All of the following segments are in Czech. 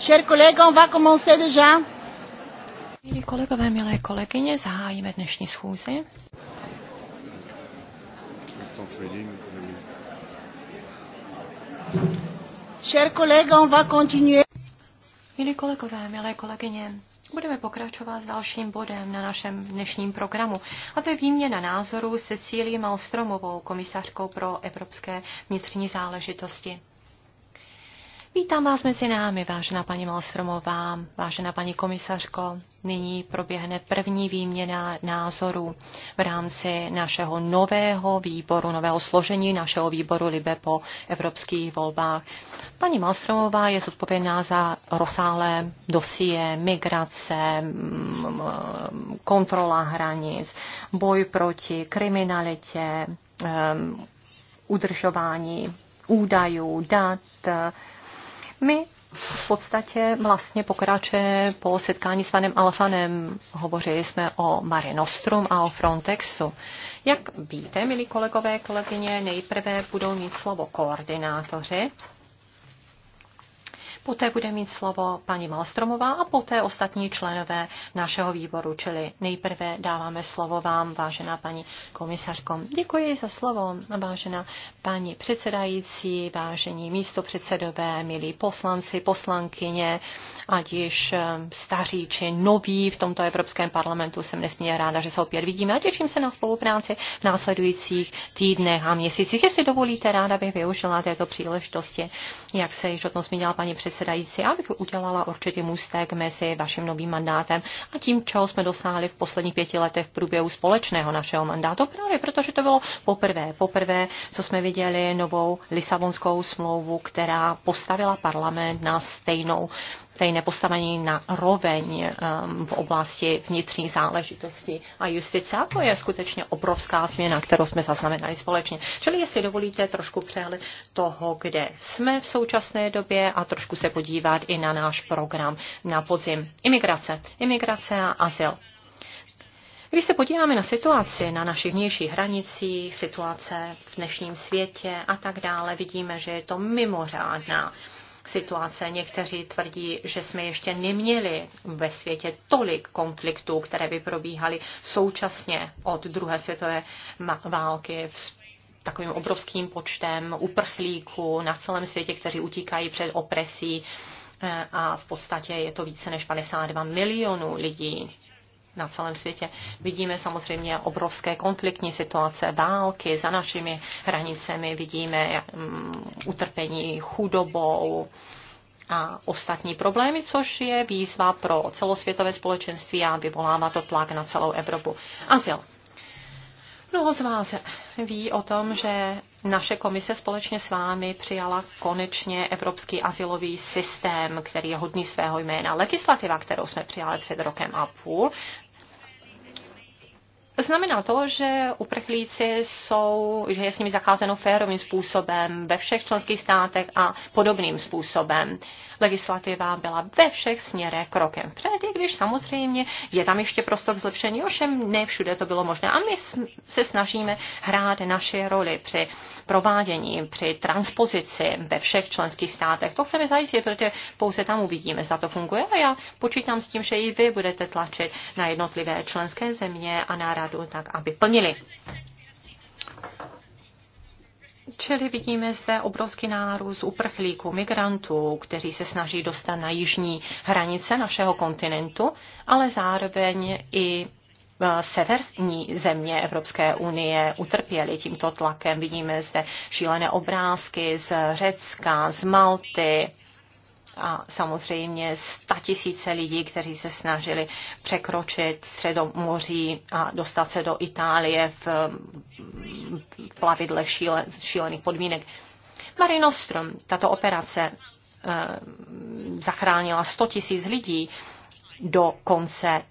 Chers collègues, on va commencer déjà. Milí kolegové, milé kolegyně, zahájíme dnešní schůzi. Chers collègues, on va continuer. Milí kolegové, milé kolegyně, Budeme pokračovat s dalším bodem na našem dnešním programu, a to je výměna názorů s cílí Malstromovou, komisařkou pro evropské vnitřní záležitosti. Vítám vás mezi námi, vážená paní Malstromová, vážená paní komisařko. Nyní proběhne první výměna názorů v rámci našeho nového výboru, nového složení našeho výboru Libe po evropských volbách. Paní Malstromová je zodpovědná za rozsáhlé dosie, migrace, kontrola hranic, boj proti kriminalitě, udržování údajů, dat, my v podstatě vlastně pokračuje po setkání s panem Alfanem. Hovořili jsme o Mare Nostrum a o Frontexu. Jak víte, milí kolegové, kolegyně, nejprve budou mít slovo koordinátoři Poté bude mít slovo paní Malstromová a poté ostatní členové našeho výboru, čili nejprve dáváme slovo vám, vážená paní komisařko. Děkuji za slovo, vážená paní předsedající, vážení místopředsedové, milí poslanci, poslankyně, ať již eh, staří či noví v tomto Evropském parlamentu. Jsem nesmírně ráda, že se opět vidíme a těším se na spolupráci v následujících týdnech a měsících. Jestli dovolíte, ráda bych využila této příležitosti, jak se již o tom zmínila paní předsedající předsedající. Já bych udělala určitě můstek mezi vaším novým mandátem a tím, čeho jsme dosáhli v posledních pěti letech v průběhu společného našeho mandátu, právě protože to bylo poprvé, poprvé, co jsme viděli novou Lisabonskou smlouvu, která postavila parlament na stejnou stejné postavení na roveň ehm, v oblasti vnitřní záležitosti a justice. A to je skutečně obrovská změna, kterou jsme zaznamenali společně. Čili jestli dovolíte trošku přehled toho, kde jsme v současné době a trošku se podívat i na náš program na podzim. Imigrace. Imigrace a azyl. Když se podíváme na situaci na našich vnějších hranicích, situace v dnešním světě a tak dále, vidíme, že je to mimořádná situace. Někteří tvrdí, že jsme ještě neměli ve světě tolik konfliktů, které by probíhaly současně od druhé světové války v takovým obrovským počtem uprchlíků na celém světě, kteří utíkají před opresí eh, a v podstatě je to více než 52 milionů lidí na celém světě. Vidíme samozřejmě obrovské konfliktní situace, války za našimi hranicemi, vidíme um, utrpení chudobou a ostatní problémy, což je výzva pro celosvětové společenství a vyvolává to tlak na celou Evropu. Azyl. Mnoho z vás ví o tom, že naše komise společně s vámi přijala konečně evropský asilový systém, který je hodný svého jména. Legislativa, kterou jsme přijali před rokem a půl, Znamená to, že uprchlíci jsou, že je s nimi zacházeno férovým způsobem ve všech členských státech a podobným způsobem legislativa byla ve všech směrech krokem vpřed, i když samozřejmě je tam ještě prostor k zlepšení, ovšem ne všude to bylo možné. A my se snažíme hrát naše roli při provádění, při transpozici ve všech členských státech. To chceme zajistit, protože pouze tam uvidíme, zda to funguje a já počítám s tím, že i vy budete tlačit na jednotlivé členské země a na radu, tak aby plnili Čili vidíme zde obrovský nárůst uprchlíků, migrantů, kteří se snaží dostat na jižní hranice našeho kontinentu, ale zároveň i e, severní země Evropské unie utrpěly tímto tlakem. Vidíme zde šílené obrázky z Řecka, z Malty, a samozřejmě tisíce lidí, kteří se snažili překročit středomoří a dostat se do Itálie v plavidle šíle, šílených podmínek. Marinostrom, tato operace eh, zachránila 100 tisíc lidí do konce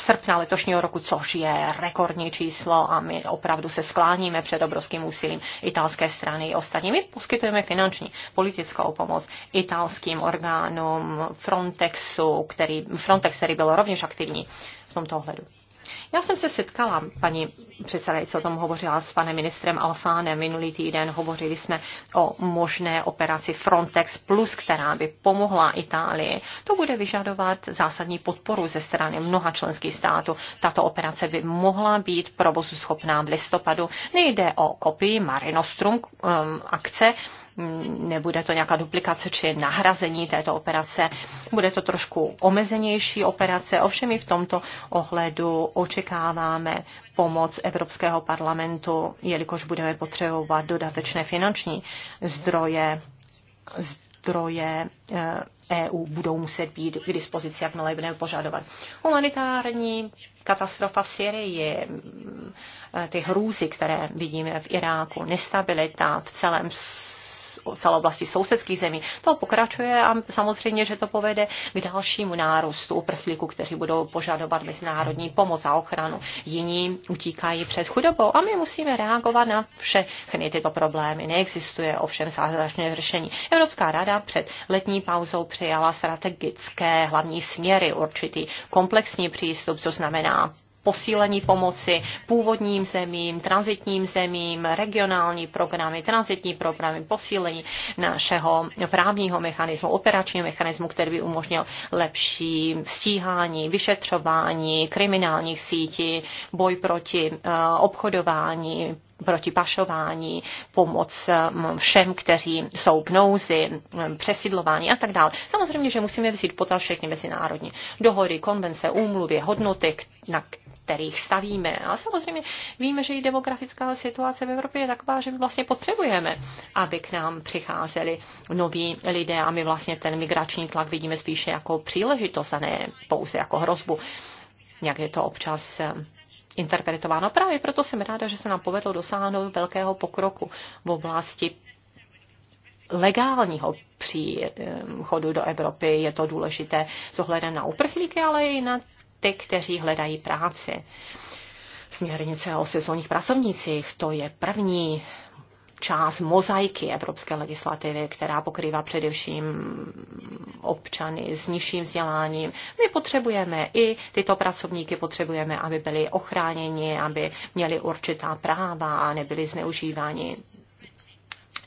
srpna letošního roku, což je rekordní číslo a my opravdu se skláníme před obrovským úsilím italské strany i ostatní. My poskytujeme finanční politickou pomoc italským orgánům Frontexu, který, Frontex, který byl rovněž aktivní v tomto ohledu. Já jsem se setkala, paní předsedající o tom hovořila s panem ministrem Alfánem minulý týden, hovořili jsme o možné operaci Frontex Plus, která by pomohla Itálii. To bude vyžadovat zásadní podporu ze strany mnoha členských států. Tato operace by mohla být provozu schopná v listopadu. Nejde o kopii Marinostrum um, akce, nebude to nějaká duplikace či nahrazení této operace, bude to trošku omezenější operace, ovšem i v tomto ohledu očekáváme pomoc Evropského parlamentu, jelikož budeme potřebovat dodatečné finanční zdroje, zdroje EU eh, e budou muset být k dispozici, jakmile budeme požadovat. Humanitární katastrofa v Syrii, eh, ty hrůzy, které vidíme v Iráku, nestabilita v celém celé oblasti sousedských zemí. To pokračuje a samozřejmě, že to povede k dalšímu nárůstu uprchlíků, kteří budou požadovat mezinárodní pomoc a ochranu. Jiní utíkají před chudobou a my musíme reagovat na všechny tyto problémy. Neexistuje ovšem zázračné řešení. Evropská rada před letní pauzou přijala strategické hlavní směry, určitý komplexní přístup, co znamená posílení pomoci původním zemím, transitním zemím, regionální programy, transitní programy, posílení našeho právního mechanismu, operačního mechanismu, který by umožnil lepší stíhání, vyšetřování kriminálních sítí, boj proti eh, obchodování, proti pašování, pomoc mm, všem, kteří jsou v nouzi, mm, přesidlování a tak dále. Samozřejmě, že musíme vzít potaz všechny mezinárodní dohody, konvence, úmluvy, hodnoty, na kterých stavíme. A samozřejmě víme, že i demografická situace v Evropě je taková, že my vlastně potřebujeme, aby k nám přicházeli noví lidé a my vlastně ten migrační tlak vidíme spíše jako příležitost a ne pouze jako hrozbu. Jak je to občas mm, interpretováno. Právě proto jsem ráda, že se nám povedlo dosáhnout velkého pokroku v oblasti legálního příchodu do Evropy. Je to důležité s ohledem na uprchlíky, ale i na ty, kteří hledají práci. Směrnice o sezónních pracovnících, to je první část mozaiky evropské legislativy, která pokrývá především občany s nižším vzděláním. My potřebujeme i tyto pracovníky, potřebujeme, aby byli ochráněni, aby měli určitá práva a nebyli zneužíváni.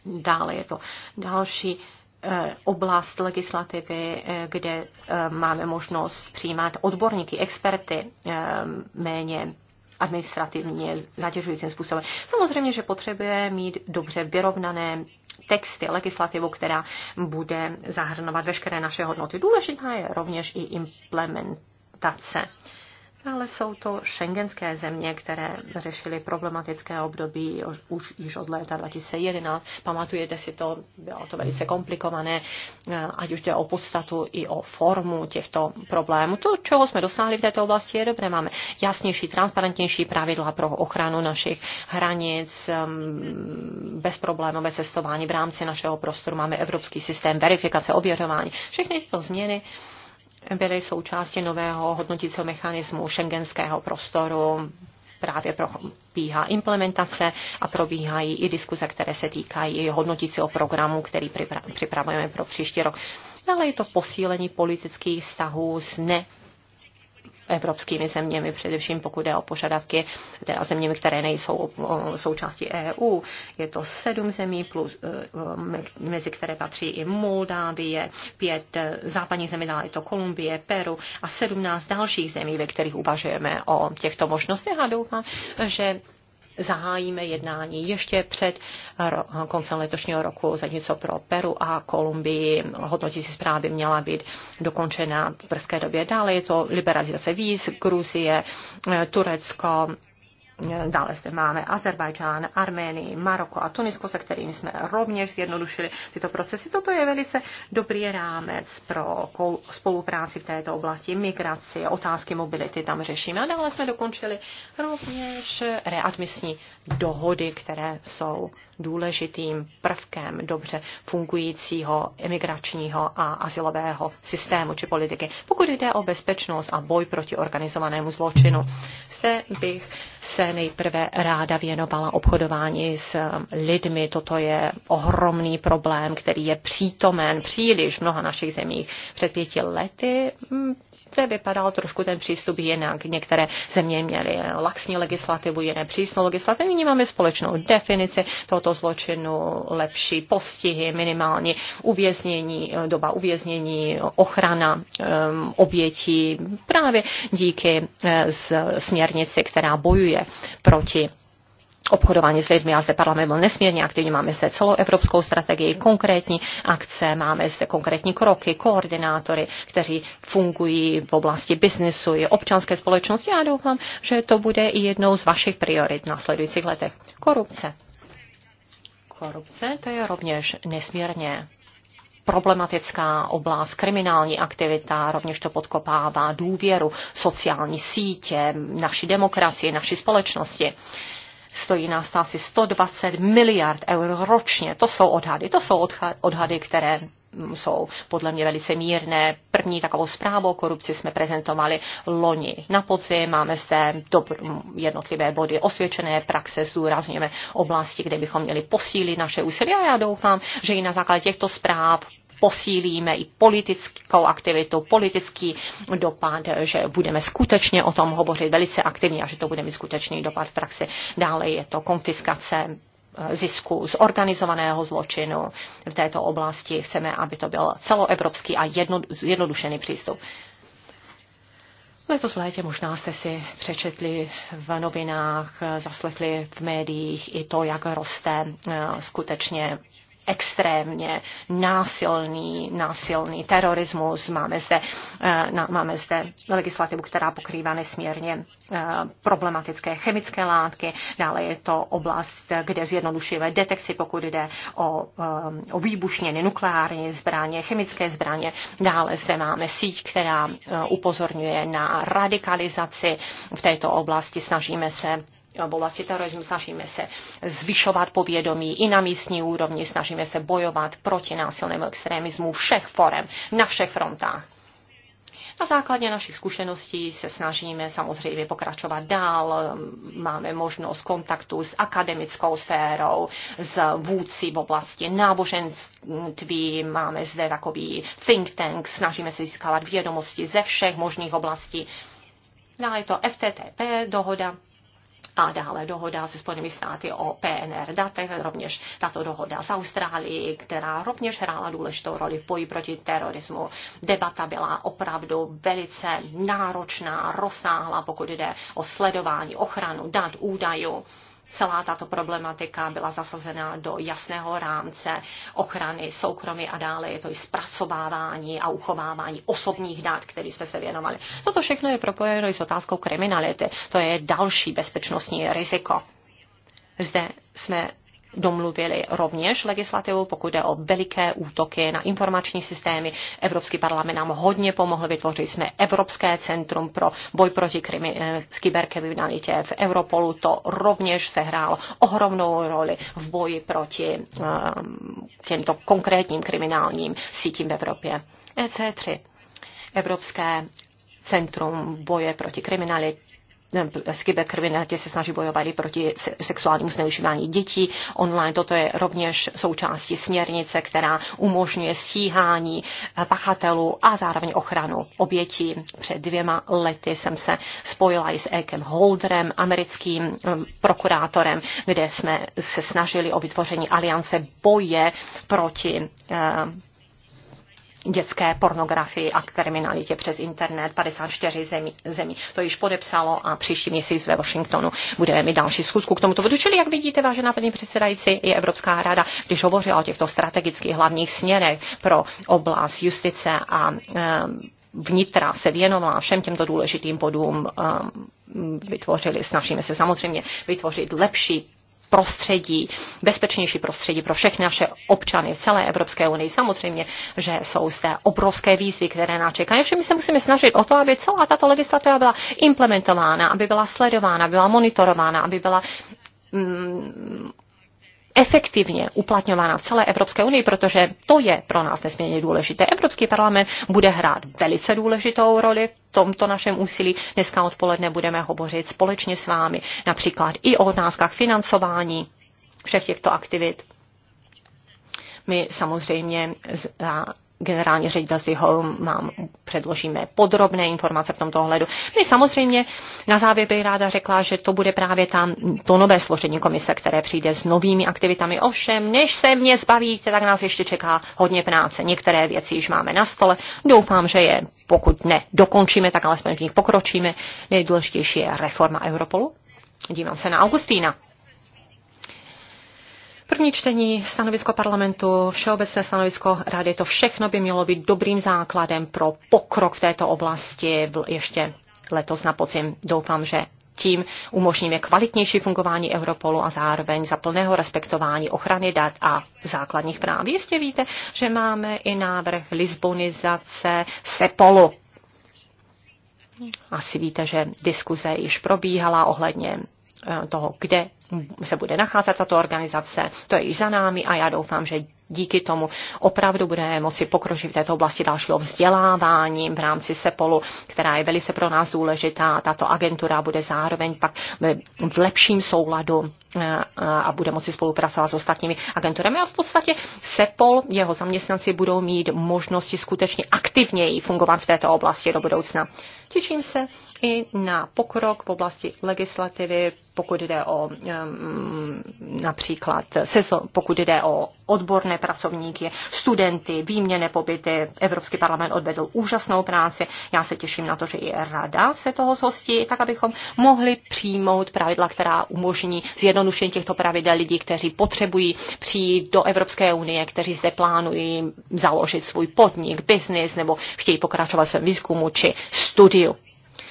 Dále je to další eh, oblast legislativy, eh, kde eh, máme možnost přijímat odborníky, experty, méně administrativně zatěžujícím způsobem. Samozřejmě, že potřebuje mít dobře vyrovnané texty, legislativu, která bude zahrnovat veškeré naše hodnoty. Důležitá je rovněž i implementace ale jsou to šengenské země, které řešily problematické období už již od léta 2011. Pamatujete si to, bylo to velice komplikované, eh, ať už jde o podstatu i o formu těchto problémů. To, čeho jsme dosáhli v této oblasti, je dobré. Máme jasnější, transparentnější pravidla pro ochranu našich hranic, ehm, bezproblémové cestování v rámci našeho prostoru. Máme evropský systém verifikace, ověřování. Všechny tyto změny byly součástí nového hodnotícího mechanismu šengenského prostoru. Právě probíhá implementace a probíhají i diskuze, které se týkají hodnotícího programu, který připravujeme pro příští rok ale je to posílení politických vztahů s ne evropskými zeměmi, především pokud jde o požadavky, teda zeměmi, které nejsou součástí EU. Je to sedm zemí, plus, e, mezi které patří i Moldávie, pět e, západních zemí, dále je to Kolumbie, Peru a sedmnáct dalších zemí, ve kterých uvažujeme o těchto možnostech a doufám, že zahájíme jednání ještě před koncem letošního roku, zatímco pro Peru a Kolumbii hodnotící zprávy měla být dokončena v brzké době. Dále je to liberalizace víz, Gruzie, Turecko, Dále zde máme Azerbajdžán, Arménii, Maroko a Tunisko, se kterými jsme rovněž zjednodušili tyto procesy. Toto je velice dobrý rámec pro spolupráci v této oblasti, migraci, otázky mobility tam řešíme. A dále jsme dokončili rovněž readmisní dohody, které jsou důležitým prvkem dobře fungujícího imigračního a asilového systému či politiky. Pokud jde o bezpečnost a boj proti organizovanému zločinu, zde bych se nejprve ráda věnovala obchodování s lidmi. Toto je ohromný problém, který je přítomen příliš v mnoha našich zemích. Před pěti lety hm, zde vypadal trošku ten přístup jinak. Některé země měly laxní legislativu, jiné přísnou legislativu. Nyní máme společnou definici tohoto zločinu, lepší postihy, minimální uvěznění, doba uvěznění, ochrana um, obětí právě díky uh, směrnici, která bojuje proti obchodování s lidmi a zde parlament byl nesmírně aktivní. Máme zde celou evropskou strategii, konkrétní akce, máme zde konkrétní kroky, koordinátory, kteří fungují v oblasti biznesu i občanské společnosti. Já doufám, že to bude i jednou z vašich priorit v následujících letech. Korupce. Korupce to je rovněž nesmírně problematická oblast, kriminální aktivita, rovněž to podkopává důvěru, sociální sítě, naší demokracii, naší společnosti. Stojí nás asi 120 miliard eur ročně. To jsou odhady. To jsou odhady, které jsou podle mě velice mírné. První takovou zprávu o korupci jsme prezentovali loni na podzim. Máme zde jednotlivé body osvědčené praxe, zdůrazňujeme oblasti, kde bychom měli posílit naše úsilí a já doufám, že i na základě těchto zpráv posílíme i politickou aktivitu, politický dopad, že budeme skutečně o tom hovořit velice aktivně a že to bude mít skutečný dopad v praxi. Dále je to konfiskace eh, zisku z organizovaného zločinu v této oblasti. Chceme, aby to byl celoevropský a jedno, jednodušený přístup. Letos v létě možná jste si přečetli v novinách, zaslechli v médiích i to, jak roste eh, skutečně extrémně násilný, násilný terorismus. Máme zde, eh, máme zde legislativu, která pokrývá nesmírně eh, problematické chemické látky. Dále je to oblast, kde zjednodušujeme detekci, pokud jde o, eh, o výbušněny, nukleární zbraně, chemické zbraně. Dále zde máme síť, která upozorňuje na radikalizaci v této oblasti. Snažíme se v oblasti terorismu, snažíme se zvyšovat povědomí i na místní úrovni, snažíme se bojovat proti násilnému extremismu všech forem, na všech frontách. Na základě našich zkušeností se snažíme samozřejmě pokračovat dál. Máme možnost kontaktu s akademickou sférou, s vůdci v oblasti náboženství, máme zde takový think tank, snažíme se získávat vědomosti ze všech možných oblastí. Dále je to FTTP dohoda, a dále dohoda se Spojenými státy o PNR datech, rovněž tato dohoda s Austrálií, která rovněž hrála důležitou roli v boji proti terorismu. Debata byla opravdu velice náročná, rozsáhlá, pokud jde o sledování, ochranu dat, údajů celá tato problematika byla zasazena do jasného rámce ochrany soukromí a dále je to i zpracovávání a uchovávání osobních dat, který jsme se věnovali. Toto všechno je propojeno i s otázkou kriminality. To je další bezpečnostní riziko. Zde jsme domluvili rovněž legislativu, pokud jde o veliké útoky na informační systémy. Evropský parlament nám hodně pomohl, vytvořili jsme Evropské centrum pro boj proti krimi, eh, kyberkriminalitě v Europolu. To rovněž sehrálo ohromnou roli v boji proti eh, těmto konkrétním kriminálním sítím v Evropě. EC3. Evropské centrum boje proti kriminalitě s eh, kyberkriminalitě se snaží bojovat i proti sexuálnímu zneužívání dětí. Online toto je rovněž součástí směrnice, která umožňuje stíhání eh, pachatelů a zároveň ochranu obětí. Před dvěma lety jsem se spojila i s Ekem Holderem, americkým eh, prokurátorem, kde jsme se snažili o vytvoření aliance boje proti dětské pornografii a kriminalitě přes internet 54 zemí. zemí. To již podepsalo a příští měsíc ve Washingtonu budeme mít další schůzku k tomuto bodu. Čili, jak vidíte, vážená paní předsedající, i Evropská rada, když hovořila o těchto strategických hlavních směrech pro oblast justice a eh, vnitra se věnovala všem těmto důležitým bodům, eh, vytvořili, snažíme se samozřejmě vytvořit lepší prostředí, bezpečnější prostředí pro všechny naše občany v celé Evropské unii. Samozřejmě, že jsou zde obrovské výzvy, které nás čekají. Všem se musíme snažit o to, aby celá tato legislativa byla implementována, aby byla sledována, aby byla monitorována, aby byla mm, efektivně uplatňována v celé Evropské unii, protože to je pro nás nesmírně důležité. Evropský parlament bude hrát velice důležitou roli v tomto našem úsilí. Dneska odpoledne budeme hovořit společně s vámi například i o otázkách financování všech těchto aktivit. My samozřejmě za generální ředitelství Home mám, předložíme podrobné informace v tomto ohledu. My samozřejmě na závěr bych ráda řekla, že to bude právě tam to nové složení komise, které přijde s novými aktivitami. Ovšem, než se mě zbavíte, tak nás ještě čeká hodně práce. Některé věci již máme na stole. Doufám, že je, pokud ne, dokončíme, tak alespoň v nich pokročíme. Nejdůležitější je reforma Europolu. Dívám se na Augustína. První čtení, stanovisko parlamentu, všeobecné stanovisko rady, to všechno by mělo být dobrým základem pro pokrok v této oblasti ještě letos na podzim. Doufám, že tím umožníme kvalitnější fungování Europolu a zároveň za plného respektování ochrany dat a základních práv. Jistě víte, že máme i návrh Lisbonizace SEPOLu. Asi víte, že diskuze již probíhala ohledně eh, toho, kde se bude nacházet tato organizace. To je již za námi a já doufám, že díky tomu opravdu bude moci pokročit v této oblasti dalšího vzdělávání v rámci SEPOLu, která je velice pro nás důležitá. Tato agentura bude zároveň pak v lepším souladu eh, eh, a bude moci spolupracovat s ostatními agenturami. A v podstatě SEPOL, jeho zaměstnanci budou mít možnosti skutečně aktivněji fungovat v této oblasti do budoucna. Těším se i na pokrok v oblasti legislativy, pokud jde o například, pokud jde o odborné pracovníky, studenty, výměny pobyty. Evropský parlament odvedl úžasnou práci. Já se těším na to, že i rada se toho zhostí, tak abychom mohli přijmout pravidla, která umožní zjednodušení těchto pravidel lidí, kteří potřebují přijít do Evropské unie, kteří zde plánují založit svůj podnik, biznis nebo chtějí pokračovat svém výzkumu či studiu.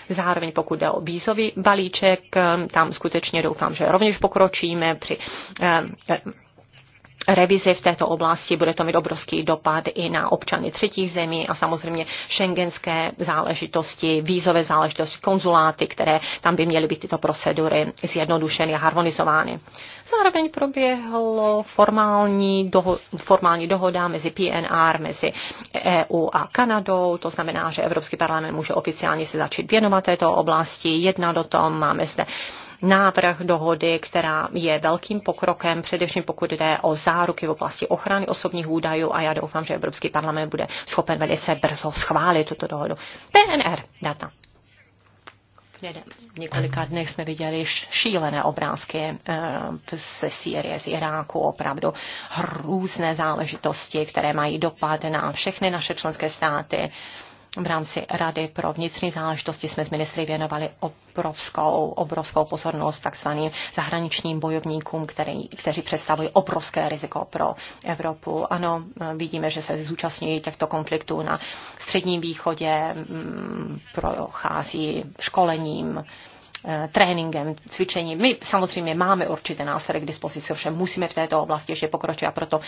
Zároveň pokud jde o vízový balíček, tam skutečně doufám, že rovněž pokročíme při eh, eh, revize v této oblasti, bude to mít obrovský dopad i na občany třetích zemí a samozřejmě šengenské záležitosti, vízové záležitosti, konzuláty, které tam by měly být tyto procedury zjednodušeny a harmonizovány. Zároveň proběhlo formální, doho- formální dohoda mezi PNR, mezi EU a Kanadou, to znamená, že Evropský parlament může oficiálně se začít věnovat této oblasti, jednat o tom, máme zde návrh dohody, která je velkým pokrokem, především pokud jde o záruky v oblasti ochrany osobních údajů a já doufám, že Evropský parlament bude schopen velice brzo schválit tuto dohodu. PNR data. V několika dnech jsme viděli šílené obrázky eh, ze Sýrie, z Iráku, opravdu hrůzné záležitosti, které mají dopad na všechny naše členské státy v rámci Rady pro vnitřní záležitosti jsme s ministry věnovali obrovskou, obrovskou pozornost takzvaným zahraničním bojovníkům, který, kteří představují obrovské riziko pro Evropu. Ano, vidíme, že se zúčastňují těchto konfliktů na Středním východě, mm, prochází školením, Eh, tréninkem, cvičením. My samozřejmě máme určité nástroje k dispozici, ovšem musíme v této oblasti ještě pokročit a proto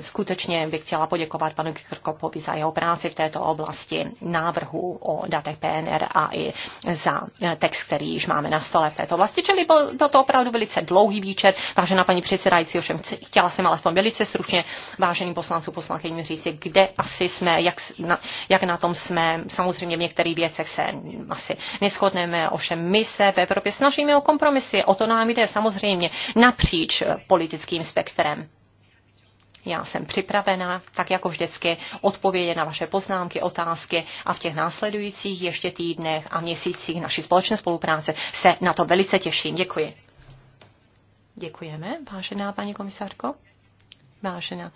skutečně bych chtěla poděkovat panu Krkopovi za jeho práci v této oblasti návrhu o datech PNR a i za eh, text, který již máme na stole v této oblasti. Čili byl to opravdu velice dlouhý výčet. Vážená paní předsedající, ovšem chtěla jsem alespoň velice stručně váženým poslancům poslankyním říci, kde asi jsme, jak na, jak na tom jsme. Samozřejmě v některých věcech se asi neschodneme, ovšem my se ve Evropě snažíme o kompromisy. O to nám jde samozřejmě napříč politickým spektrem. Já jsem připravena, tak jako vždycky, odpovědět na vaše poznámky, otázky a v těch následujících ještě týdnech a měsících naší společné spolupráce se na to velice těším. Děkuji. Děkujeme, vážená paní komisárko. Vážená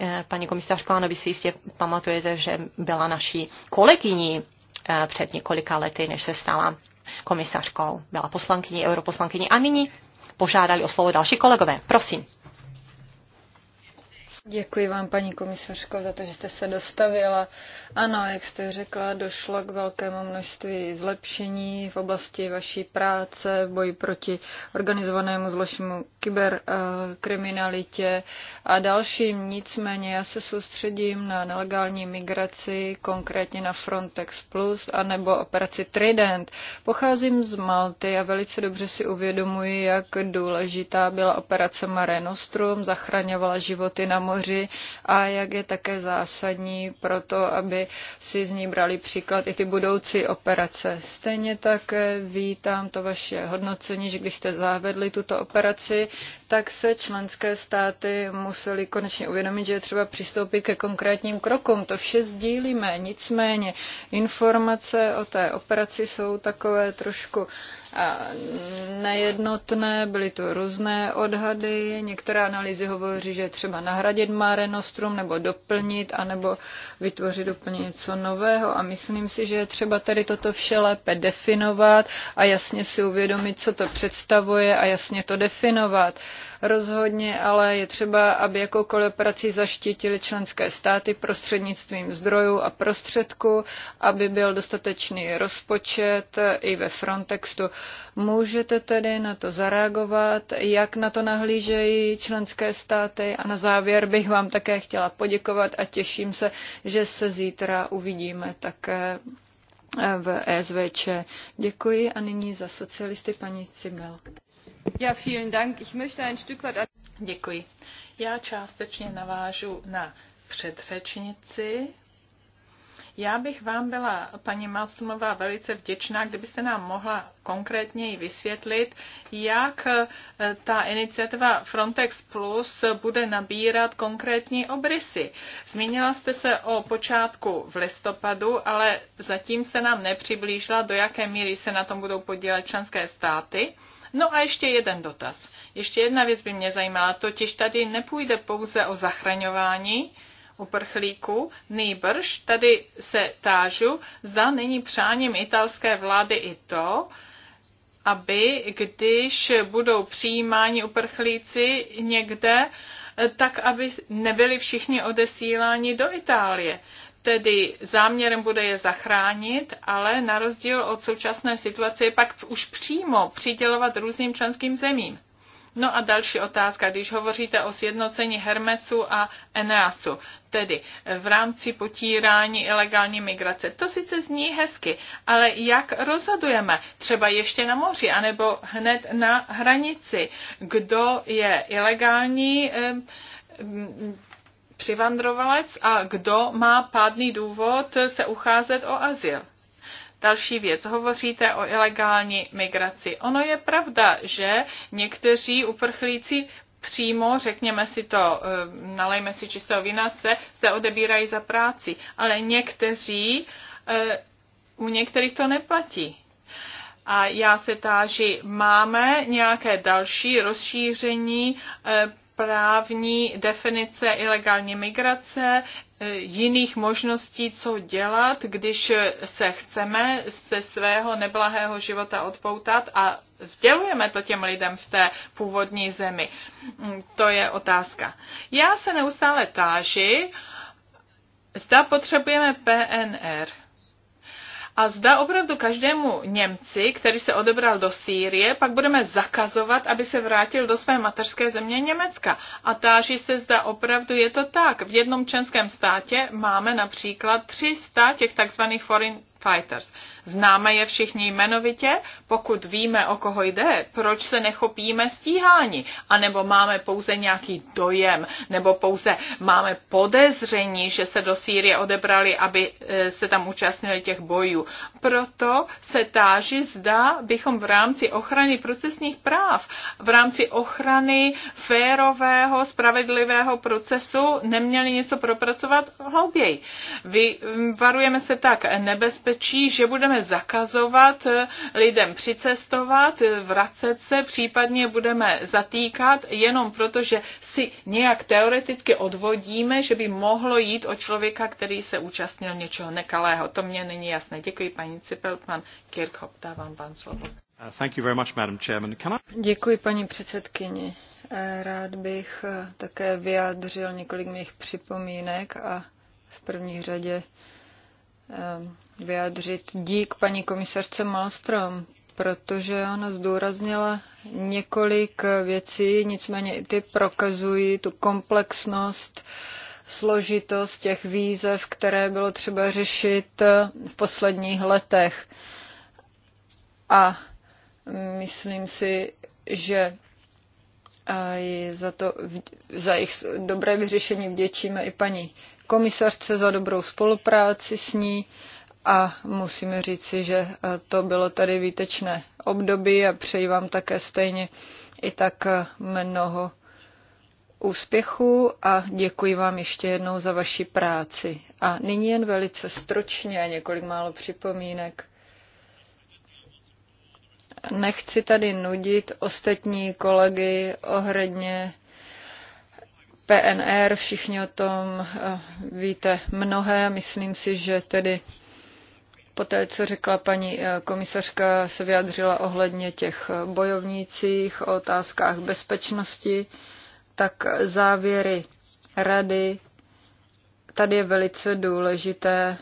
eh, paní komisařko, ano, vy si jistě pamatujete, že byla naší kolegyní eh, před několika lety, než se stala komisařkou, byla poslankyní, europoslankyní. A nyní požádali o slovo další kolegové. Prosím. Děkuji vám, paní komisařko, za to, že jste se dostavila. Ano, jak jste řekla, došlo k velkému množství zlepšení v oblasti vaší práce, v boji proti organizovanému zločinu kyberkriminalitě a dalším. Nicméně já se soustředím na nelegální migraci, konkrétně na Frontex Plus a nebo operaci Trident. Pocházím z Malty a velice dobře si uvědomuji, jak důležitá byla operace Mare Nostrum, zachraňovala životy na moři moři a jak je také zásadní pro to, aby si z ní brali příklad i ty budoucí operace. Stejně tak eh, vítám to vaše hodnocení, že když jste zavedli tuto operaci, tak se členské státy musely konečně uvědomit, že je třeba přistoupit ke konkrétním krokům. To vše sdílíme, nicméně informace o té operaci jsou takové trošku nejednotné, byly tu různé odhady, některé analýzy hovoří, že třeba nahradit Mare Nostrum nebo doplnit, anebo vytvořit úplně něco nového a myslím si, že je třeba tady toto vše lépe definovat a jasně si uvědomit, co to představuje a jasně to definovat. Rozhodně ale je třeba, aby jakoukoliv operaci zaštítili členské státy prostřednictvím zdrojů a prostředků, aby byl dostatečný rozpočet i ve Frontextu. Můžete tedy na to zareagovat, jak na to nahlížejí členské státy a na závěr bych vám také chtěla poděkovat a těším se, že se zítra uvidíme také v ESVČ. Děkuji a nyní za socialisty paní Cimel. Děkuji. Já částečně navážu na předřečnici. Já bych vám byla, paní Malstumová, velice vděčná, kdybyste nám mohla konkrétněji vysvětlit, jak eh, ta iniciativa Frontex Plus bude nabírat konkrétní obrysy. Zmínila jste se o počátku v listopadu, ale zatím se nám nepřiblížila, do jaké míry se na tom budou podílet členské státy. No a ještě jeden dotaz. Ještě jedna věc by mě zajímala, totiž tady nepůjde pouze o zachraňování uprchlíků, nýbrž tady se tážu, zda není přáním italské vlády i to, aby když budou přijímáni uprchlíci někde, tak aby nebyli všichni odesíláni do Itálie. Tedy záměrem bude je zachránit, ale na rozdíl od současné situace je pak už přímo přidělovat různým členským zemím. No a další otázka, když hovoříte o sjednocení Hermesu a Eneasu, tedy v rámci potírání ilegální migrace. To sice zní hezky, ale jak rozhodujeme? Třeba ještě na moři, anebo hned na hranici. Kdo je ilegální? Eh, přivandrovalec a kdo má pádný důvod se ucházet o azyl. Další věc, hovoříte o ilegální migraci. Ono je pravda, že někteří uprchlíci přímo, řekněme si to, eh, nalejme si čistého vína, se se odebírají za práci, ale někteří, eh, u některých to neplatí. A já se táži, máme nějaké další rozšíření eh, právní definice ilegální migrace, e, jiných možností, co dělat, když se chceme ze svého neblahého života odpoutat a sdělujeme to těm lidem v té původní zemi. Mm, to je otázka. Já se neustále táži, zda potřebujeme PNR. A zda opravdu každému Němci, který se odebral do Sýrie, pak budeme zakazovat, aby se vrátil do své mateřské země Německa. A táží se, zda opravdu je to tak. V jednom členském státě máme například 300 těch takzvaných foreign Fighters. Známe je všichni jmenovitě? Pokud víme, o koho jde, proč se nechopíme stíhání? A nebo máme pouze nějaký dojem, nebo pouze máme podezření, že se do Sýrie odebrali, aby eh, se tam účastnili těch bojů. Proto se táží, zda bychom v rámci ochrany procesních práv, v rámci ochrany férového, spravedlivého procesu neměli něco propracovat hlouběji. Vyvarujeme hm, se tak nebezpečně, nebezpečí, že budeme zakazovat eh, lidem přicestovat, eh, vracet se, případně budeme zatýkat jenom proto, že si nějak teoreticky odvodíme, že by mohlo jít o člověka, který se účastnil něčeho nekalého. To mě není jasné. Děkuji paní Cipel, pan Kirchhoff, dávám vám slovo. Uh, Děkuji, paní předsedkyni. Eh, rád bych také vyjádřil několik mých připomínek a v první řadě Eh, vyjádřit dík paní komisařce Malmström, protože ona zdůraznila několik věcí, nicméně i ty prokazují tu komplexnost, složitost těch výzev, které bylo třeba řešit eh, v posledních letech. A myslím si, že eh, za, to, za jejich dobré vyřešení vděčíme i paní komisařce za dobrou spolupráci s ní a musíme říci, že eh, to bylo tady výtečné období a přeji vám také stejně i tak eh, mnoho úspěchu a děkuji vám ještě jednou za vaši práci. A nyní jen velice stročně několik málo připomínek. Nechci tady nudit ostatní kolegy ohledně PNR, všichni o tom eh, víte mnohé. Myslím si, že tedy po té, co řekla paní eh, komisařka, se vyjadřila ohledně těch eh, bojovnících, o otázkách bezpečnosti, tak závěry rady tady je velice důležité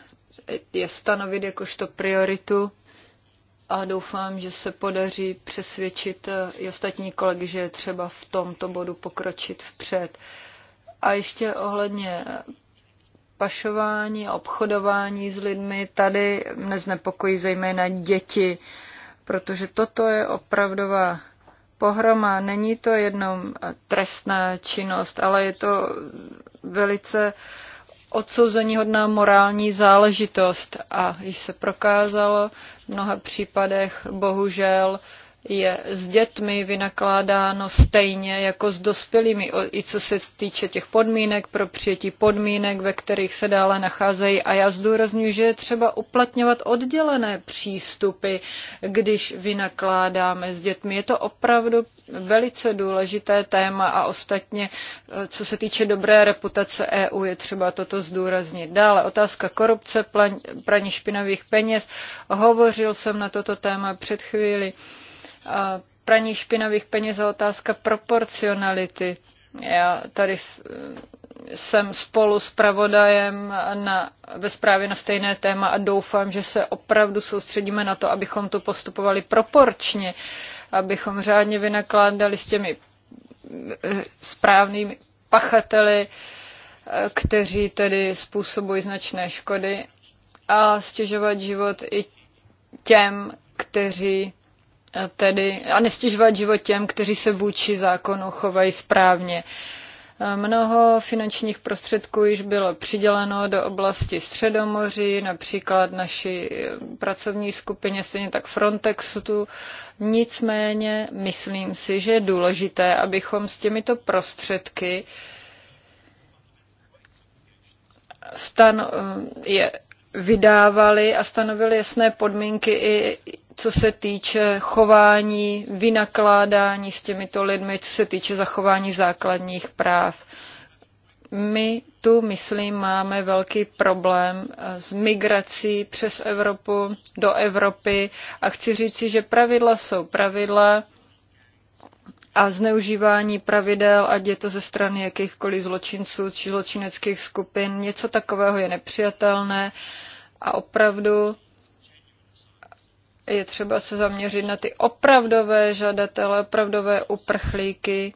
je stanovit jakožto prioritu a doufám, že se podaří přesvědčit i ostatní kolegy, že je třeba v tomto bodu pokročit vpřed. A ještě ohledně pašování, obchodování s lidmi, tady mne znepokojí zejména děti, protože toto je opravdová pohroma. Není to jenom trestná činnost, ale je to velice odsouzeníhodná morální záležitost a již se prokázalo v mnoha případech, bohužel, je s dětmi vynakládáno stejně jako s dospělými, i co se týče těch podmínek pro přijetí podmínek, ve kterých se dále nacházejí. A já zdůraznuju, že je třeba uplatňovat oddělené přístupy, když vynakládáme s dětmi. Je to opravdu velice důležité téma a ostatně, e, co se týče dobré reputace EU, je třeba toto zdůraznit. Dále otázka korupce, praní špinavých peněz. Hovořil jsem na toto téma před chvíli praní špinavých peněz a otázka proporcionality. Já tady eh, jsem spolu s pravodajem na, ve zprávě na stejné téma a doufám, že se opravdu soustředíme na to, abychom to postupovali proporčně, abychom řádně vynakládali s těmi eh, správnými pachateli, eh, kteří tedy způsobují značné škody a stěžovat život i těm, kteří tedy a nestěžovat život těm, kteří se vůči zákonu chovají správně. Eh, mnoho finančních prostředků již bylo přiděleno do oblasti Středomoří, například naší eh, pracovní skupině, stejně tak Frontexu. Nicméně myslím si, že je důležité, abychom s těmito prostředky stan- eh, je vydávali a stanovili jasné podmínky i co se týče chování, vynakládání s těmito lidmi, co se týče zachování základních práv. My tu, myslím, máme velký problém eh, s migrací přes Evropu do Evropy a chci říci, že pravidla jsou pravidla a zneužívání pravidel, ať je to ze strany jakýchkoliv zločinců či zločineckých skupin, něco takového je nepřijatelné a opravdu je třeba se zaměřit na ty opravdové žadatele, opravdové uprchlíky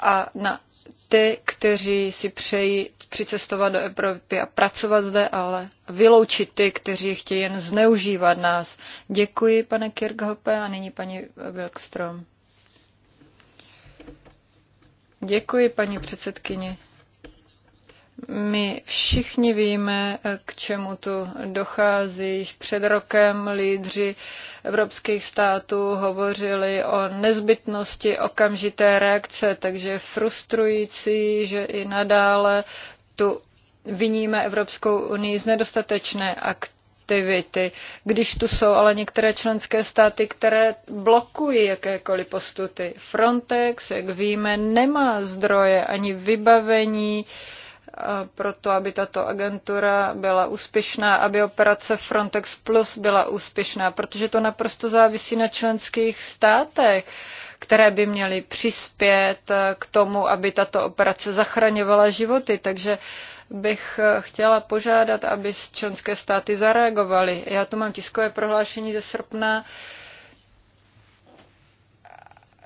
a na ty, kteří si přejí přicestovat do Evropy a pracovat zde, ale vyloučit ty, kteří chtějí jen zneužívat nás. Děkuji, pane Kirkhope, a nyní paní Wilkstrom. Děkuji, paní předsedkyně. My všichni víme, k čemu tu dochází. před rokem lídři evropských států hovořili o nezbytnosti okamžité reakce, takže je frustrující, že i nadále tu vyníme Evropskou unii z nedostatečné aktivity aktivity, když tu jsou ale některé členské státy, které blokují jakékoliv postupy. Frontex, jak víme, nemá zdroje ani vybavení uh, pro to, aby tato agentura byla úspěšná, aby operace Frontex Plus byla úspěšná, protože to naprosto závisí na členských státech, které by měly přispět eh, k tomu, aby tato operace zachraňovala životy. Takže bych eh, chtěla požádat, aby členské státy zareagovaly. Já tu mám tiskové prohlášení ze srpna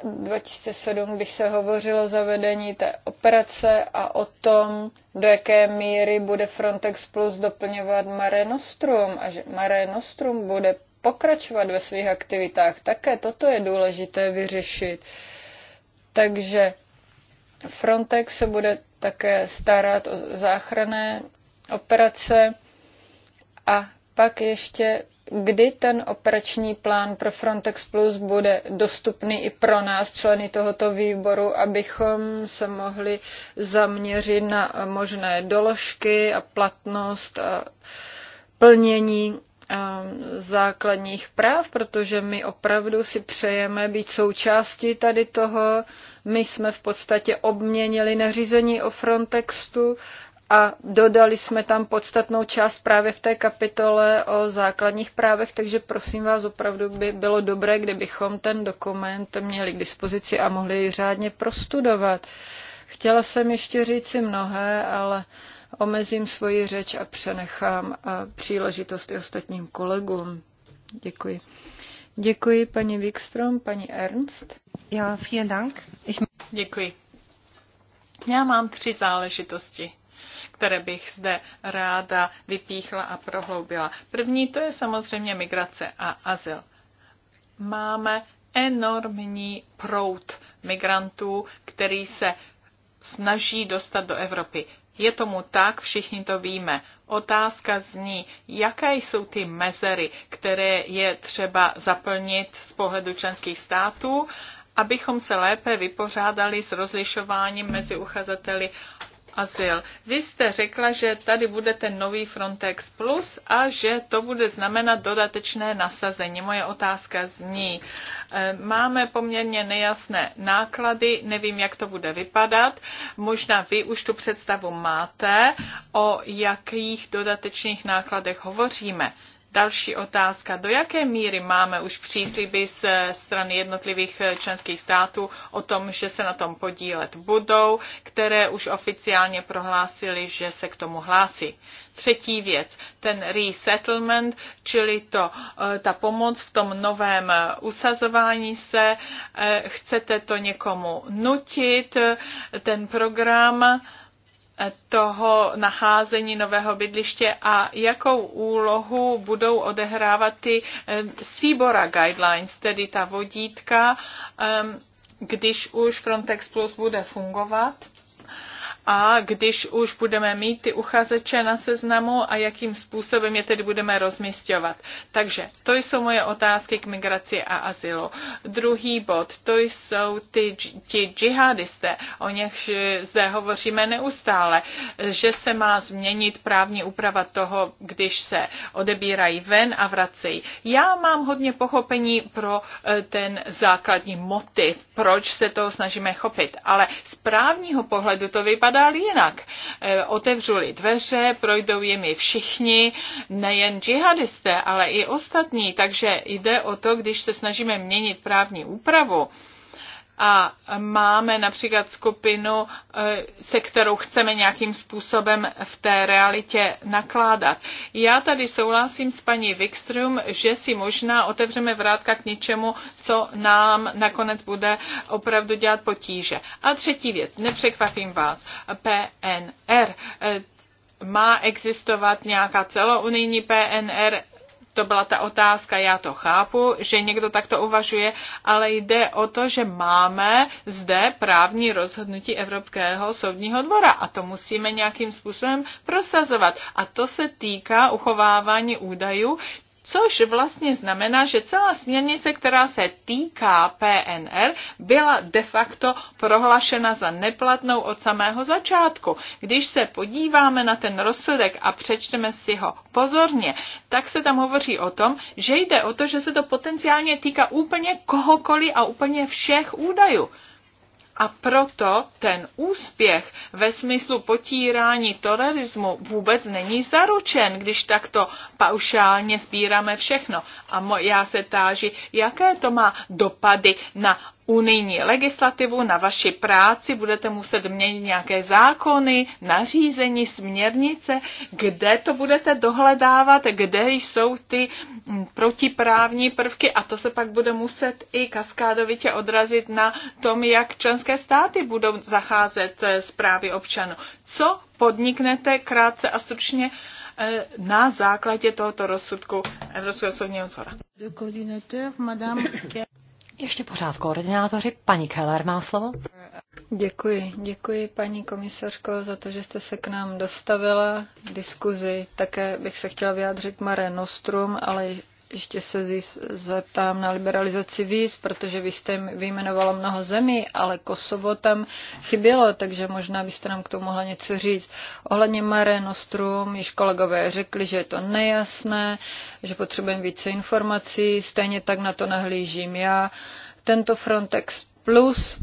2007, když se hovořilo o zavedení té operace a o tom, do jaké míry bude Frontex Plus doplňovat Mare Nostrum a že Mare Nostrum bude pokračovat ve svých aktivitách. Také toto je důležité vyřešit. Takže Frontex se bude také starat o záchranné operace a pak ještě kdy ten operační plán pro Frontex Plus bude dostupný i pro nás, členy tohoto výboru, abychom se mohli zaměřit na možné doložky a platnost a plnění základních práv, protože my opravdu si přejeme být součástí tady toho. My jsme v podstatě obměnili nařízení o Frontextu a dodali jsme tam podstatnou část právě v té kapitole o základních právech, takže prosím vás, opravdu by bylo dobré, kdybychom ten dokument měli k dispozici a mohli ji řádně prostudovat. Chtěla jsem ještě říci mnohé, ale omezím svoji řeč a přenechám a eh, příležitost i ostatním kolegům. Děkuji. Děkuji paní Wikström, paní Ernst. Ja, vielen Dank. Ich... Děkuji. Já mám tři záležitosti které bych zde ráda vypíchla a prohloubila. První to je samozřejmě migrace a azyl. Máme enormní prout migrantů, který se snaží dostat do Evropy. Je tomu tak, všichni to víme. Otázka zní, jaké jsou ty mezery, které je třeba zaplnit z pohledu členských států, abychom se lépe vypořádali s rozlišováním mezi uchazateli azyl. Vy jste řekla, že tady bude ten nový Frontex Plus a že to bude znamenat dodatečné nasazení. Moje otázka zní, eh, máme poměrně nejasné náklady, nevím, jak to bude vypadat. Možná vy už tu představu máte, o jakých dodatečných nákladech hovoříme. Další otázka. Do jaké míry máme už přísliby z strany jednotlivých členských států o tom, že se na tom podílet budou, které už oficiálně prohlásili, že se k tomu hlásí? Třetí věc, ten resettlement, čili to, eh, ta pomoc v tom novém eh, usazování se, eh, chcete to někomu nutit, ten program, toho nacházení nového bydliště a jakou úlohu budou odehrávat ty Sibora guidelines, tedy ta vodítka, když už Frontex Plus bude fungovat a když už budeme mít ty uchazeče na seznamu a jakým způsobem je tedy budeme rozmistovat. Takže to jsou moje otázky k migraci a azylu. Druhý bod, to jsou ty, ti džihadisté, o něch zde hovoříme neustále, že se má změnit právní úprava toho, když se odebírají ven a vracejí. Já mám hodně pochopení pro eh, ten základní motiv, proč se toho snažíme chopit, ale z právního pohledu to vypadá vypadal jinak. E, otevřuli dveře, projdou jimi všichni, nejen džihadisté, ale i ostatní, takže jde o to, když se snažíme měnit právní úpravu, a máme například skupinu, eh, se kterou chceme nějakým způsobem v té realitě nakládat. Já tady souhlasím s paní Wikström, že si možná otevřeme vrátka k něčemu, co nám nakonec bude opravdu dělat potíže. A třetí věc, nepřekvapím vás, PNR eh, má existovat nějaká celounijní PNR, to byla ta otázka, já to chápu, že někdo takto uvažuje, ale jde o to, že máme zde právní rozhodnutí Evropského soudního dvora a to musíme nějakým způsobem prosazovat. A to se týká uchovávání údajů, Což vlastně znamená, že celá směrnice, která se týká PNR, byla de facto prohlášena za neplatnou od samého začátku. Když se podíváme na ten rozsudek a přečteme si ho pozorně, tak se tam hovoří o tom, že jde o to, že se to potenciálně týká úplně kohokoliv a úplně všech údajů. A proto ten úspěch ve smyslu potírání terorismu vůbec není zaručen, když takto paušálně sbíráme všechno. A mo- já se táži, jaké to má dopady na unijní legislativu, na vaši práci, budete muset měnit nějaké zákony, nařízení, směrnice, kde to budete dohledávat, kde jsou ty mm, protiprávní prvky a to se pak bude muset i kaskádovitě odrazit na tom, jak členské státy budou zacházet s eh, právy občanů. Co podniknete krátce a stručně? Eh, na základě tohoto rozsudku Evropského soudního dvora. Ještě pořád koordinátoři. Paní Keller má slovo. Děkuji, děkuji paní komisařko za to, že jste se k nám dostavila diskuzi. Také bych se chtěla vyjádřit Mare Nostrum, ale ještě se zeptám na liberalizaci víz, protože vy jste vyjmenovala mnoho zemí, ale Kosovo tam chybělo, takže možná byste nám k tomu mohla něco říct. Ohledně Mare Nostrum již kolegové řekli, že je to nejasné, že potřebujeme více informací, stejně tak na to nahlížím já. Tento Frontex Plus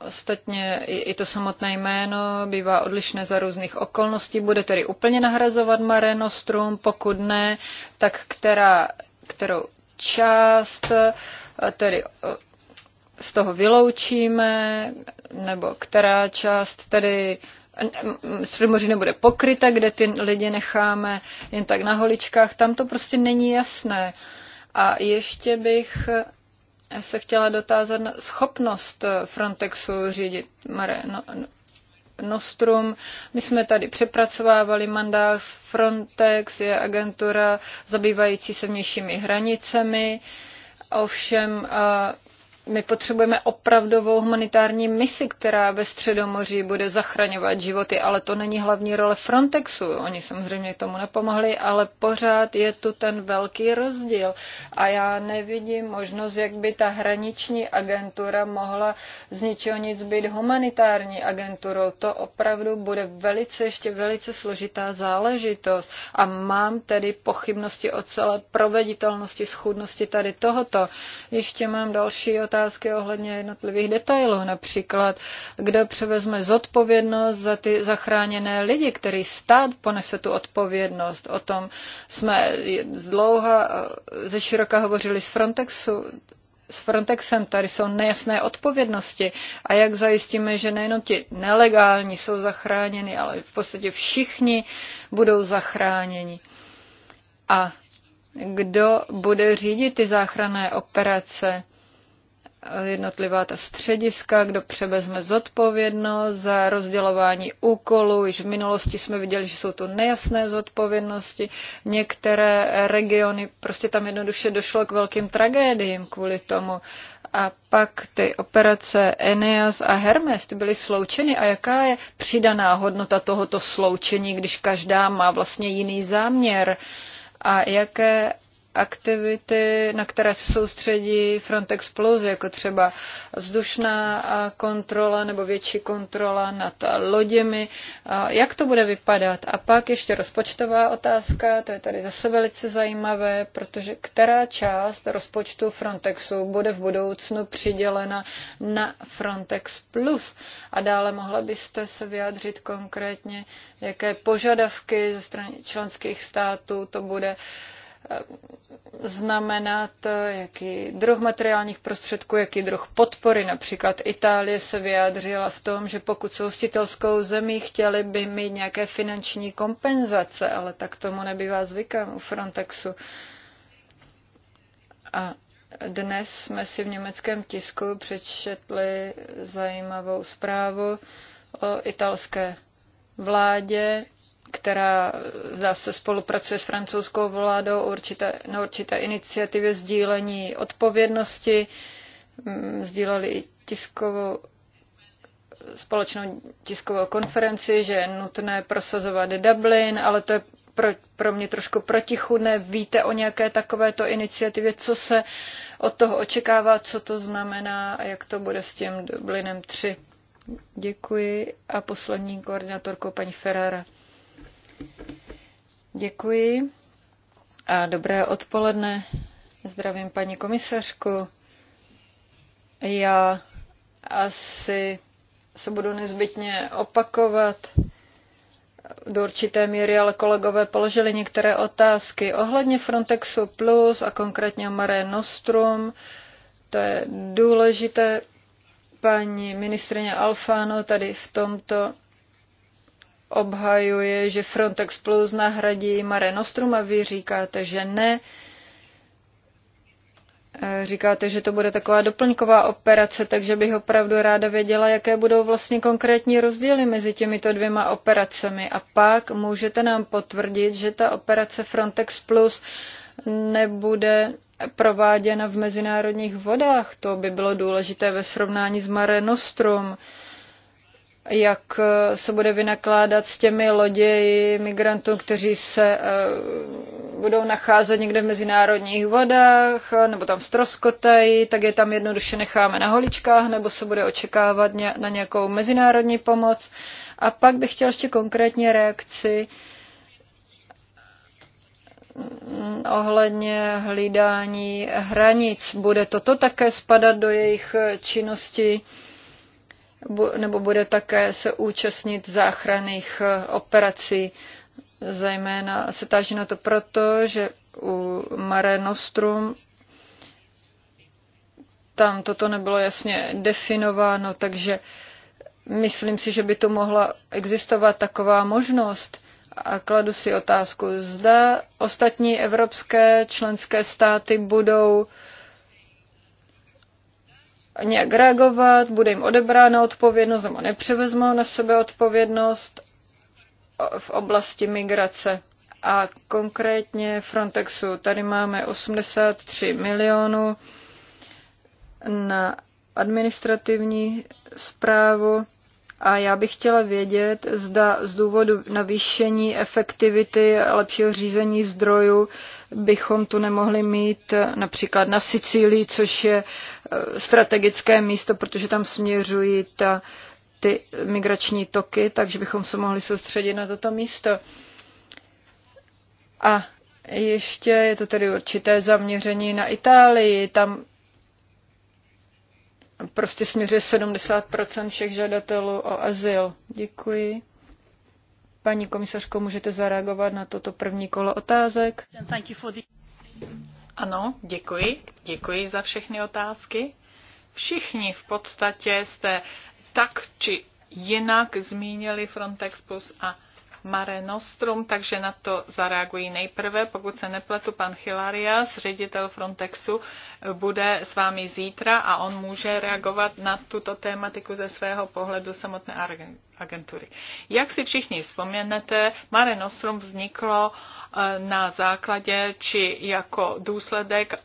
Ostatně i to samotné jméno bývá odlišné za různých okolností. Bude tedy úplně nahrazovat Mare Nostrum, pokud ne, tak která, kterou část eh, tedy eh, z toho vyloučíme, nebo která část tedy Středomoří nebude pokryta, kde ty lidi necháme jen tak na holičkách, tam to prostě není jasné. A ještě bych já se chtěla dotázat na schopnost eh, Frontexu řídit Mare no, Nostrum. My jsme tady přepracovávali mandát Frontex, je agentura zabývající se vnějšími hranicemi. Ovšem eh, my potřebujeme opravdovou humanitární misi, která ve Středomoří bude zachraňovat životy, ale to není hlavní role Frontexu. Oni samozřejmě tomu nepomohli, ale pořád je tu ten velký rozdíl. A já nevidím možnost, jak by ta hraniční agentura mohla z ničeho nic být humanitární agenturou. To opravdu bude velice, ještě velice složitá záležitost. A mám tedy pochybnosti o celé proveditelnosti, schudnosti tady tohoto. Ještě mám další otázky otázky ohledně jednotlivých detailů, například kdo převezme zodpovědnost za ty zachráněné lidi, který stát ponese tu odpovědnost. O tom jsme zdlouha, ze široka hovořili s Frontexu, s Frontexem tady jsou nejasné odpovědnosti a jak zajistíme, že nejenom ti nelegální jsou zachráněni, ale v podstatě všichni budou zachráněni. A kdo bude řídit ty záchranné operace? jednotlivá ta střediska, kdo převezme zodpovědnost za rozdělování úkolů. Již v minulosti jsme viděli, že jsou tu nejasné zodpovědnosti. Některé regiony, prostě tam jednoduše došlo k velkým tragédiím kvůli tomu. A pak ty operace Eneas a Hermes, ty byly sloučeny. A jaká je přidaná hodnota tohoto sloučení, když každá má vlastně jiný záměr? A jaké aktivity, na které se soustředí Frontex Plus, jako třeba vzdušná kontrola nebo větší kontrola nad loděmi. Jak to bude vypadat? A pak ještě rozpočtová otázka, to je tady zase velice zajímavé, protože která část rozpočtu Frontexu bude v budoucnu přidělena na Frontex Plus? A dále mohla byste se vyjádřit konkrétně, jaké požadavky ze strany členských států to bude Eh, znamenat, eh, jaký druh materiálních prostředků, jaký druh podpory. Například Itálie se vyjádřila v tom, že pokud jsou hostitelskou zemí, chtěli by mít nějaké finanční kompenzace, ale tak tomu nebývá zvykem u Frontexu. A dnes jsme si v německém tisku přečetli zajímavou zprávu o italské vládě, která zase spolupracuje s francouzskou vládou určité, na určité iniciativě sdílení odpovědnosti. Mm, sdíleli i tiskovou společnou tiskovou konferenci, že je nutné prosazovat Dublin, ale to je pro, pro mě trošku protichudné. Víte o nějaké takovéto iniciativě, co se od toho očekává, co to znamená a jak to bude s tím Dublinem 3? Děkuji. A poslední koordinátorkou paní Ferrara. Děkuji a dobré odpoledne. Zdravím paní komisařku. Já asi se budu nezbytně opakovat do určité míry, ale kolegové položili některé otázky ohledně Frontexu Plus a konkrétně Mare Nostrum. To je důležité. Paní ministrině Alfano tady v tomto obhajuje, že Frontex Plus nahradí Mare Nostrum a vy říkáte, že ne. E, říkáte, že to bude taková doplňková operace, takže bych opravdu ráda věděla, jaké budou vlastně konkrétní rozdíly mezi těmito dvěma operacemi. A pak můžete nám potvrdit, že ta operace Frontex Plus nebude prováděna v mezinárodních vodách. To by bylo důležité ve srovnání s Mare Nostrum jak eh, se bude vynakládat s těmi loději migrantů, kteří se eh, budou nacházet někde v mezinárodních vodách, nebo tam stroskotají, tak je tam jednoduše necháme na holičkách, nebo se bude očekávat na nějakou mezinárodní pomoc. A pak bych chtěl ještě konkrétně reakci mm, ohledně hlídání hranic. Bude toto také spadat do jejich činnosti? nebo bude také se účastnit záchranných eh, operací. Zajména se táží na to proto, že u Mare Nostrum tam toto nebylo jasně definováno, takže myslím si, že by tu mohla existovat taková možnost. A kladu si otázku, zda ostatní evropské členské státy budou nějak reagovat, bude jim odebrána odpovědnost nebo nepřevezmou na sebe odpovědnost v oblasti migrace. A konkrétně Frontexu, tady máme 83 milionů na administrativní zprávu a já bych chtěla vědět, zda z důvodu navýšení efektivity a lepšího řízení zdrojů bychom tu nemohli mít například na Sicílii, což je eh, strategické místo, protože tam směřují ta, ty migrační toky, takže bychom se mohli soustředit na toto místo. A ještě je to tedy určité zaměření na Itálii. Tam prostě směřuje 70% všech žadatelů o azyl. Děkuji. Paní komisařko, můžete zareagovat na toto první kolo otázek? Ano, děkuji. Děkuji za všechny otázky. Všichni v podstatě jste tak či jinak zmínili Frontex Plus a Mare Nostrum, takže na to zareagují nejprve. Pokud se nepletu, pan Hilarias, ředitel Frontexu, bude s vámi zítra a on může reagovat na tuto tématiku ze svého pohledu samotné agentury. Jak si všichni vzpomenete, Mare Nostrum vzniklo eh, na základě či jako důsledek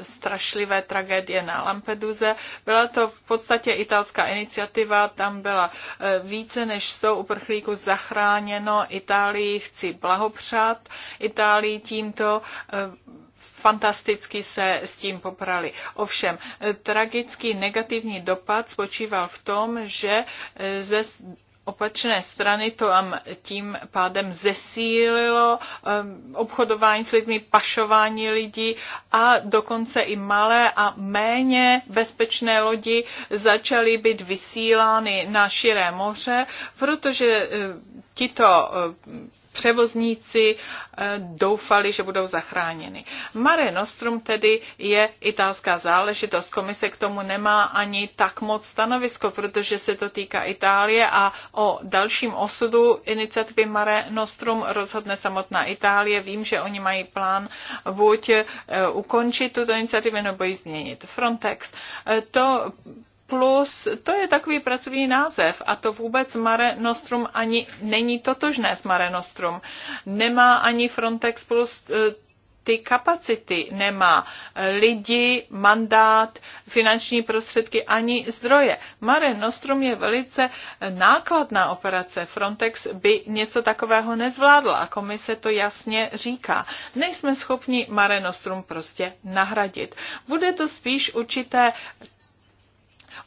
strašlivé tragédie na Lampeduze. Byla to v podstatě italská iniciativa, tam byla e, více než 100 uprchlíků zachráněno. Itálii chci blahopřát. Itálii tímto e, fantasticky se s tím poprali. Ovšem, e, tragický negativní dopad spočíval v tom, že ze opačné strany to tím pádem zesílilo um, obchodování s lidmi, pašování lidí a dokonce i malé a méně bezpečné lodi začaly být vysílány na širé moře, protože eh, tito eh, převozníci eh, doufali, že budou zachráněny. Mare Nostrum tedy je italská záležitost. Komise k tomu nemá ani tak moc stanovisko, protože se to týká Itálie a o dalším osudu iniciativy Mare Nostrum rozhodne samotná Itálie. Vím, že oni mají plán buď eh, ukončit tuto iniciativu nebo ji změnit. Frontex. Eh, to plus, to je takový pracovní název a to vůbec Mare Nostrum ani není totožné s Mare Nostrum. Nemá ani Frontex plus eh, ty kapacity nemá lidi, mandát, finanční prostředky ani zdroje. Mare Nostrum je velice nákladná operace. Frontex by něco takového nezvládla a komise to jasně říká. Nejsme schopni Mare Nostrum prostě nahradit. Bude to spíš určité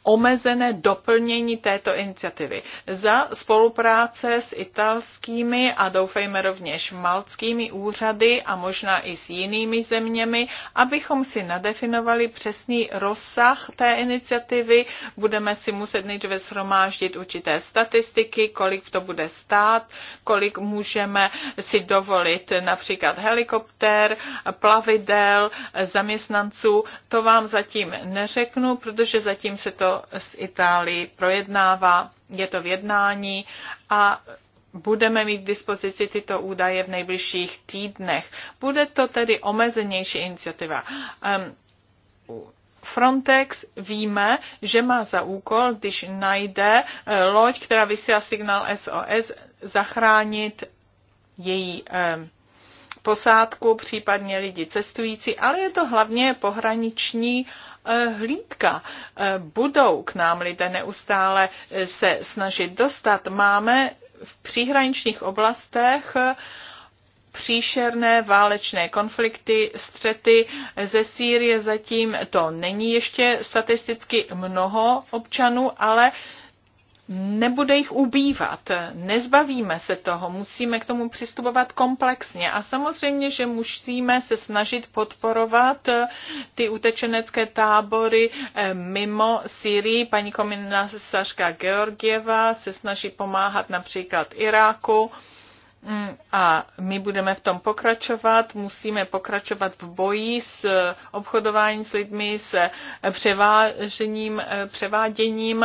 omezené doplnění této iniciativy. Za spolupráce s italskými a doufejme rovněž malckými úřady a možná i s jinými zeměmi, abychom si nadefinovali přesný rozsah té iniciativy. Budeme si muset nejdříve shromáždit určité statistiky, kolik to bude stát, kolik můžeme si dovolit například helikoptér, plavidel, zaměstnanců. To vám zatím neřeknu, protože zatím se to s Itálií projednává, je to v jednání a budeme mít k dispozici tyto údaje v nejbližších týdnech. Bude to tedy omezenější iniciativa. Um, Frontex víme, že má za úkol, když najde eh, loď, která vysílá signál SOS, zachránit její um, posádku, případně lidi cestující, ale je to hlavně pohraniční eh, hlídka. Eh, budou k nám lidé neustále eh, se snažit dostat. Máme v příhraničních oblastech příšerné válečné konflikty, střety ze Sýrie zatím to není ještě statisticky mnoho občanů, ale nebude jich ubývat. Nezbavíme se toho, musíme k tomu přistupovat komplexně a samozřejmě, že musíme se snažit podporovat eh, ty utečenecké tábory eh, mimo Syrii. Paní komisařka Georgieva se snaží pomáhat například Iráku mm, a my budeme v tom pokračovat, musíme pokračovat v boji s eh, obchodováním s lidmi, s převážením, převáděním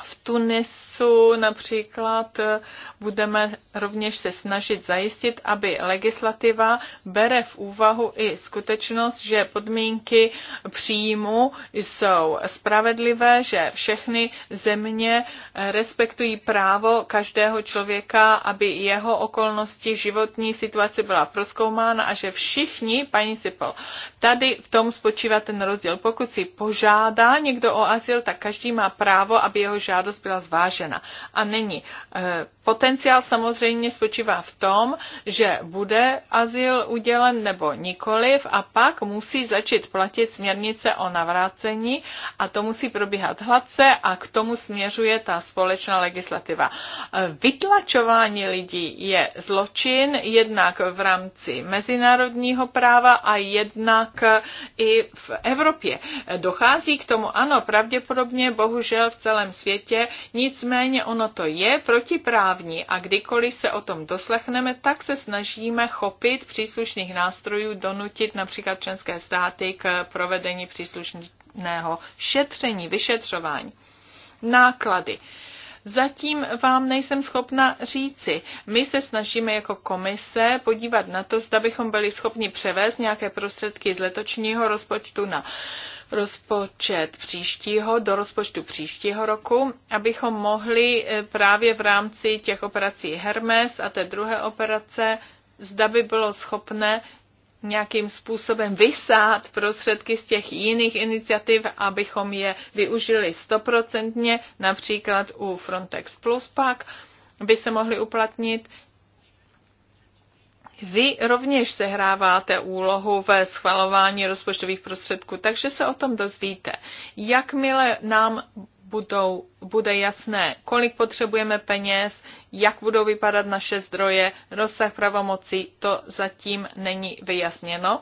v Tunisu například eh, budeme rovněž se snažit zajistit, aby legislativa bere v úvahu i skutečnost, že podmínky příjmu jsou spravedlivé, že všechny země eh, respektují právo každého člověka, aby jeho okolnosti životní situace byla proskoumána a že všichni, paní Sipol, tady v tom spočívá ten rozdíl. Pokud si požádá někdo o azyl, tak každý má právo, aby jeho žádost byla zvážena. A nyní, eh, potenciál samozřejmě spočívá v tom, že bude azyl udělen nebo nikoliv a pak musí začít platit směrnice o navrácení a to musí probíhat hladce a k tomu směřuje ta společná legislativa. Eh, vytlačování lidí je zločin jednak v rámci mezinárodního práva a jednak eh, i v Evropě. Dochází k tomu, ano, pravděpodobně, bohužel v celém světě světě, nicméně ono to je protiprávní a kdykoliv se o tom doslechneme, tak se snažíme chopit příslušných nástrojů, donutit například členské státy k provedení příslušného šetření, vyšetřování. Náklady. Zatím vám nejsem schopna říci. My se snažíme jako komise podívat na to, zda bychom byli schopni převést nějaké prostředky z letočního rozpočtu na rozpočet příštího, do rozpočtu příštího roku, abychom mohli eh, právě v rámci těch operací Hermes a té druhé operace, zda by bylo schopné nějakým způsobem vysát prostředky z těch jiných iniciativ, abychom je využili stoprocentně, například u Frontex Plus pak by se mohly uplatnit vy rovněž sehráváte úlohu ve schvalování rozpočtových prostředků, takže se o tom dozvíte. Jakmile nám budou, bude jasné, kolik potřebujeme peněz, jak budou vypadat naše zdroje, rozsah pravomocí, to zatím není vyjasněno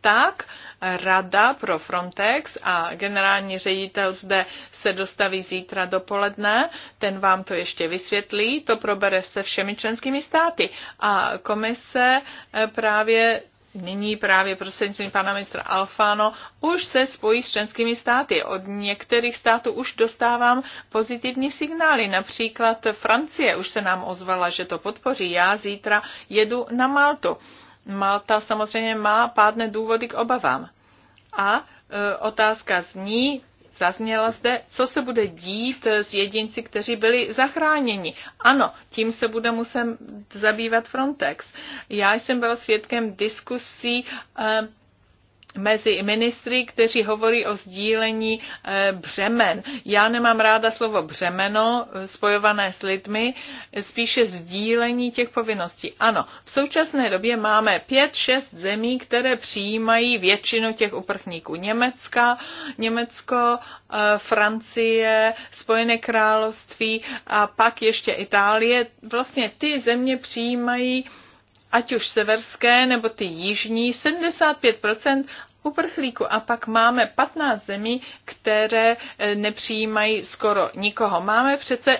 tak Rada pro Frontex a generální ředitel zde se dostaví zítra dopoledne, ten vám to ještě vysvětlí, to probere se všemi členskými státy. A komise eh, právě nyní právě prostřednictvím pana ministra Alfano už se spojí s členskými státy. Od některých států už dostávám pozitivní signály. Například Francie už se nám ozvala, že to podpoří. Já zítra jedu na Maltu Malta samozřejmě má pádné důvody k obavám. A e, otázka zní, zazněla zde, co se bude dít e, s jedinci, kteří byli zachráněni. Ano, tím se bude muset zabývat Frontex. Já jsem byla svědkem diskusí e, mezi ministry, kteří hovorí o sdílení eh, břemen. Já nemám ráda slovo břemeno eh, spojované s lidmi, eh, spíše sdílení těch povinností. Ano, v současné době máme pět, šest zemí, které přijímají většinu těch uprchníků. Německa, Německo, Francie, Spojené království a pak ještě Itálie. Vlastně ty země přijímají ať už severské nebo ty jižní, 75% uprchlíků. A pak máme 15 zemí, které eh, nepřijímají skoro nikoho. Máme přece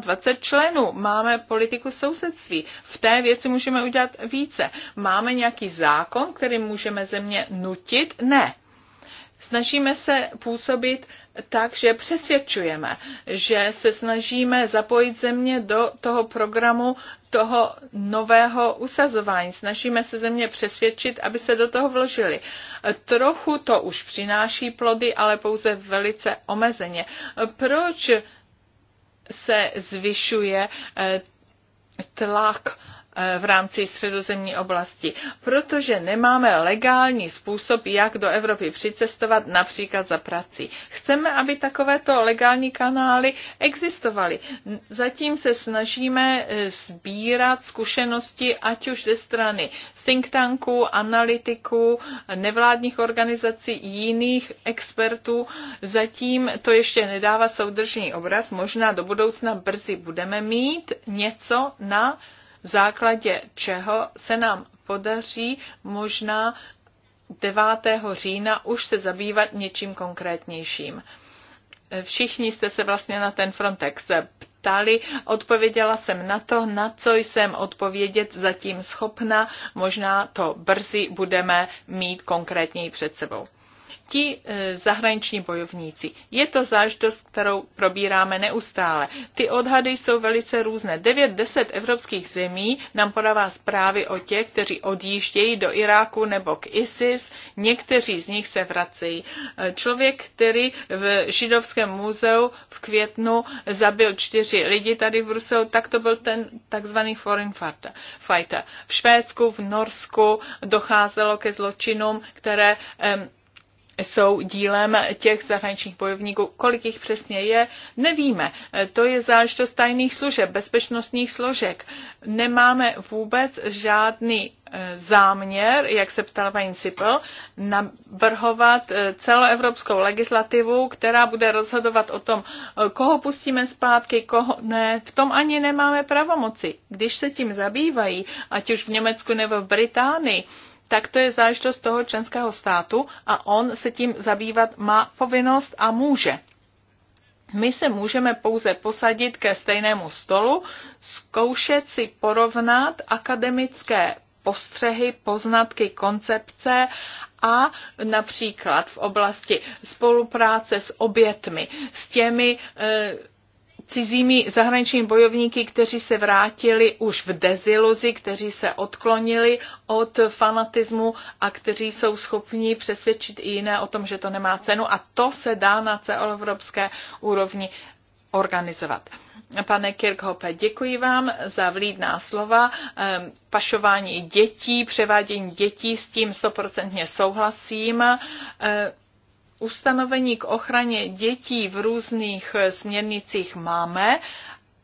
28 členů, máme politiku sousedství. V té věci můžeme udělat více. Máme nějaký zákon, který můžeme země nutit? Ne. Snažíme se působit tak, že přesvědčujeme, že se snažíme zapojit země do toho programu toho nového usazování. Snažíme se země přesvědčit, aby se do toho vložili. Trochu to už přináší plody, ale pouze velice omezeně. Proč se zvyšuje eh, tlak E, v rámci středozemní oblasti, protože nemáme legální způsob, jak do Evropy přicestovat, například za prací. Chceme, aby takovéto legální kanály existovaly. Zatím se snažíme e, sbírat zkušenosti, ať už ze strany think tanků, analytiků, nevládních organizací, jiných expertů. Zatím to ještě nedává soudržný obraz. Možná do budoucna brzy budeme mít něco na základě čeho se nám podaří možná 9. října už se zabývat něčím konkrétnějším. Všichni jste se vlastně na ten Frontex ptali, odpověděla jsem na to, na co jsem odpovědět zatím schopna, možná to brzy budeme mít konkrétněji před sebou ti e, zahraniční bojovníci. Je to záždost, kterou probíráme neustále. Ty odhady jsou velice různé. 9-10 evropských zemí nám podává zprávy o těch, kteří odjíždějí do Iráku nebo k ISIS. Někteří z nich se vracejí. E, člověk, který v židovském muzeu v květnu zabil čtyři lidi tady v Bruselu, tak to byl ten takzvaný foreign fighter. V Švédsku, v Norsku docházelo ke zločinům, které jsou dílem těch zahraničních bojovníků. Kolik jich přesně je, nevíme. To je záležitost tajných služeb, bezpečnostních složek. Nemáme vůbec žádný e, záměr, jak se ptal paní Cipel, navrhovat e, celoevropskou legislativu, která bude rozhodovat o tom, e, koho pustíme zpátky, koho ne. V tom ani nemáme pravomoci. Když se tím zabývají, ať už v Německu nebo v Británii, tak to je záležitost toho členského státu a on se tím zabývat má povinnost a může. My se můžeme pouze posadit ke stejnému stolu, zkoušet si porovnat akademické postřehy, poznatky, koncepce a například v oblasti spolupráce s obětmi, s těmi eh, cizími zahraničními bojovníky, kteří se vrátili už v deziluzi, kteří se odklonili od fanatismu a kteří jsou schopni přesvědčit i jiné o tom, že to nemá cenu. A to se dá na celoevropské úrovni organizovat. Pane Kirkhope, děkuji vám za vlídná slova. Ehm, pašování dětí, převádění dětí, s tím stoprocentně souhlasím. Ehm, ustanovení k ochraně dětí v různých eh, směrnicích máme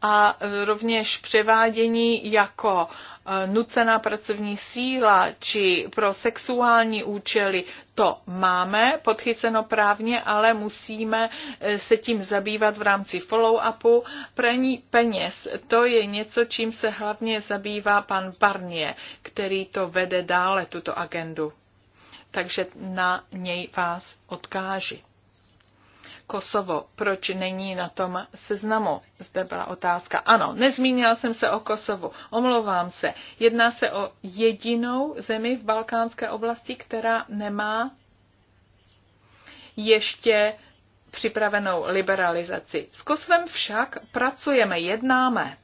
a eh, rovněž převádění jako eh, nucená pracovní síla či pro sexuální účely, to máme podchyceno právně, ale musíme se tím zabývat v rámci follow-upu. Praní peněz, to je něco, čím se hlavně zabývá pan Barnier, který to vede dále, tuto agendu takže na něj vás odkáži. Kosovo, proč není na tom seznamu? Zde byla otázka. Ano, nezmínila jsem se o Kosovu, omlouvám se. Jedná se o jedinou zemi v balkánské oblasti, která nemá ještě připravenou liberalizaci. S Kosovem však pracujeme, jednáme.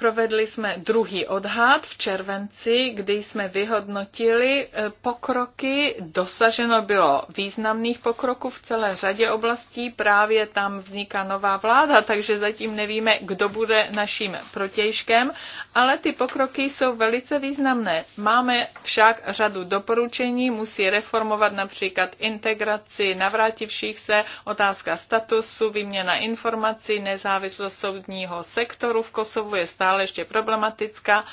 Provedli jsme druhý odhad v červenci, kdy jsme vyhodnotili e, pokroky. Dosaženo bylo významných pokroků v celé řadě oblastí. Právě tam vzniká nová vláda, takže zatím nevíme, kdo bude naším protějškem, ale ty pokroky jsou velice významné. Máme však řadu doporučení, musí reformovat například integraci navrátivších se, otázka statusu, výměna informací, nezávislost soudního sektoru v Kosovu je stále stále ještě problematická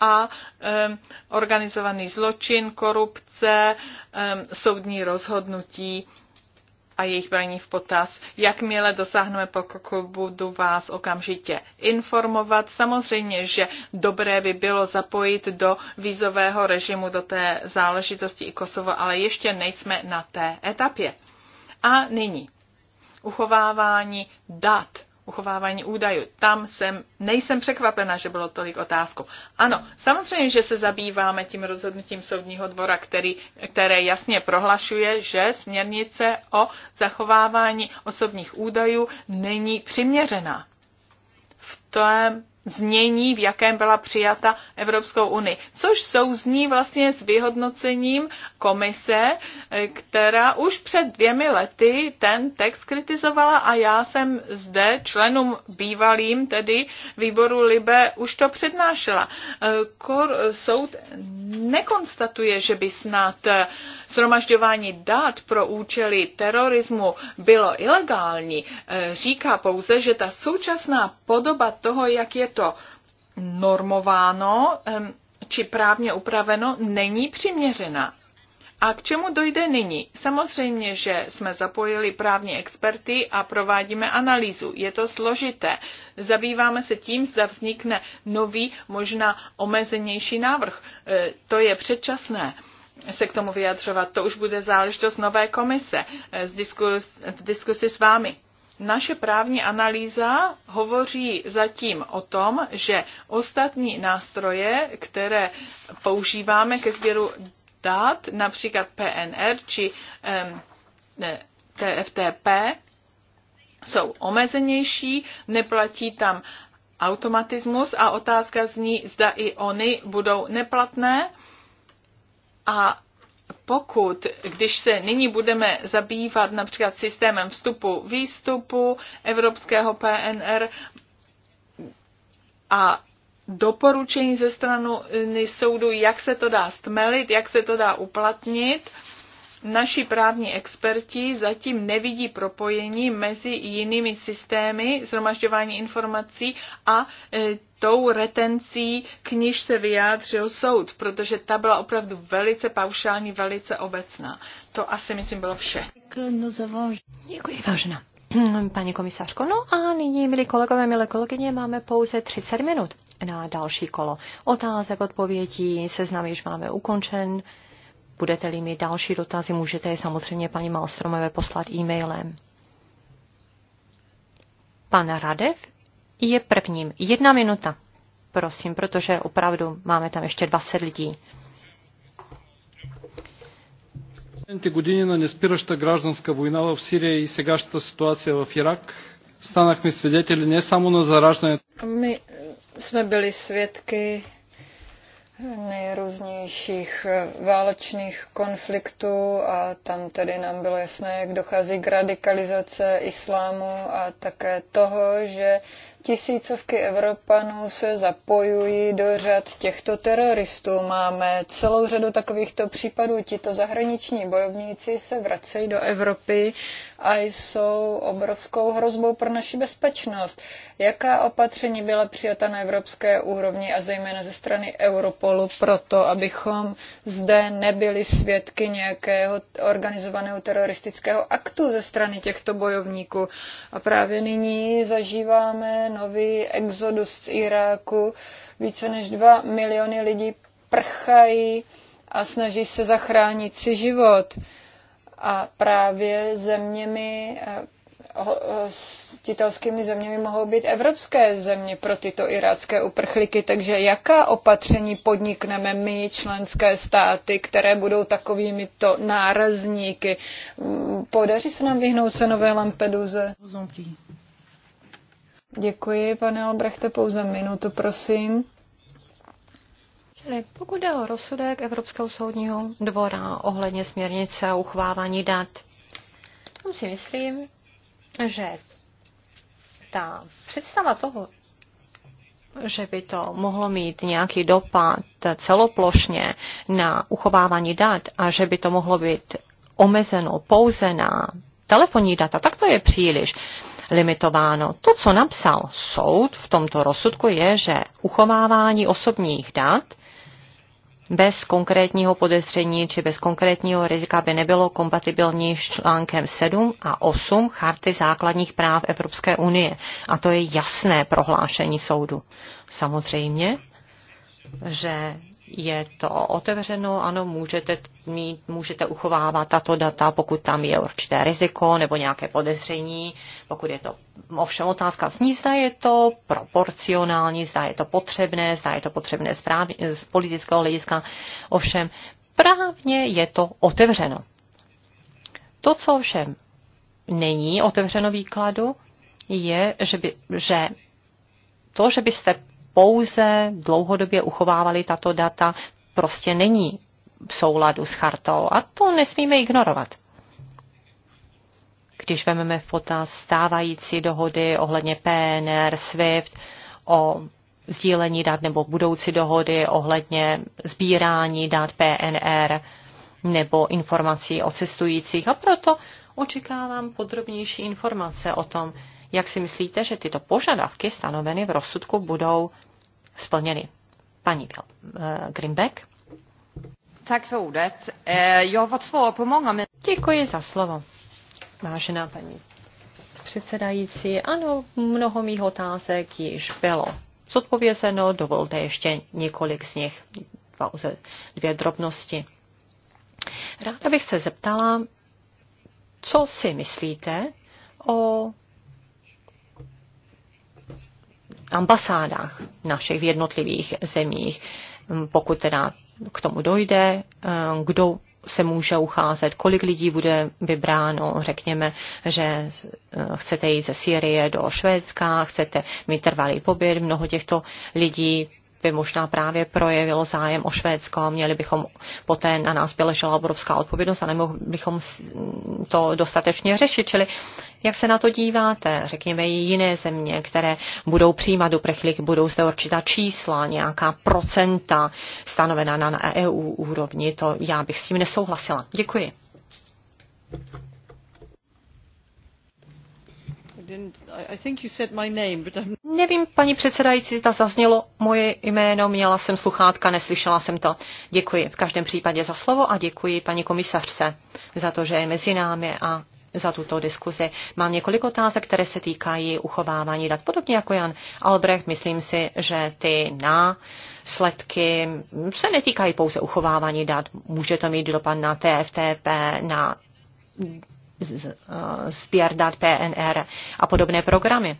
a um, organizovaný zločin, korupce, um, soudní rozhodnutí a jejich braní v potaz. Jakmile dosáhneme pokroku, budu vás okamžitě informovat. Samozřejmě, že dobré by bylo zapojit do vízového režimu, do té záležitosti i Kosovo, ale ještě nejsme na té etapě. A nyní uchovávání dat uchovávání údajů. Tam jsem, nejsem překvapena, že bylo tolik otázků. Ano, samozřejmě, že se zabýváme tím rozhodnutím soudního dvora, který, které jasně prohlašuje, že směrnice o zachovávání osobních údajů není přiměřená. V tom znění, v jakém byla přijata Evropskou unii, což souzní vlastně s vyhodnocením komise, která už před dvěmi lety ten text kritizovala a já jsem zde členům bývalým, tedy výboru Libe, už to přednášela. Kor, soud nekonstatuje, že by snad Sromažďování dat pro účely terorismu bylo ilegální, říká pouze, že ta současná podoba toho, jak je to normováno či právně upraveno, není přiměřená. A k čemu dojde nyní? Samozřejmě, že jsme zapojili právní experty a provádíme analýzu. Je to složité. Zabýváme se tím, zda vznikne nový, možná omezenější návrh. E, to je předčasné se k tomu vyjadřovat. To už bude záležitost nové komise e, v diskusi s vámi. Naše právní analýza hovoří zatím o tom, že ostatní nástroje, které používáme ke sběru dat, například PNR či eh, TFTP, jsou omezenější, neplatí tam automatismus a otázka zní, zda i oni budou neplatné a pokud, když se nyní budeme zabývat například systémem vstupu výstupu evropského PNR a doporučení ze strany soudu, jak se to dá stmelit, jak se to dá uplatnit, Naši právní experti zatím nevidí propojení mezi jinými systémy zhromažďování informací a e, tou retencí, k níž se vyjádřil soud, protože ta byla opravdu velice paušální, velice obecná. To asi, myslím, bylo vše. Děkuji, vážená. Paní komisařko, no a nyní, milí kolegové, milé kolegyně, máme pouze 30 minut na další kolo. Otázek, odpovědí, seznam již máme ukončen. Budete-li mít další dotazy, můžete je samozřejmě paní Malstromové poslat e-mailem. Pan Radev je prvním. Jedna minuta, prosím, protože opravdu máme tam ještě 20 lidí. Последните неспираща гражданска война в Сирия и сегашната ситуация в Ирак станахме свидетели не само на зараждането. My jsme byli svědky nejrůznějších eh, válečných konfliktů a tam tedy nám bylo jasné, jak dochází k radikalizace islámu a také toho, že Tisícovky Evropanů se zapojují do řad těchto teroristů. Máme celou řadu takovýchto případů. Tito zahraniční bojovníci se vracejí do Evropy a jsou obrovskou hrozbou pro naši bezpečnost. Jaká opatření byla přijata na evropské úrovni a zejména ze strany Europolu proto, abychom zde nebyli svědky nějakého organizovaného teroristického aktu ze strany těchto bojovníků? A právě nyní zažíváme nový exodus z Iráku. Více než dva miliony lidí prchají a snaží se zachránit si život. A právě zeměmi, eh, hostitelskými eh, zeměmi mohou být evropské země pro tyto irácké uprchlíky. Takže jaká opatření podnikneme my, členské státy, které budou takovými to nárazníky? Mm, podaří se nám vyhnout se nové Lampeduze? Děkuji, pane Albrechte, pouze minutu, prosím. Eh, pokud jde o rozsudek Evropského soudního dvora ohledně směrnice a uchvávání dat, tam si myslím, že ta představa toho, že by to mohlo mít nějaký dopad celoplošně na uchovávání dat a že by to mohlo být omezeno pouze na telefonní data, tak to je příliš limitováno. To, co napsal soud v tomto rozsudku, je, že uchovávání osobních dat bez konkrétního podezření či bez konkrétního rizika by nebylo kompatibilní s článkem 7 a 8 Charty základních práv Evropské unie. A to je jasné prohlášení soudu. Samozřejmě, že je to otevřeno, ano, můžete mít, můžete uchovávat tato data, pokud tam je určité riziko nebo nějaké podezření, pokud je to ovšem otázka zní, zda je to proporcionální, zda je to potřebné, zda je to potřebné z, práv, z politického hlediska, ovšem právně je to otevřeno. To, co ovšem není otevřeno výkladu, je, že, by, že to, že byste pouze dlouhodobě uchovávali tato data, prostě není v souladu s chartou a to nesmíme ignorovat. Když vezmeme v potaz stávající dohody ohledně PNR, SWIFT, o sdílení dat nebo budoucí dohody ohledně sbírání dat PNR nebo informací o cestujících. A proto očekávám podrobnější informace o tom, jak si myslíte, že tyto požadavky stanoveny v rozsudku budou splněny. Paní eh, Grimbeck. Tak för ordet. Eh, jag har fått svar på många av Děkuji za slovo, vážená paní předsedající. Ano, mnoho mých otázek již bylo zodpovězeno. Dovolte ještě několik z nich, Dva dvě drobnosti. Ráda bych se zeptala, co si myslíte o ambasádách našich v jednotlivých zemích, pokud teda k tomu dojde, eh, kdo se může ucházet, kolik lidí bude vybráno, řekněme, že eh, chcete jít ze Syrie do Švédska, chcete mít trvalý pobyt, mnoho těchto lidí by možná právě projevilo zájem o Švédsko a měli bychom poté na nás by ležela obrovská odpovědnost a nemohli bychom to dostatečně řešit. Čili jak se na to díváte? Řekněme i jiné země, které budou přijímat uprchlíky, budou zde určitá čísla, nějaká procenta stanovená na EU úrovni. To já bych s tím nesouhlasila. Děkuji. Nevím, paní předsedající, zda zaznělo moje jméno, měla jsem sluchátka, neslyšela jsem to. Děkuji v každém případě za slovo a děkuji paní komisařce za to, že je mezi námi a za tuto diskuzi. Mám několik otázek, které se týkají uchovávání dat. Podobně jako Jan Albrecht, myslím si, že ty následky se netýkají pouze uchovávání dat. Může to mít dopad na TFTP, na sběrdat eh, PNR a podobné programy.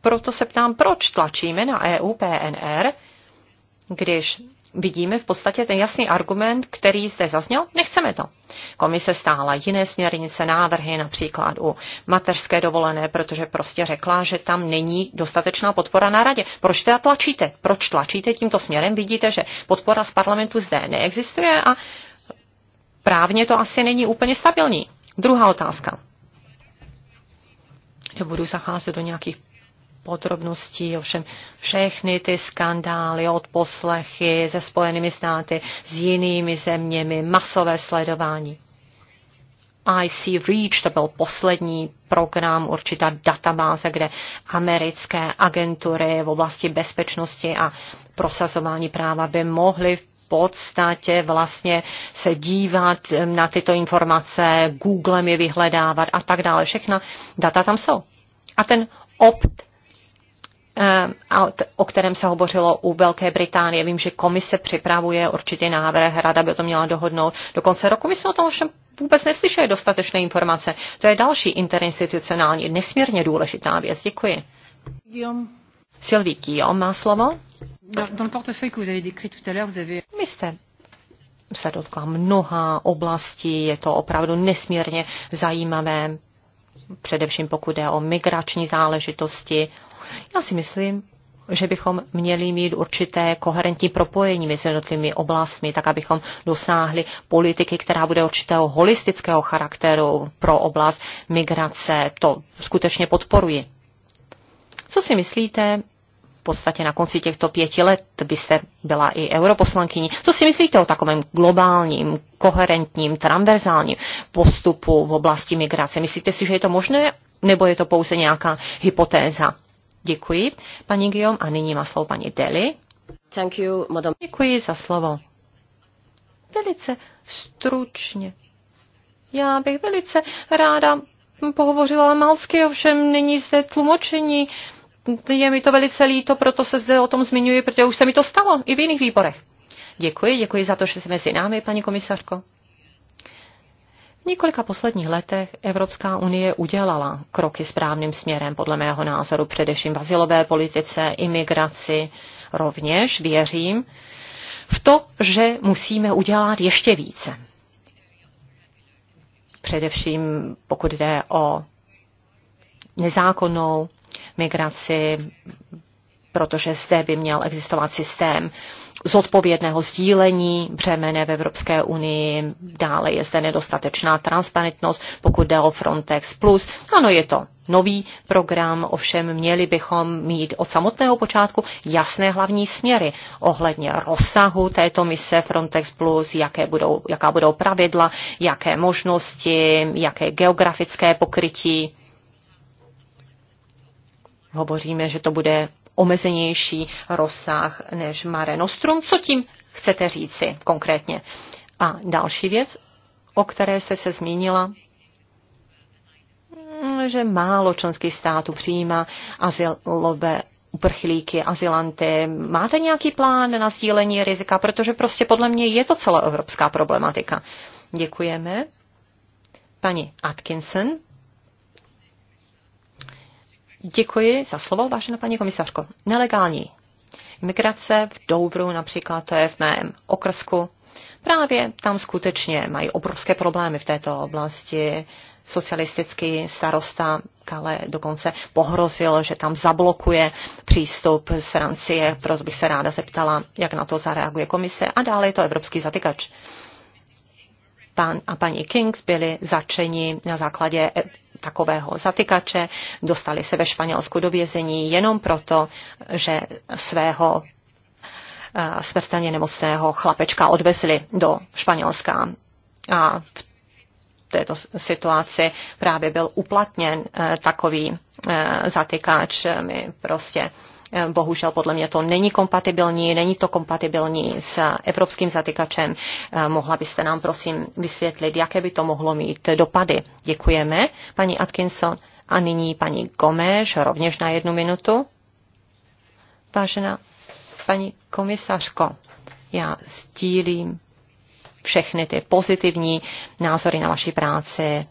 Proto se ptám, proč tlačíme na EU PNR, když vidíme v podstatě ten jasný argument, který zde zazněl, nechceme to. Komise stála jiné směrnice, návrhy například u mateřské dovolené, protože prostě řekla, že tam není dostatečná podpora na radě. Proč teda tlačíte? Proč tlačíte tímto směrem? Vidíte, že podpora z parlamentu zde neexistuje a právně to asi není úplně stabilní. Druhá otázka. Nebudu zacházet do nějakých podrobností, ovšem všechny ty skandály, odposlechy se Spojenými státy, s jinými zeměmi, masové sledování. IC Reach, to byl poslední program, určitá databáze, kde americké agentury v oblasti bezpečnosti a prosazování práva by mohly podstatě vlastně se dívat na tyto informace, Googlem je vyhledávat a tak dále. Všechna data tam jsou. A ten opt eh, o kterém se hovořilo u Velké Británie. Vím, že komise připravuje určitě návrh, rada by to měla dohodnout do konce roku. My jsme o tom všem vůbec neslyšeli dostatečné informace. To je další interinstitucionální, nesmírně důležitá věc. Děkuji. Sylvie Kio má slovo. Vy jste se dotkla mnoha oblastí, je to opravdu nesmírně zajímavé, především pokud je o migrační záležitosti. Já si myslím, že bychom měli mít určité koherentní propojení mezi jednotlivými oblastmi, tak abychom dosáhli politiky, která bude určitého holistického charakteru pro oblast migrace. To skutečně podporuji. Co si myslíte podstatě na konci těchto pěti let byste byla i europoslankyní. Co si myslíte o takovém globálním, koherentním, transverzálním postupu v oblasti migrace? Myslíte si, že je to možné, nebo je to pouze nějaká hypotéza? Děkuji, paní Guillaume, a nyní má slovo paní Deli. Thank you, madam. Děkuji za slovo. Velice stručně. Já bych velice ráda pohovořila malsky, ovšem není zde tlumočení. Uh, je mi to velice líto, proto se zde o tom zmiňuji, protože už se mi to stalo i v jiných výborech. Děkuji, děkuji za to, že jste mezi námi, paní komisařko. V několika posledních letech Evropská unie udělala kroky správným směrem, podle mého názoru, především v azylové politice, imigraci. Rovněž věřím v to, že musíme udělat ještě více. Především pokud jde o nezákonnou migraci, protože zde by měl existovat systém zodpovědného sdílení břemene v Evropské unii, dále je zde nedostatečná transparentnost, pokud jde o Frontex+. Plus. Ano, je to nový program, ovšem měli bychom mít od samotného počátku jasné hlavní směry ohledně rozsahu této mise Frontex+, Plus, jaké budou, jaká budou pravidla, jaké možnosti, jaké geografické pokrytí hovoříme, že to bude omezenější rozsah než Mare Nostrum. Co tím chcete říci konkrétně? A další věc, o které jste se zmínila, že málo členských států přijímá azylové uprchlíky, azylanty. Máte nějaký plán na sdílení rizika? Protože prostě podle mě je to celoevropská problematika. Děkujeme. Pani Atkinson. Děkuji za slovo, vážená paní komisařko. Nelegální migrace v Douvru, například to je v mém okrsku. Právě tam skutečně mají obrovské problémy v této oblasti. Socialistický starosta Kale dokonce pohrozil, že tam zablokuje přístup z Francie, proto bych se ráda zeptala, jak na to zareaguje komise. A dále je to evropský zatykač. Pan a paní Kings byli začeni na základě takového zatykače, dostali se ve Španělsku do vězení jenom proto, že svého eh, smrtelně nemocného chlapečka odvezli do Španělska. A v této situaci právě byl uplatněn eh, takový eh, zatykač. My prostě Eh, bohužel podle mě to není kompatibilní, není to kompatibilní s evropským zatykačem. Eh, mohla byste nám prosím vysvětlit, jaké by to mohlo mít dopady. Děkujeme, paní Atkinson. A nyní paní Gomeš, rovněž na jednu minutu. Vážená paní komisařko, já sdílím všechny ty pozitivní názory na vaší práci,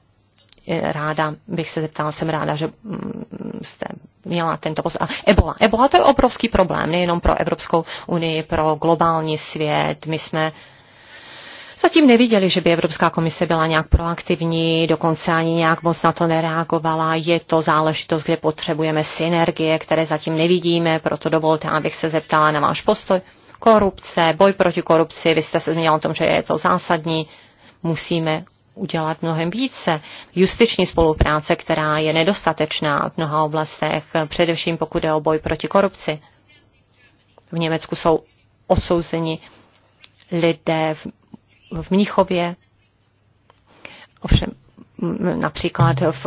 ráda bych se zeptala, jsem ráda, že mm, jste měla tento post. Ebola. Ebola to je obrovský problém, nejenom pro Evropskou unii, pro globální svět. My jsme Zatím neviděli, že by Evropská komise byla nějak proaktivní, dokonce ani nějak moc na to nereagovala. Je to záležitost, kde potřebujeme synergie, které zatím nevidíme, proto dovolte, abych se zeptala na váš postoj. Korupce, boj proti korupci, vy jste se zmínila o tom, že je to zásadní. Musíme udělat mnohem více. Justiční spolupráce, která je nedostatečná v mnoha oblastech, především pokud je o boj proti korupci. V Německu jsou odsouzeni lidé v, v Mnichově, ovšem například v,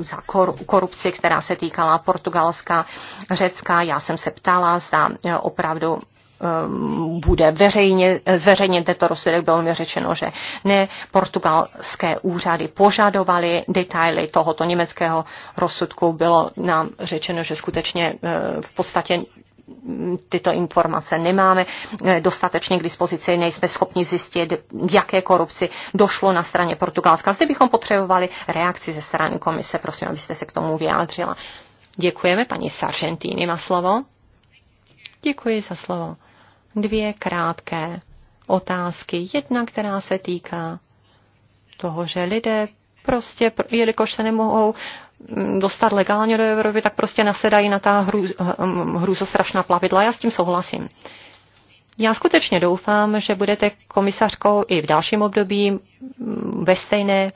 za kor, korupci, která se týkala Portugalska, Řecka. Já jsem se ptala, zda opravdu Um, bude veřejně, zveřejněn tento rozsudek, bylo mi řečeno, že ne, portugalské úřady požadovaly detaily tohoto německého rozsudku, bylo nám řečeno, že skutečně eh, v podstatě mm, tyto informace nemáme eh, dostatečně k dispozici, nejsme schopni zjistit, jaké korupci došlo na straně Portugalska. Zde bychom potřebovali reakci ze strany komise, prosím, abyste se k tomu vyjádřila. Děkujeme, paní Sargentini má slovo. Děkuji za slovo dvě krátké otázky. Jedna, která se týká toho, že lidé prostě, jelikož se nemohou mm, dostat legálně do Evropy, tak prostě nasedají na ta hru, hm, hrůzostrašná plavidla. Já s tím souhlasím. Já skutečně doufám, že budete komisařkou i v dalším období mm, ve stejné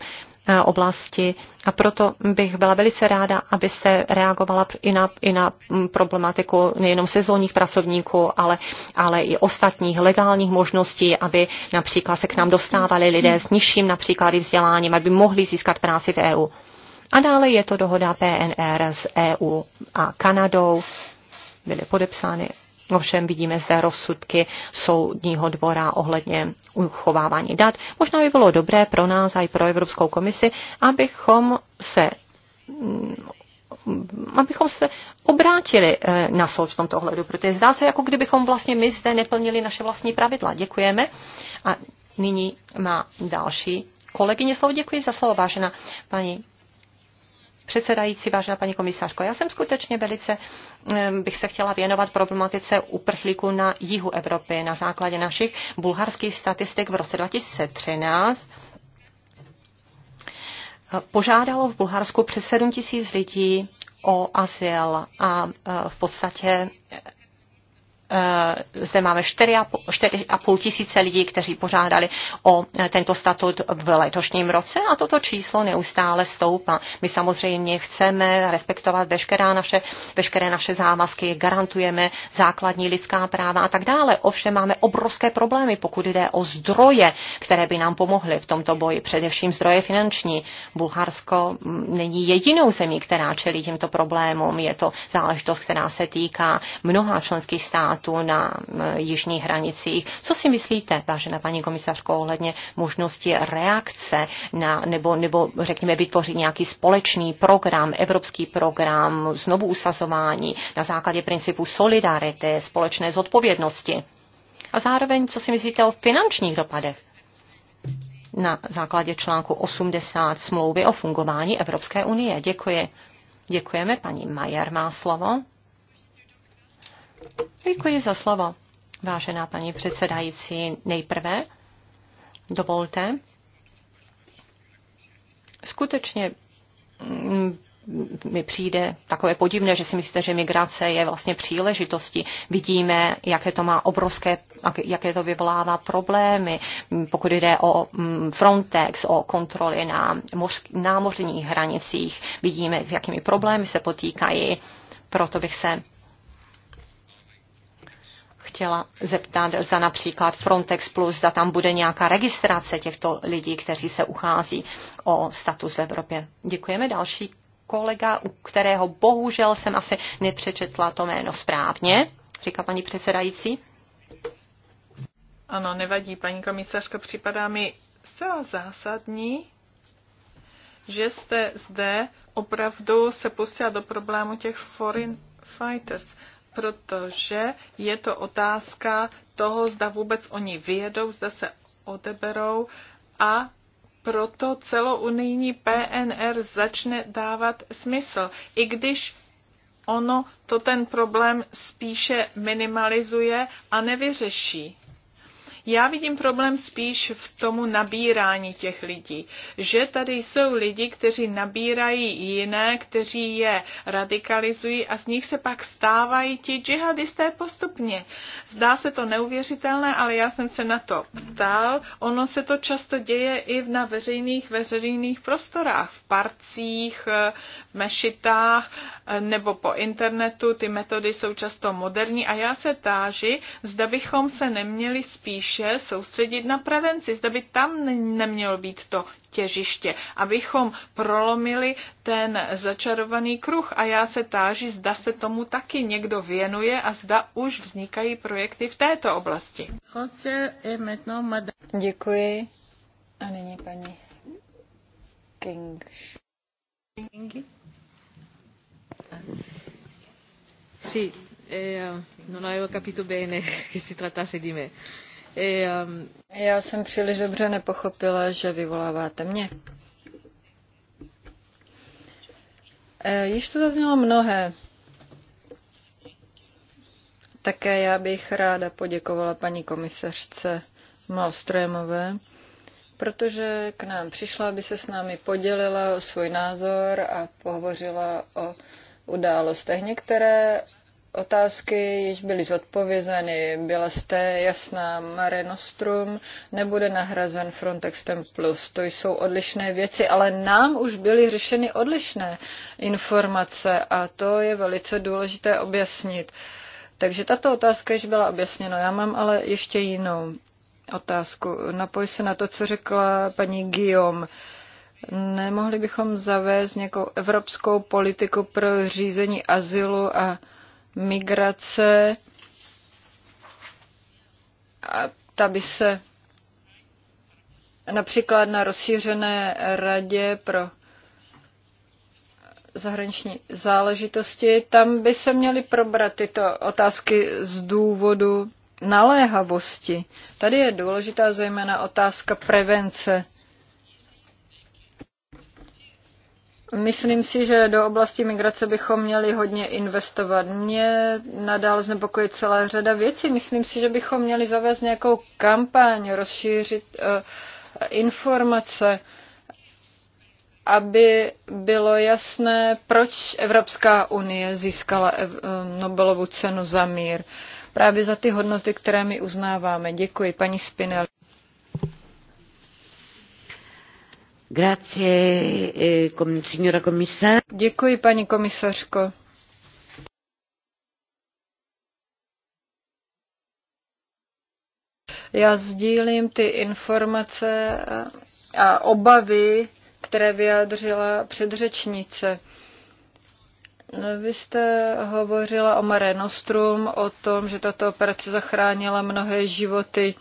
Eh, oblasti. A proto bych byla velice ráda, abyste reagovala i na, i na mm, problematiku nejenom sezónních pracovníků, ale, ale i ostatních legálních možností, aby například se k nám dostávali lidé s nižším například vzděláním, aby mohli získat práci v EU. A dále je to dohoda PNR s EU a Kanadou. Byly podepsány Ovšem vidíme zde rozsudky soudního dvora ohledně uchovávání dat. Možná by bylo dobré pro nás a i pro Evropskou komisi, abychom se mm, abychom se obrátili eh, na soud v tomto ohledu, protože zdá se, jako kdybychom vlastně my zde neplnili naše vlastní pravidla. Děkujeme. A nyní má další kolegyně slovo. Děkuji za slovo, vážená paní předsedající, vážená paní komisářko. Já jsem skutečně velice bych se chtěla věnovat problematice uprchlíků na jihu Evropy. Na základě našich bulharských statistik v roce 2013 eh, požádalo v Bulharsku přes 7 tisíc lidí o azyl a eh, v podstatě Eh, zde máme 4,5 tisíce lidí, kteří požádali o eh, tento statut v letošním roce a toto číslo neustále stoupá. My samozřejmě chceme respektovat veškeré naše, veškeré naše závazky, garantujeme základní lidská práva a tak dále. Ovšem máme obrovské problémy, pokud jde o zdroje, které by nám pomohly v tomto boji, především zdroje finanční. Bulharsko mm, není jedinou zemí, která čelí těmto problémům. Je to záležitost, která se týká mnoha členských států států na jižních hranicích. Co si myslíte, vážená paní komisařko, ohledně možnosti reakce na, nebo, nebo řekněme vytvořit nějaký společný program, evropský program znovu usazování na základě principu solidarity, společné zodpovědnosti? A zároveň, co si myslíte o finančních dopadech? na základě článku 80 smlouvy o fungování Evropské unie. Děkuji. Děkujeme. Paní Majer má slovo. Děkuji za slovo, vážená paní předsedající. Nejprve dovolte. Skutečně mm, mi přijde takové podivné, že si myslíte, že migrace je vlastně příležitostí. Vidíme, jaké to má obrovské, jaké to vyvolává problémy, pokud jde o mm, Frontex, o kontroly na námořních hranicích. Vidíme, s jakými problémy se potýkají. Proto bych se chtěla zeptat, za například Frontex Plus, zda tam bude nějaká registrace těchto lidí, kteří se uchází o status v Evropě. Děkujeme. Další kolega, u kterého bohužel jsem asi nepřečetla to jméno správně, říká paní předsedající. Ano, nevadí, paní komisařko, připadá mi zcela zásadní, že jste zde opravdu se pustila do problému těch foreign fighters protože je to otázka toho, zda vůbec oni vyjedou, zda se odeberou a proto celounijní PNR začne dávat smysl. I když ono to ten problém spíše minimalizuje a nevyřeší. Já vidím problém spíš v tomu nabírání těch lidí, že tady jsou lidi, kteří nabírají jiné, kteří je radikalizují a z nich se pak stávají ti džihadisté postupně. Zdá se to neuvěřitelné, ale já jsem se na to ptal. Ono se to často děje i na veřejných veřejných prostorách, v parcích, v eh, mešitách nebo po internetu. Ty metody jsou často moderní a já se táži, zda bychom se neměli spíše soustředit na prevenci, zda by tam nemělo být to těžiště, abychom prolomili ten začarovaný kruh. A já se táži, zda se tomu taky někdo věnuje a zda už vznikají projekty v této oblasti. Děkuji. A nyní paní King. King. Sì, eh, non avevo capito bene eh, che si trattasse di me. Eh, um... Já jsem příliš dobře nepochopila, že vyvoláváte mě. Eh, již to zaznělo mnohé. Také já bych ráda poděkovala paní komisařce Malstrémové, protože k nám přišla, aby se s námi podělila o svůj názor a pohovořila o událostech. Některé otázky již byly zodpovězeny. Byla jste jasná, Mare Nostrum nebude nahrazen Frontextem Plus. To jsou odlišné věci, ale nám už byly řešeny odlišné informace a to je velice důležité objasnit. Takže tato otázka již byla objasněna. Já mám ale ještě jinou otázku. Napoj se na to, co řekla paní Guillaume Nemohli bychom zavést nějakou evropskou politiku pro řízení azylu a migrace a ta by se například na rozšířené radě pro zahraniční záležitosti, tam by se měly probrat tyto otázky z důvodu naléhavosti. Tady je důležitá zejména otázka prevence Myslím si, že do oblasti migrace bychom měli hodně investovat. Mě nadál znepokojí celá řada věcí. Myslím si, že bychom měli zavést nějakou kampaň, rozšířit uh, informace, aby bylo jasné, proč Evropská unie získala eh, Nobelovu cenu za mír. Právě za ty hodnoty, které my uznáváme. Děkuji, paní Spinelli. Eh, Děkuji, paní komisařko. Já sdílím ty informace a obavy, které vyjádřila předřečnice. No, vy jste hovořila o Mare Nostrum, o tom, že tato operace zachránila mnohé životy.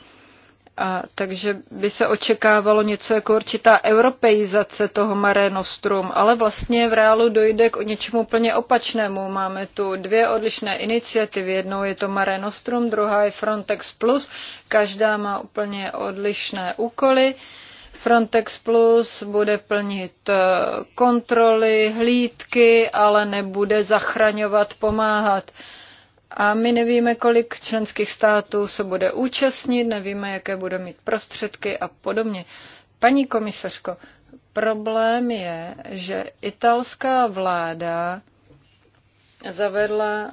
A, takže by se očekávalo něco jako určitá europeizace toho Mare Nostrum, ale vlastně v reálu dojde k něčemu úplně opačnému. Máme tu dvě odlišné iniciativy. Jednou je to Mare Nostrum, druhá je Frontex Plus. Každá má úplně odlišné úkoly. Frontex Plus bude plnit eh, kontroly, hlídky, ale nebude zachraňovat, pomáhat. Uh, a my nevíme, kolik členských států se bude účastnit, nevíme, jaké bude mít prostředky a podobně. Paní komisařko, problém je, že italská vláda zavedla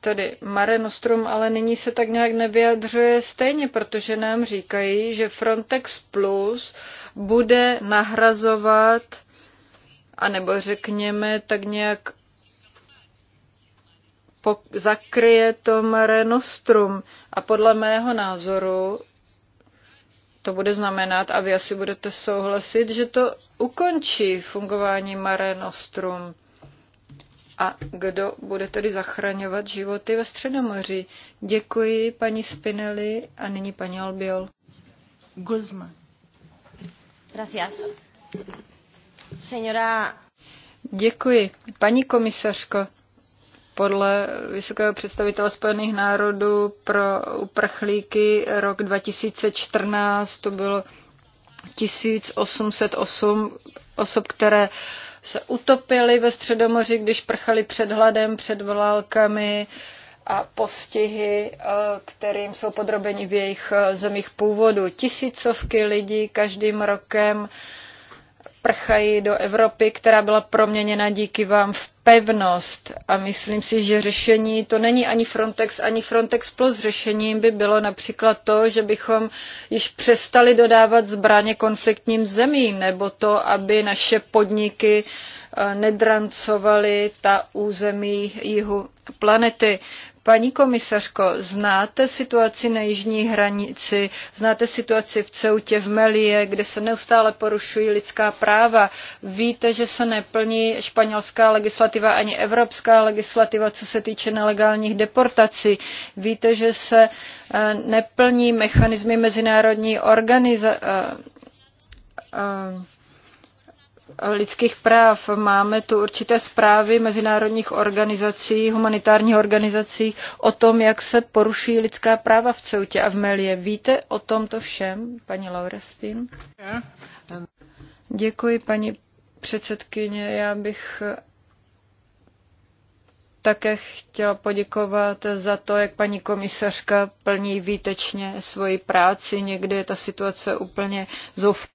tedy Mare Nostrum, ale nyní se tak nějak nevyjadřuje stejně, protože nám říkají, že Frontex Plus bude nahrazovat, anebo řekněme tak nějak zakryje to Mare Nostrum. A podle mého názoru to bude znamenat, a vy asi budete souhlasit, že to ukončí fungování Mare Nostrum. A kdo bude tedy zachraňovat životy ve Středomoří? Děkuji paní Spinelli a nyní paní Albiol. Guzma. Gracias. Señora... Děkuji. Paní komisařko, podle vysokého představitele Spojených národů pro uprchlíky rok 2014 to bylo 1808 osob, které se utopily ve Středomoři, když prchali před hladem, před válkami a postihy, eh, kterým jsou podrobeni v jejich eh, zemích původu. Tisícovky lidí každým rokem prchají do Evropy, která byla proměněna díky vám v pevnost. A myslím si, že řešení to není ani Frontex, ani Frontex Plus. Řešením by bylo například to, že bychom již přestali dodávat zbraně konfliktním zemím, nebo to, aby naše podniky eh, nedrancovaly ta území jihu planety. Paní komisařko, znáte situaci na jižní hranici, znáte situaci v Ceutě, v Melie, kde se neustále porušují lidská práva. Víte, že se neplní španělská legislativa ani evropská legislativa, co se týče nelegálních deportací. Víte, že se eh, neplní mechanismy mezinárodní organizace eh, eh, lidských práv. Máme tu určité zprávy mezinárodních organizací, humanitárních organizací o tom, jak se poruší lidská práva v Ceutě a v Melie. Víte o tomto všem, paní Laurestin? Děkuji, paní předsedkyně. Já bych také chtěla poděkovat za to, jak paní komisařka plní výtečně svoji práci. Někdy je ta situace úplně zoufalá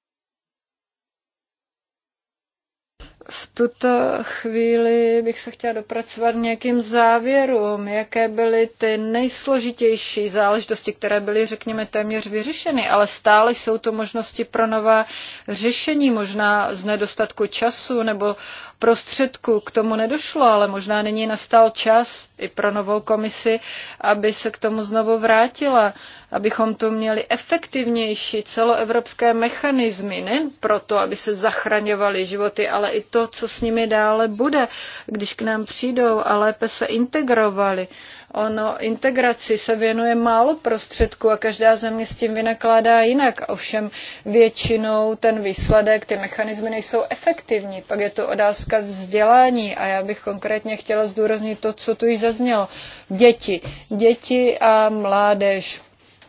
v tuto chvíli bych se chtěla dopracovat nějakým závěrům, jaké byly ty nejsložitější záležitosti, které byly, řekněme, téměř vyřešeny, ale stále jsou to možnosti pro nová řešení, možná z nedostatku času nebo prostředků. K tomu nedošlo, ale možná není nastal čas i pro novou komisi, aby se k tomu znovu vrátila, abychom tu měli efektivnější celoevropské mechanismy, ne proto, aby se zachraňovaly životy, ale i to, co s nimi dále bude, když k nám přijdou a lépe se integrovali. Ono integraci se věnuje málo prostředků a každá země s tím vynakládá jinak. Ovšem většinou ten výsledek, ty mechanismy nejsou efektivní. Pak je to odázka vzdělání a já bych konkrétně chtěla zdůraznit to, co tu již zaznělo. Děti. Děti a mládež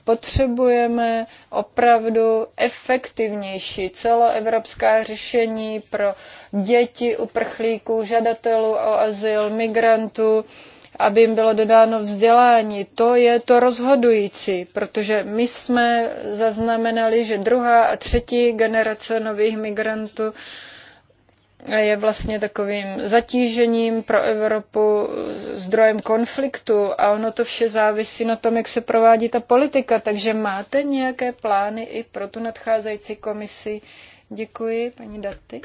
potřebujeme opravdu efektivnější celoevropská řešení pro děti, uprchlíků, žadatelů o azyl, migrantů aby jim bylo dodáno vzdělání. To je to rozhodující, protože my jsme zaznamenali, že druhá a třetí generace nových migrantů je vlastně takovým zatížením pro Evropu, zdrojem konfliktu a ono to vše závisí na tom, jak se provádí ta politika. Takže máte nějaké plány i pro tu nadcházející komisi? Děkuji, paní Daty.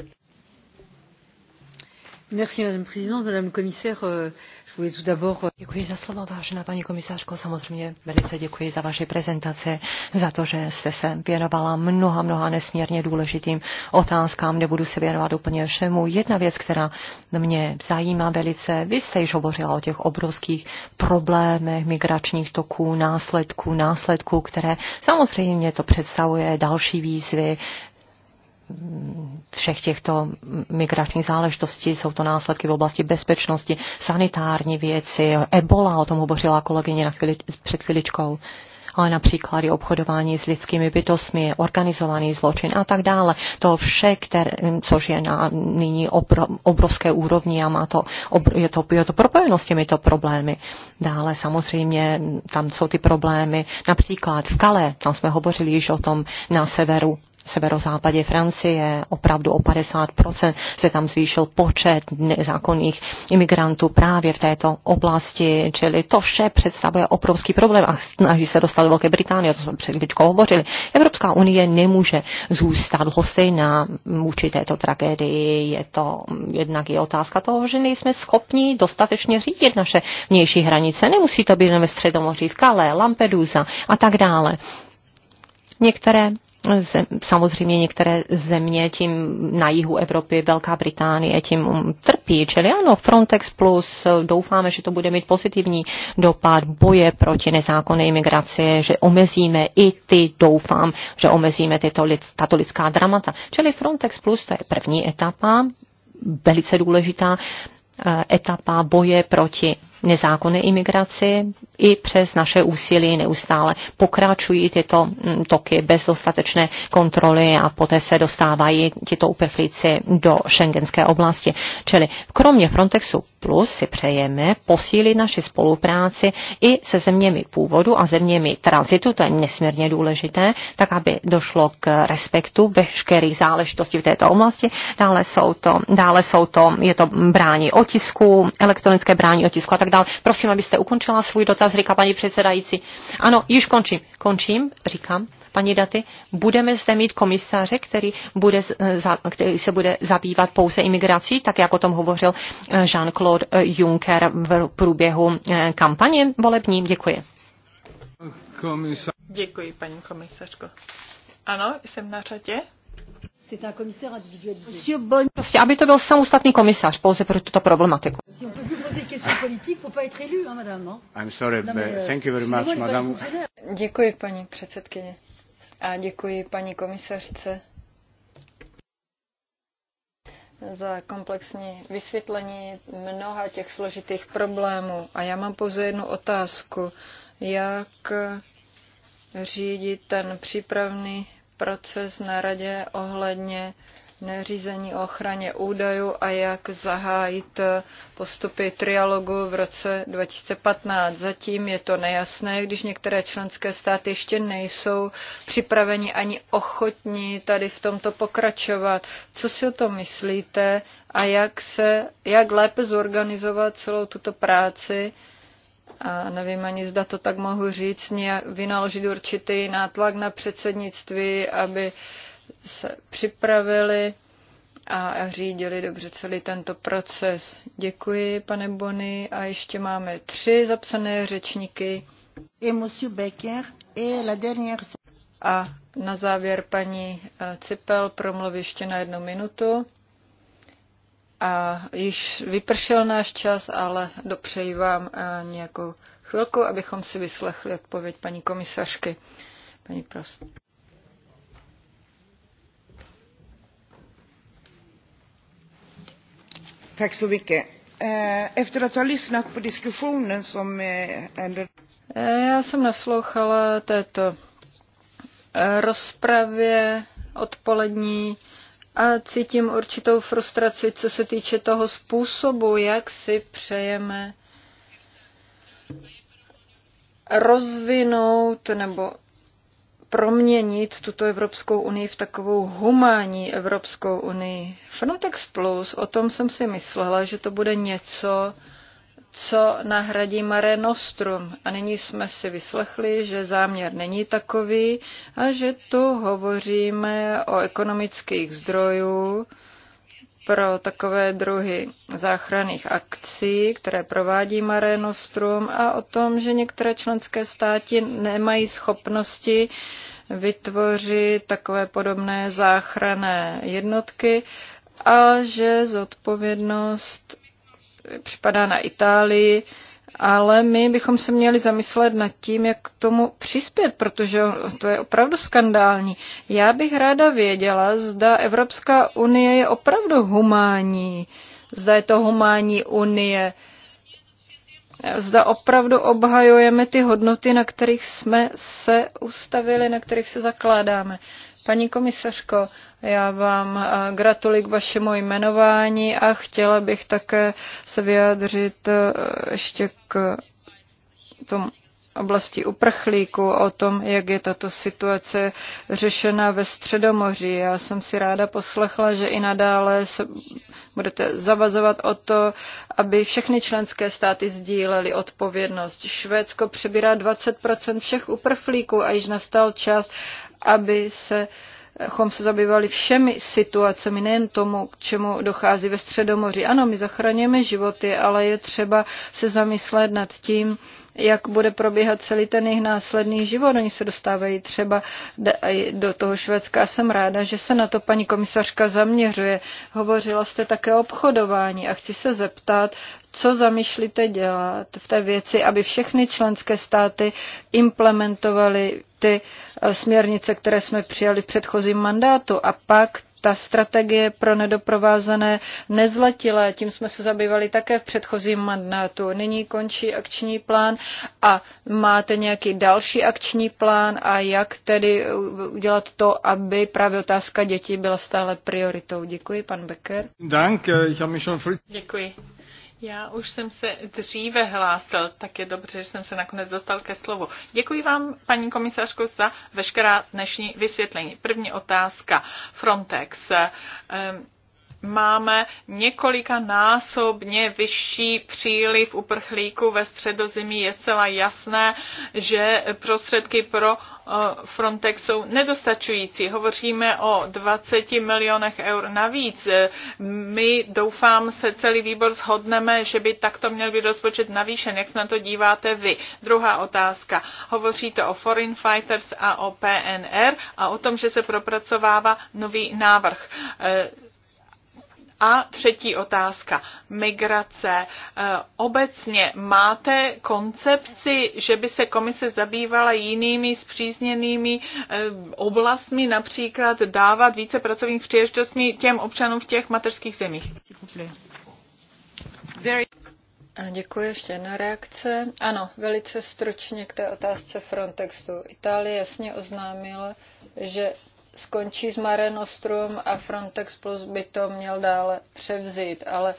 Merci, madame présidente, madame commissaire. Euh, Děkuji za slovo, vážená paní komisářko. Samozřejmě velice děkuji za vaši prezentaci, za to, že jste se věnovala mnoha, mnoha nesmírně důležitým otázkám. Nebudu se věnovat úplně všemu. Jedna věc, která mě zajímá velice, vy jste již hovořila o těch obrovských problémech migračních toků, následků, následků, které samozřejmě to představuje další výzvy všech těchto migračních záležitostí. Jsou to následky v oblasti bezpečnosti, sanitární věci, ebola, o tom hovořila kolegyně na chvíli, před chviličkou ale například i obchodování s lidskými bytostmi, organizovaný zločin a tak dále. To vše, které, což je na nyní obro, obrovské úrovni a má to, obro, je, to, je to propojeno s těmito problémy. Dále samozřejmě tam jsou ty problémy, například v Kale, tam jsme hovořili již o tom na severu severozápadě Francie opravdu o 50% se tam zvýšil počet nezákonných imigrantů právě v této oblasti, čili to vše představuje obrovský problém a snaží se dostat do Velké Británie, to jsme před chvíličkou hovořili. Evropská unie nemůže zůstat hostejná vůči této tragédii. Je to jednak je otázka toho, že nejsme schopni dostatečně řídit naše vnější hranice. Nemusí to být ve Středomoří, v Kale, Lampedusa a tak dále. Některé samozřejmě některé země tím na jihu Evropy, Velká Británie tím trpí. Čili ano, Frontex Plus, doufáme, že to bude mít pozitivní dopad boje proti nezákonné imigraci, že omezíme i ty, doufám, že omezíme tyto, tato lidská dramata. Čili Frontex Plus to je první etapa, velice důležitá eh, etapa boje proti nezákonné imigraci. I přes naše úsilí neustále pokračují tyto mm, toky bez dostatečné kontroly a poté se dostávají tyto uprchlíci do šengenské oblasti. Čili kromě Frontexu Plus si přejeme posílit naši spolupráci i se zeměmi původu a zeměmi transitu. to je nesmírně důležité, tak aby došlo k respektu veškerých záležitostí v této oblasti. Dále jsou to, dále jsou to je to brání otisku, elektronické brání otisku a tak dál. Prosím, abyste ukončila svůj dotaz, říká paní předsedající. Ano, již končím. Končím, říkám, paní Daty. Budeme zde mít komisaře, který, bude, e, který se bude zabývat pouze imigrací, tak jak o tom hovořil e, Jean-Claude e, Juncker v průběhu kampaně volební. Děkuji. Děkuji, paní komisařko. Ano, jsem na řadě. Prostě, aby to byl samostatný komisař pouze pro tuto problematiku. Euh, děkuji, paní předsedkyně. A děkuji paní komisařce za komplexní vysvětlení mnoha těch složitých problémů. A já mám pouze jednu otázku. Jak řídit ten přípravný proces na radě ohledně neřízení o ochraně údajů a jak zahájit postupy trialogu v roce 2015. Zatím je to nejasné, když některé členské státy ještě nejsou připraveni ani ochotní tady v tomto pokračovat. Co si o tom myslíte a jak, se, jak lépe zorganizovat celou tuto práci, nevím ani zda to tak mohu říct, nějak vynaložit určitý nátlak na předsednictví, aby se připravili a řídili dobře celý tento proces. Děkuji, pane Bony, a ještě máme tři zapsané řečníky. A na závěr paní eh, Cipel promluví ještě na jednu minutu. A již vypršel náš čas, ale dopřeji vám eh, nějakou chvilku, abychom si vyslechli odpověď paní komisařky. Paní Prost. Tak så mycket. Eh, efter att ha lyssnat på diskussionen som eh, ändå... Já jsem naslouchala této rozpravě odpolední a cítím určitou frustraci, co se týče toho způsobu, jak si přejeme rozvinout nebo proměnit tuto Evropskou unii v takovou humánní Evropskou unii. Frontex Plus, o tom jsem si myslela, že to bude něco, co nahradí Mare Nostrum. A nyní jsme si vyslechli, že záměr není takový a že tu hovoříme o ekonomických zdrojů pro takové druhy záchranných akcí, které provádí Mare Nostrum a o tom, že některé členské státy nemají schopnosti vytvořit takové podobné záchranné jednotky a že zodpovědnost připadá na Itálii, ale my bychom se měli zamyslet nad tím, jak k tomu přispět, protože to je opravdu skandální. Já bych ráda věděla, zda Evropská unie je opravdu humánní, zda je to humánní unie, zda opravdu obhajujeme ty hodnoty, na kterých jsme se ustavili, na kterých se zakládáme. Paní komisařko, já vám eh, gratuluji k vašemu jmenování a chtěla bych také se vyjádřit eh, ještě k tomu oblasti uprchlíků, o tom, jak je tato situace řešena ve Středomoří. Já jsem si ráda poslechla, že i nadále se budete zavazovat o to, aby všechny členské státy sdílely odpovědnost. Švédsko přebírá 20 všech uprchlíků a již nastal čas, aby se chom se zabývali všemi situacemi, nejen tomu, k čemu dochází ve Středomoří. Ano, my zachraňujeme životy, ale je třeba se zamyslet nad tím, jak bude probíhat celý ten jejich následný život. Oni se dostávají třeba do toho Švédska a jsem ráda, že se na to paní komisařka zaměřuje. Hovořila jste také o obchodování a chci se zeptat, co zamýšlíte dělat v té věci, aby všechny členské státy implementovaly ty eh, směrnice, které jsme přijali v předchozím mandátu a pak ta strategie pro nedoprovázané nezletilé, tím jsme se zabývali také v předchozím mandátu. Nyní končí akční plán a máte nějaký další akční plán a jak tedy udělat to, aby právě otázka dětí byla stále prioritou. Děkuji, pan Becker. Eh, ich mich schon Děkuji. Já už jsem se dříve hlásil, tak je dobře, že jsem se nakonec dostal ke slovu. Děkuji vám, paní komisařko, za veškerá dnešní vysvětlení. První otázka. Frontex. Um, máme několika násobně vyšší příliv uprchlíků ve středozimí, je zcela jasné, že prostředky pro eh, Frontex jsou nedostačující. Hovoříme o 20 milionech eur navíc. My doufám se celý výbor shodneme, že by takto měl být rozpočet navýšen. Jak se na to díváte vy? Druhá otázka. Hovoříte o Foreign Fighters a o PNR a o tom, že se propracovává nový návrh. Eh, a třetí otázka. Migrace. E, obecně máte koncepci, že by se komise zabývala jinými zpřízněnými e, oblastmi, například dávat více pracovních příležitostí těm občanům v těch mateřských zemích? A děkuji, ještě jedna reakce. Ano, velice stručně k té otázce Frontexu. Itálie jasně oznámila, že skončí s Mare Nostrum a Frontex Plus by to měl dále převzít, ale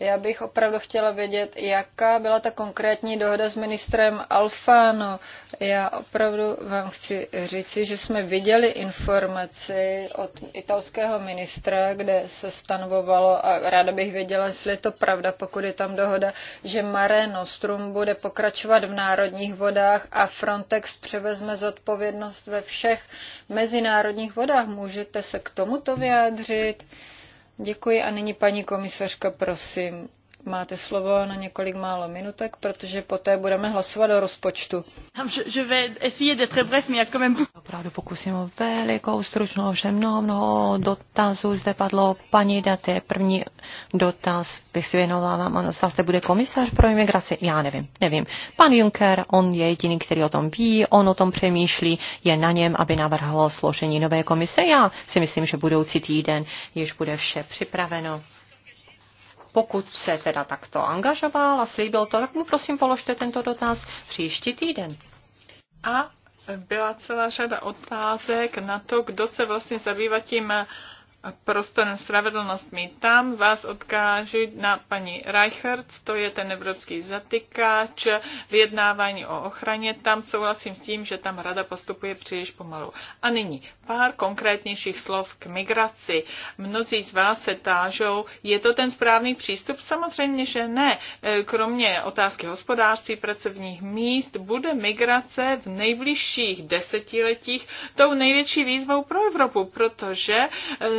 já bych opravdu chtěla vědět, jaká byla ta konkrétní dohoda s ministrem Alfano. Já opravdu vám chci říci, že jsme viděli informaci od italského ministra, kde se stanovovalo, a ráda bych věděla, jestli je to pravda, pokud je tam dohoda, že Mare Nostrum bude pokračovat v národních vodách a Frontex převezme zodpovědnost ve všech mezinárodních vodách. Můžete se k tomuto vyjádřit? Děkuji a nyní paní komisařka, prosím máte slovo na několik málo minutek, protože poté budeme hlasovat o rozpočtu. Um, Opravdu pokusím o velikou stručnou, že mnoho, mnoho dotazů zde padlo. Paní Daté, první dotaz bych si věnovala vám, ano, zase bude komisař pro imigraci, já nevím, nevím. Pan Juncker, on je jediný, který o tom ví, on o tom přemýšlí, je na něm, aby navrhl složení nové komise. Já si myslím, že budoucí týden již bude vše připraveno. Pokud se teda takto angažoval a slíbil to, tak mu prosím položte tento dotaz příští týden. A byla celá řada otázek na to, kdo se vlastně zabývá tím prostor na spravedlnost mít tam, vás odkážu na paní Reichert, to je ten evropský zatykáč, vyjednávání o ochraně, tam souhlasím s tím, že tam rada postupuje příliš pomalu. A nyní pár konkrétnějších slov k migraci. Mnozí z vás se tážou, je to ten správný přístup? Samozřejmě, že ne. E, kromě otázky hospodářství, pracovních míst, bude migrace v nejbližších desetiletích tou největší výzvou pro Evropu, protože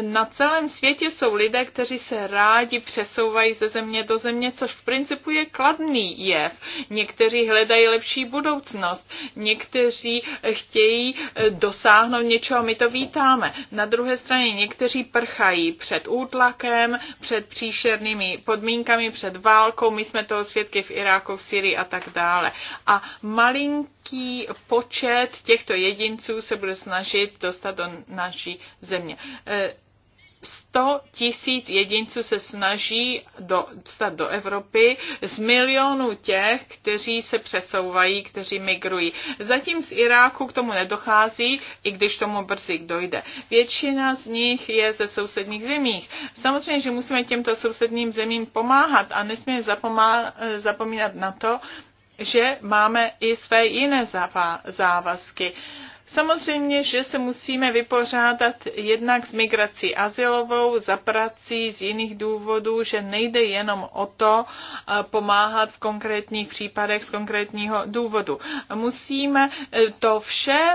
na e, na celém světě jsou lidé, kteří se rádi přesouvají ze země do země, což v principu je kladný jev. Někteří hledají lepší budoucnost, někteří chtějí eh, dosáhnout něčeho, my to vítáme. Na druhé straně někteří prchají před útlakem, před příšernými podmínkami, před válkou, my jsme toho svědky v Iráku, v Syrii a tak dále. A malinký počet těchto jedinců se bude snažit dostat do naší země. Eh, 100 tisíc jedinců se snaží dostat do Evropy z milionů těch, kteří se přesouvají, kteří migrují. Zatím z Iráku k tomu nedochází, i když tomu brzy dojde. Většina z nich je ze sousedních zemích. Samozřejmě, že musíme těmto sousedním zemím pomáhat a nesmíme zapomínat na to, že máme i své jiné závazky. Samozřejmě, že se musíme vypořádat jednak s migrací azylovou, za prací, z jiných důvodů, že nejde jenom o to eh, pomáhat v konkrétních případech z konkrétního důvodu. Musíme eh, to vše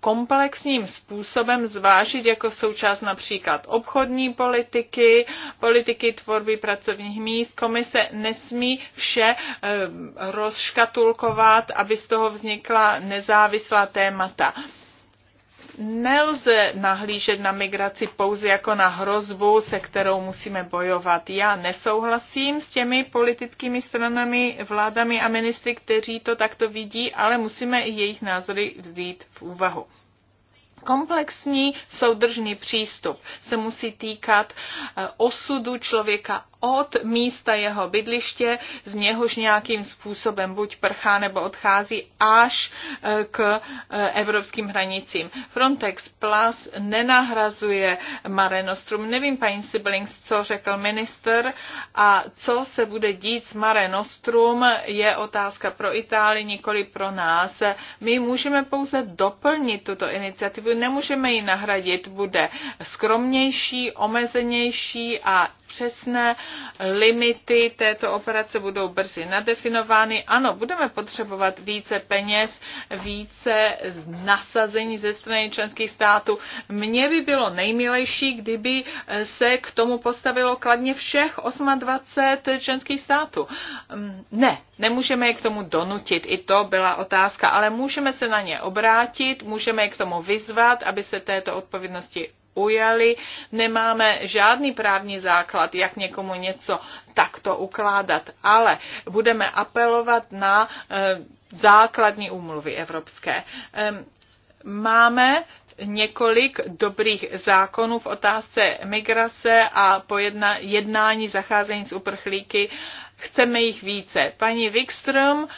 komplexním způsobem zvážit jako součást například obchodní politiky, politiky tvorby pracovních míst. Komise nesmí vše eh, rozškatulkovat, aby z toho vznikla nezávislá témata nelze nahlížet na migraci pouze jako na hrozbu, se kterou musíme bojovat. Já nesouhlasím s těmi politickými stranami, vládami a ministry, kteří to takto vidí, ale musíme i jejich názory vzít v úvahu. Komplexní soudržný přístup se musí týkat eh, osudu člověka od místa jeho bydliště, z něhož nějakým způsobem buď prchá nebo odchází až e, k e, evropským hranicím. Frontex Plus nenahrazuje Mare Nostrum. Nevím, paní Siblings, co řekl minister a co se bude dít s Mare Nostrum je otázka pro Itálii, nikoli pro nás. My můžeme pouze doplnit tuto iniciativu, nemůžeme ji nahradit, bude skromnější, omezenější a přesné limity této operace budou brzy nadefinovány. Ano, budeme potřebovat více peněz, více nasazení ze strany členských států. Mně by bylo nejmilejší, kdyby se k tomu postavilo kladně všech 28 členských států. Mm, ne, nemůžeme je k tomu donutit, i to byla otázka, ale můžeme se na ně obrátit, můžeme je k tomu vyzvat, aby se této odpovědnosti ujali. Nemáme žádný právní základ, jak někomu něco takto ukládat, ale budeme apelovat na eh, základní úmluvy evropské. Ehm, máme několik dobrých zákonů v otázce migrace a pojedna, jednání zacházení s uprchlíky. Chceme jich více. Paní Wikström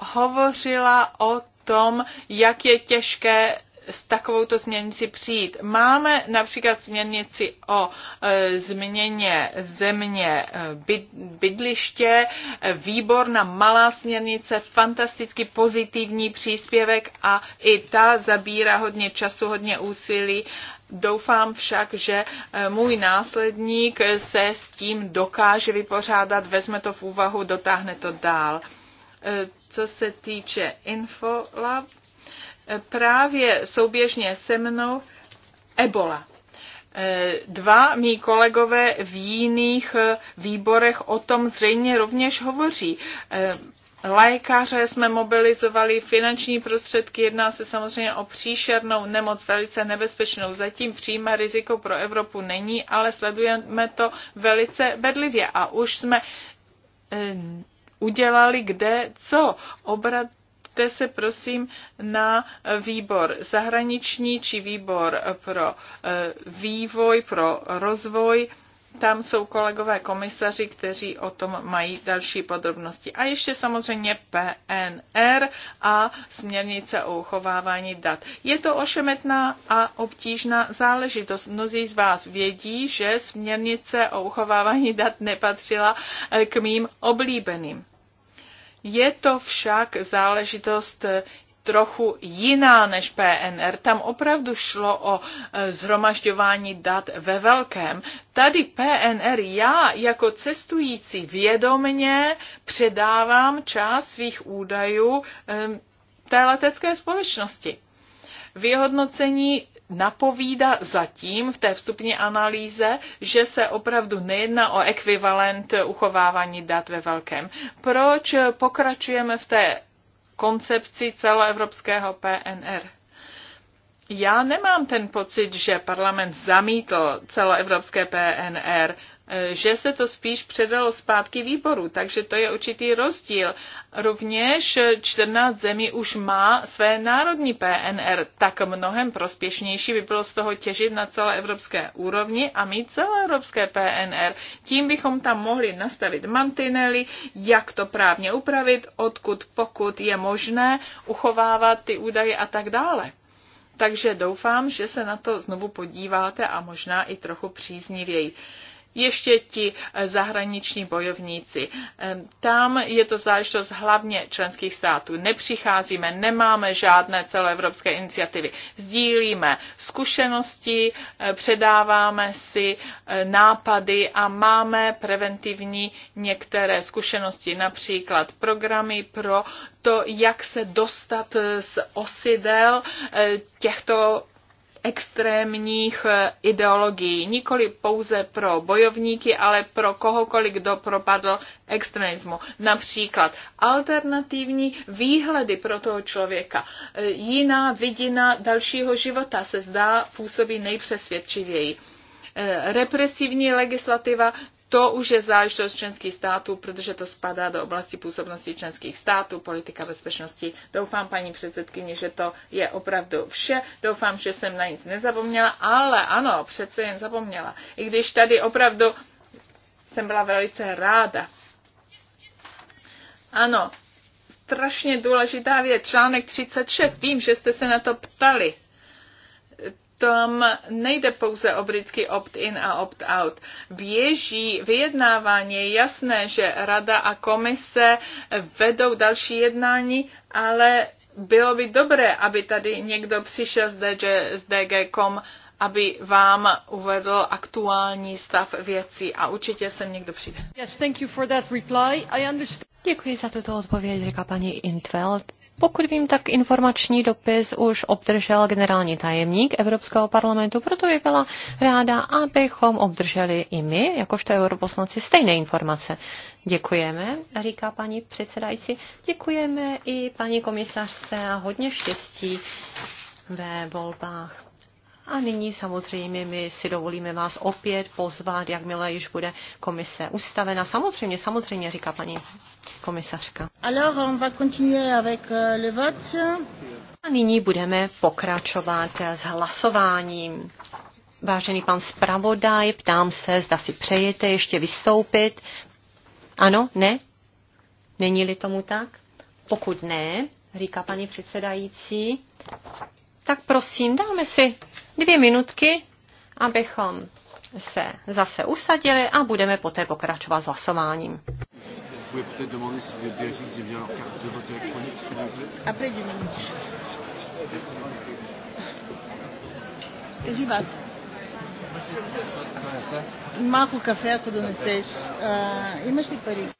hovořila o tom, jak je těžké s takovouto směrnici přijít. Máme například směrnici o e, změně země e, byd, bydliště, e, výbor na malá směrnice, fantasticky pozitivní příspěvek a i ta zabírá hodně času, hodně úsilí. Doufám však, že e, můj následník se s tím dokáže vypořádat, vezme to v úvahu, dotáhne to dál. Co se týče Infolab, právě souběžně se mnou Ebola. E, dva mý kolegové v jiných e, výborech o tom zřejmě rovněž hovoří. E, lékaře jsme mobilizovali, finanční prostředky, jedná se samozřejmě o příšernou nemoc, velice nebezpečnou. Zatím přímé riziko pro Evropu není, ale sledujeme to velice bedlivě a už jsme udělali kde co. Obrat obraťte se prosím na výbor zahraniční či výbor pro eh, vývoj, pro rozvoj. Tam jsou kolegové komisaři, kteří o tom mají další podrobnosti. A ještě samozřejmě PNR a směrnice o uchovávání dat. Je to ošemetná a obtížná záležitost. Mnozí z vás vědí, že směrnice o uchovávání dat nepatřila eh, k mým oblíbeným. Je to však záležitost eh, trochu jiná než PNR. Tam opravdu šlo o eh, zhromažďování dat ve velkém. Tady PNR já jako cestující vědomně předávám část svých údajů eh, té letecké společnosti. Vyhodnocení napovídá zatím v té vstupní analýze, že se opravdu nejedná o ekvivalent uchovávání dat ve velkém. Proč pokračujeme v té koncepci celoevropského PNR? Já nemám ten pocit, že parlament zamítl celoevropské PNR. Eh, že se to spíš předalo zpátky výboru, takže to je určitý rozdíl. Rovněž 14 eh, zemí už má své národní PNR, tak mnohem prospěšnější by bylo z toho těžit na celé evropské úrovni a mít celé evropské PNR. Tím bychom tam mohli nastavit mantinely, jak to právně upravit, odkud pokud je možné uchovávat ty údaje a tak dále. Takže doufám, že se na to znovu podíváte a možná i trochu příznivěji ještě ti eh, zahraniční bojovníci. Tam je to záležitost hlavně členských států. Nepřicházíme, nemáme žádné celoevropské iniciativy. Sdílíme zkušenosti, eh, předáváme si eh, nápady a máme preventivní některé zkušenosti, například programy pro to, jak se dostat z osidel těchto extrémních eh, ideologií. Nikoli pouze pro bojovníky, ale pro kohokoliv, kdo propadl extremismu. Například alternativní výhledy pro toho člověka. Eh, jiná vidina dalšího života se zdá působí nejpřesvědčivěji eh, represivní legislativa to už je záležitost členských států, protože to spadá do oblasti působnosti členských států, politika bezpečnosti. Doufám, paní předsedkyně, že to je opravdu vše. Doufám, že jsem na nic nezapomněla, ale ano, přece jen zapomněla. I když tady opravdu jsem byla velice ráda. Ano, strašně důležitá věc, článek 36. Vím, že jste se na to ptali. Tom nejde pouze o britský opt-in a opt-out. Běží vyjednávání, je jasné, že rada a komise vedou další jednání, ale bylo by dobré, aby tady někdo přišel z, DG, aby vám uvedl aktuální stav věcí a určitě sem někdo přijde. Yes, thank you for that reply. I understand. Děkuji za tuto odpověď, říká paní Intveld. Pokud vím, tak informační dopis už obdržel generální tajemník Evropského parlamentu, proto by byla ráda, abychom obdrželi i my, jakožto europoslanci, stejné informace. Děkujeme, říká paní předsedající. Děkujeme i paní komisařce a hodně štěstí ve volbách. A nyní samozřejmě my si dovolíme vás opět pozvat, jakmile již bude komise ustavena. Samozřejmě, samozřejmě, říká paní komisařka. Alors, on va continuer avec euh, le vote. A nyní budeme pokračovat s hlasováním. Vážený pan zpravodaj, ptám se, zda si přejete ještě vystoupit. Ano, ne? Není-li tomu tak? Pokud ne, říká paní předsedající, tak prosím, dáme si dvě minutky, abychom se zase usadili a budeme poté pokračovat s hlasováním. Малко кафе, ако донесеш. А, имаш ли пари?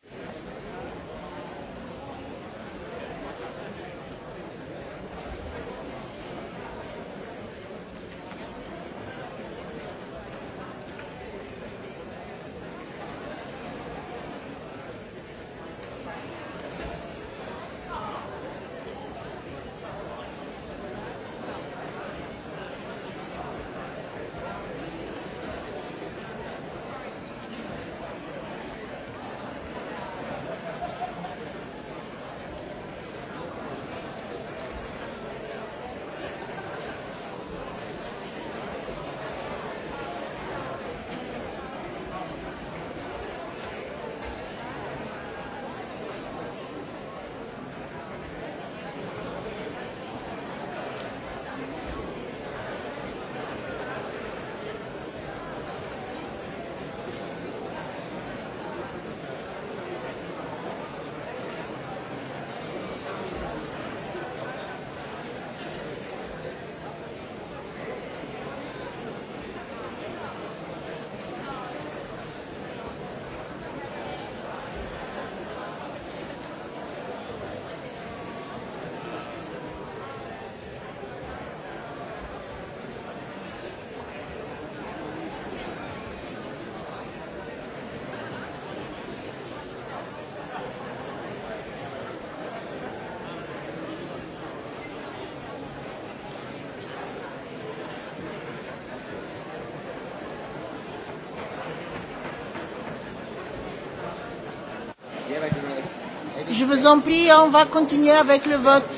vous en prie, on va continuer avec le vote.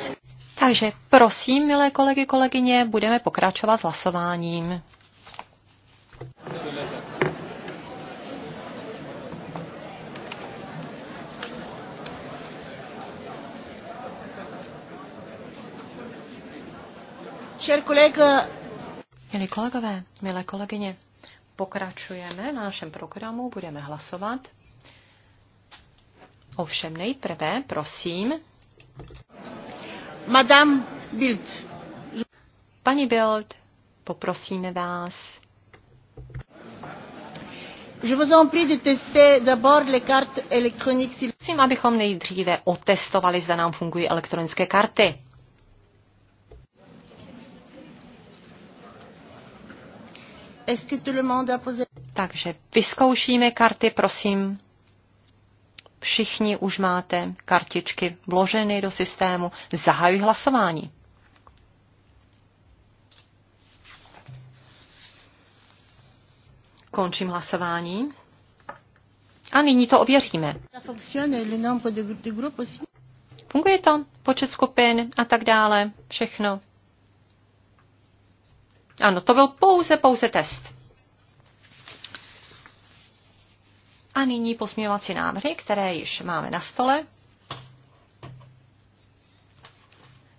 Takže prosím, milé kolegy, kolegyně, budeme pokračovat s hlasováním. Milí kolegové, milé kolegyně, pokračujeme na našem programu, budeme hlasovat. Ovšem nejprve, prosím. Madame Bild. Pani Bild, poprosíme vás. Je vous en prie de tester d'abord les cartes électroniques. Prosím, abychom nejdříve otestovali, zda nám fungují elektronické karty. Takže vyzkoušíme karty, prosím. Všichni už máte kartičky vloženy do systému. Zahajuj hlasování. Končím hlasování. A nyní to ověříme. Funguje to, počet skupin a tak dále, všechno. Ano, to byl pouze, pouze test. A nyní posměvací návrhy, které již máme na stole.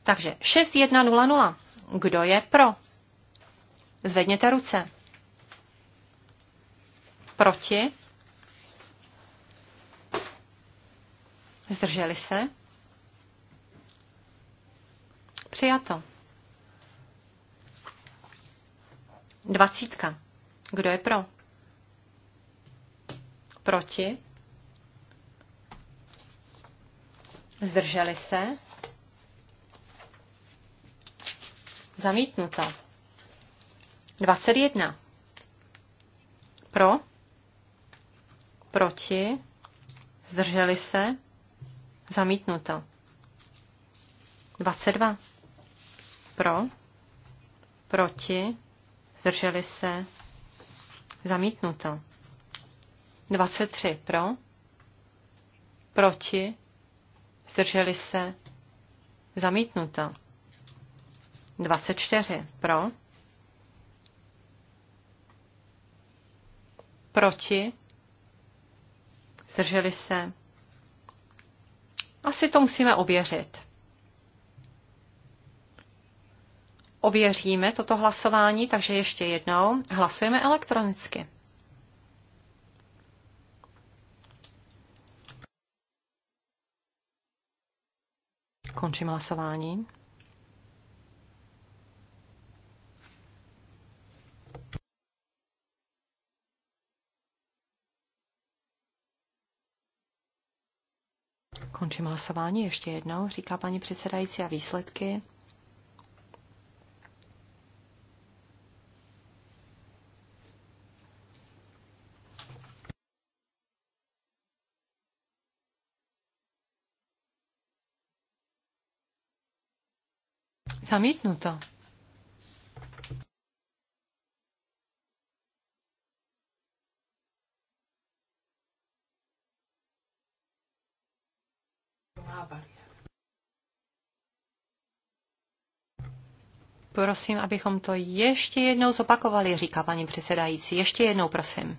Takže 6100. Kdo je pro? Zvedněte ruce. Proti? Zdrželi se? Přijato. Dvacítka. Kdo je pro? Proti? Zdrželi se? Zamítnuto. 21. Pro? Proti? Zdrželi se? Zamítnuto. 22. Pro? Proti? Zdrželi se? Zamítnuto. 23 pro, proti, zdrželi se, zamítnuto. 24 pro, proti, zdrželi se. Asi to musíme ověřit. Ověříme toto hlasování, takže ještě jednou hlasujeme elektronicky. Končím hlasování. Končím hlasování ještě jednou, říká paní předsedající a výsledky. Zamítnuto. Prosím, abychom to ještě jednou zopakovali, říká paní předsedající. Ještě jednou, prosím.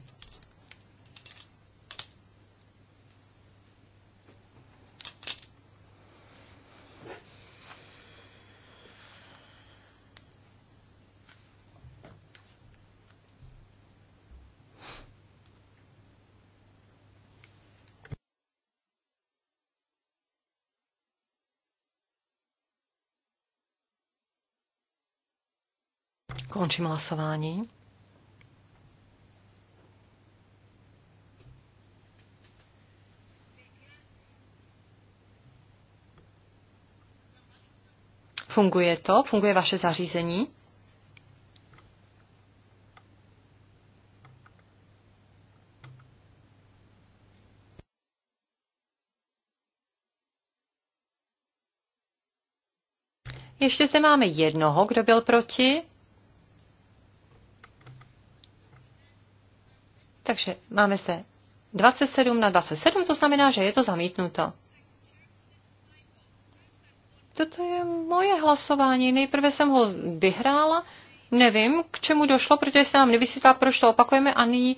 Končím hlasování. Funguje to? Funguje vaše zařízení? Ještě zde máme jednoho, kdo byl proti. Takže máme se 27 na 27, to znamená, že je to zamítnuto. Toto je moje hlasování. Nejprve jsem ho vyhrála, nevím, k čemu došlo, protože se nám nevysvětlá, proč to opakujeme a nyní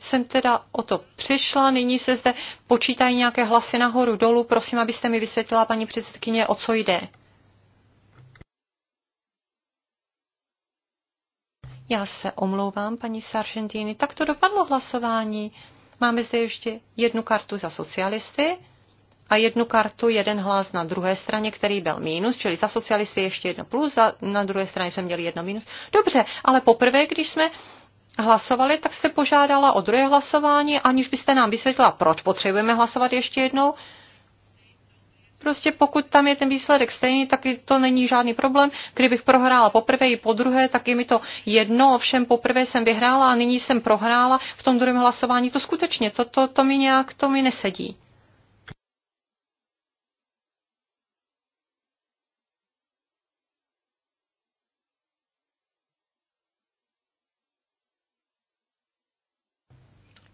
jsem teda o to přišla, nyní se zde počítají nějaké hlasy nahoru, dolů. Prosím, abyste mi vysvětlila, paní předsedkyně, o co jde. Já se omlouvám, paní Sargentini, tak to dopadlo hlasování. Máme zde ještě jednu kartu za socialisty a jednu kartu, jeden hlas na druhé straně, který byl mínus, čili za socialisty ještě jedno plus, za, na druhé straně jsme měli jedno mínus. Dobře, ale poprvé, když jsme hlasovali, tak jste požádala o druhé hlasování, aniž byste nám vysvětlila, proč potřebujeme hlasovat ještě jednou. Prostě pokud tam je ten výsledek stejný, tak to není žádný problém. Kdybych prohrála poprvé i po druhé, tak je mi to jedno, ovšem poprvé jsem vyhrála a nyní jsem prohrála v tom druhém hlasování. To skutečně, to, to, to mi nějak, to mi nesedí.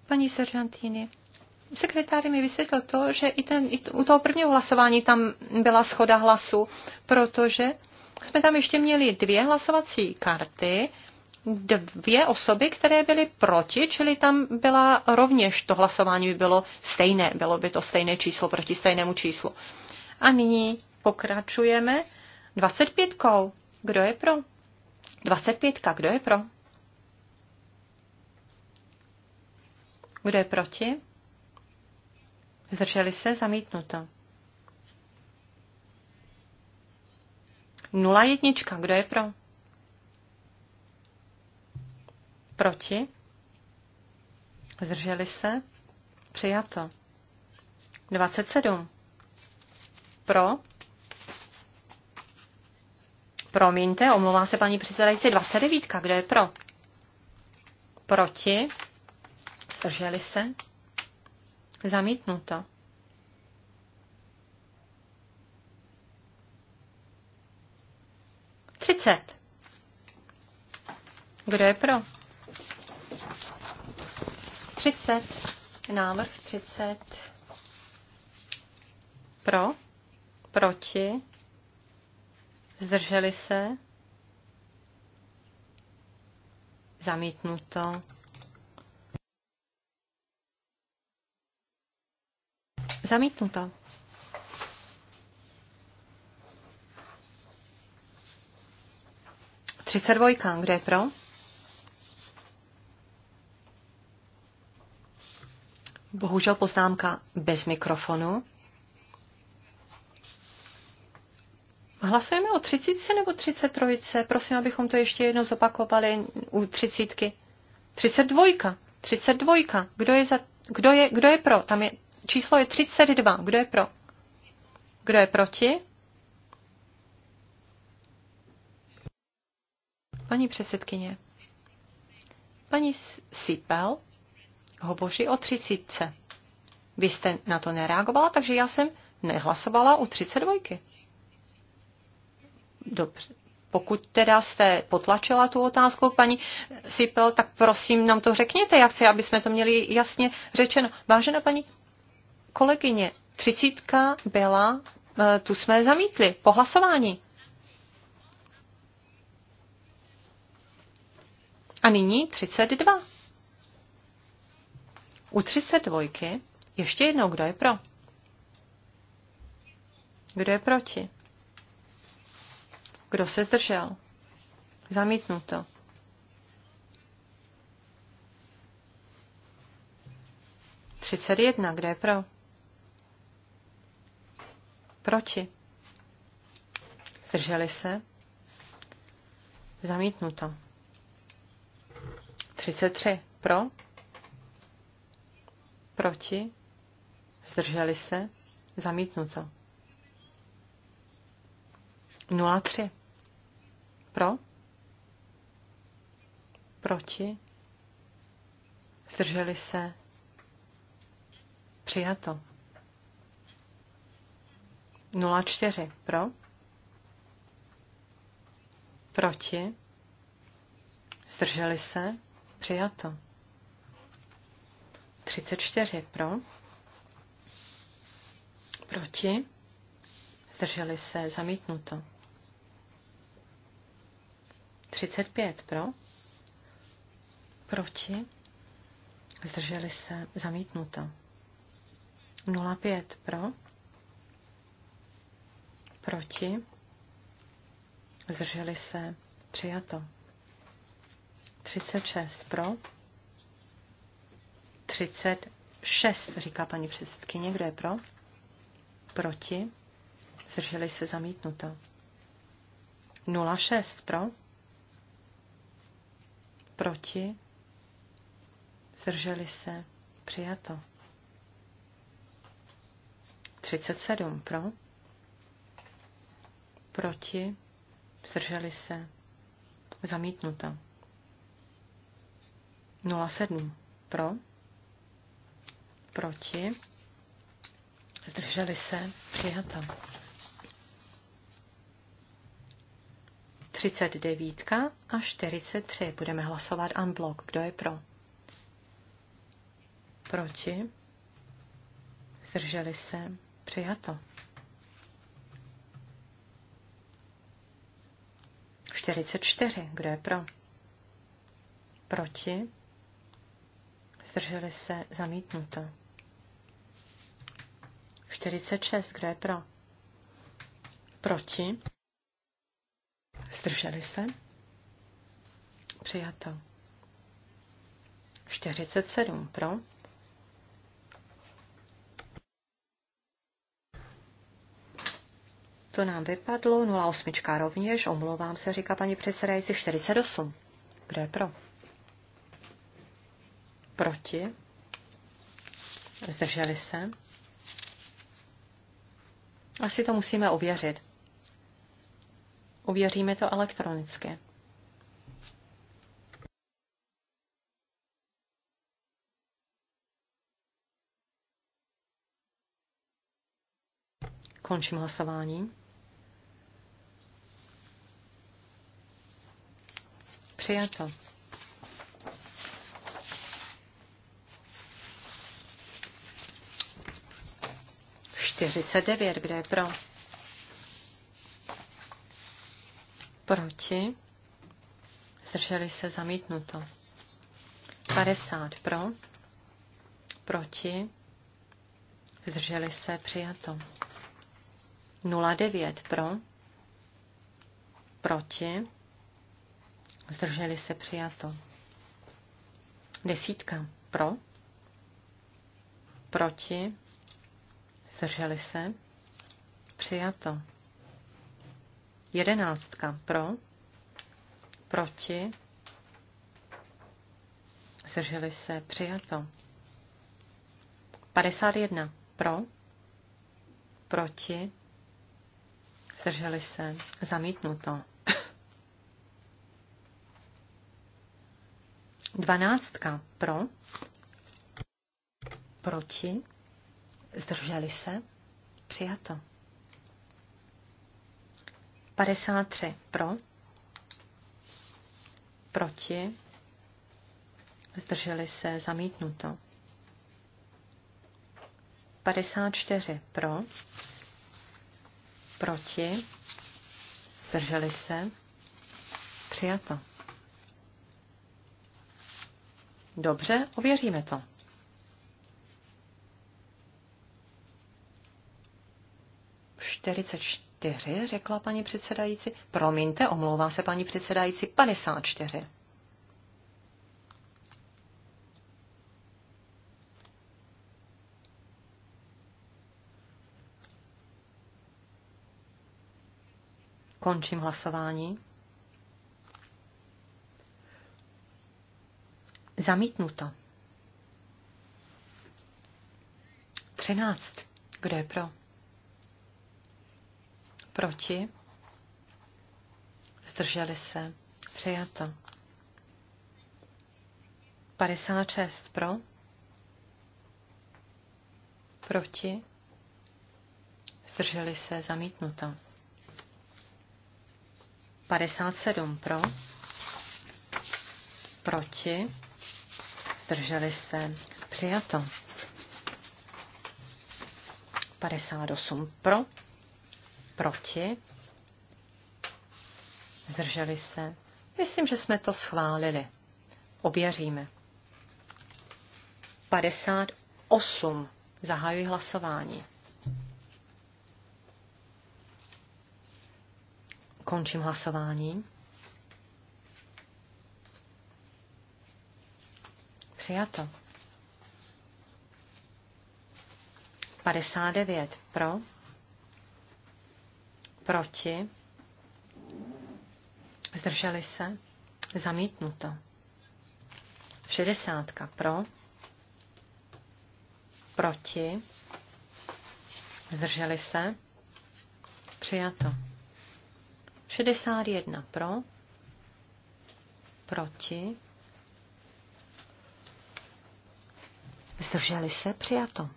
Paní Seržantýny, sekretář mi vysvětlil to, že i, ten, i to, u toho prvního hlasování tam byla schoda hlasu, protože jsme tam ještě měli dvě hlasovací karty, dvě osoby, které byly proti, čili tam byla rovněž to hlasování by bylo stejné, bylo by to stejné číslo proti stejnému číslu. A nyní pokračujeme 25. Kdo je pro? 25. Kdo je pro? Kdo je proti? Zdrželi se? Zamítnuto. Nula jednička. Kdo je pro? Proti? Zdrželi se? Přijato. 27. Pro? Promiňte, omlouvá se paní předsedající. 29. Kdo je pro? Proti? Zdrželi se? Zamítnuto. Třicet. Kdo je pro? Třicet. Návrh třicet. Pro? Proti? Zdrželi se? Zamítnuto. Zamítnuto. Třicet dvojka, kde je pro? Bohužel poznámka bez mikrofonu. Hlasujeme o 30 nebo 33? Prosím, abychom to ještě jednou zopakovali u třicítky. 32. 32. Kdo je, za, kdo je, kdo je pro? Tam je číslo je 32. Kdo je pro? Kdo je proti? Paní předsedkyně, paní Sipel hovoří o 30. Vy jste na to nereagovala, takže já jsem nehlasovala u 32. Dobře. Pokud teda jste potlačila tu otázku, paní Sipel, tak prosím nám to řekněte. Já chci, aby jsme to měli jasně řečeno. Vážená paní kolegyně, třicítka byla, eh, tu jsme zamítli po hlasování. A nyní 32. U 32 ještě jednou, kdo je pro? Kdo je proti? Kdo se zdržel? Zamítnuto. Třicet jedna, kde je pro? Proti. Zdrželi se. Zamítnuto. 33. Pro. Proti. Zdrželi se. Zamítnuto. 03. Pro. Proti. Zdrželi se. Přijato. 04 pro, proti, zdrželi se, přijato. 34 pro, proti, zdrželi se, zamítnuto. 35 pro, proti, zdrželi se, zamítnuto. 05 pro, Proti? Zdrželi se. Přijato. 36 pro. 36, říká paní předsedkyně. Kdo je pro? Proti? Zdrželi se zamítnuto. 06 pro. Proti? Zdrželi se. Přijato. 37 pro proti, zdrželi se, zamítnuta. 07 pro, proti, zdrželi se, přijata. 39 a 43 budeme hlasovat unblock. Kdo je pro? Proti, zdrželi se, přijato. 44. Kdo je pro? Proti? Zdrželi se zamítnuto. 46. Kdo je pro? Proti? Zdrželi se? Přijato. 47. Pro? To nám vypadlo. 08 rovněž. Omlouvám se, říká paní předsedající. 48. Kdo je pro? Proti? Zdrželi se? Asi to musíme ověřit. Uvěříme to elektronicky. Končím hlasování. Přijato. Čtyřicet devět, kde je pro? Proti. Zdrželi se zamítnuto. 50 pro. Proti. Zdrželi se přijato. 09 pro, proti, zdrželi se přijato. Desítka pro, proti, zdrželi se, přijato. Jedenáctka pro, proti, zdrželi se, přijato. 51 pro, proti, zdrželi se, zamítnuto. Dvanáctka pro, proti, zdrželi se, přijato. 53 pro, proti, zdrželi se, zamítnuto. 54 pro, proti, zdrželi se, přijato. Dobře, ověříme to. Čtyřicet čtyři, řekla paní předsedající. Promiňte, omlouvá se paní předsedající, 54. Končím hlasování. Zamítnuto. 13. Kdo je pro? Proti? Zdrželi se. Přijato. 56. Pro? Proti? Zdrželi se. Zamítnuto. 57 pro, proti, zdrželi se, přijato. 58 pro, proti, zdrželi se. Myslím, že jsme to schválili. Ověříme. 58. Zahajuji hlasování. Končím hlasování. Přijato. 59 pro, proti, zdrželi se, zamítnuto. 60 pro, proti, zdrželi se, přijato. 61 pro, proti, zdrželi se, přijato.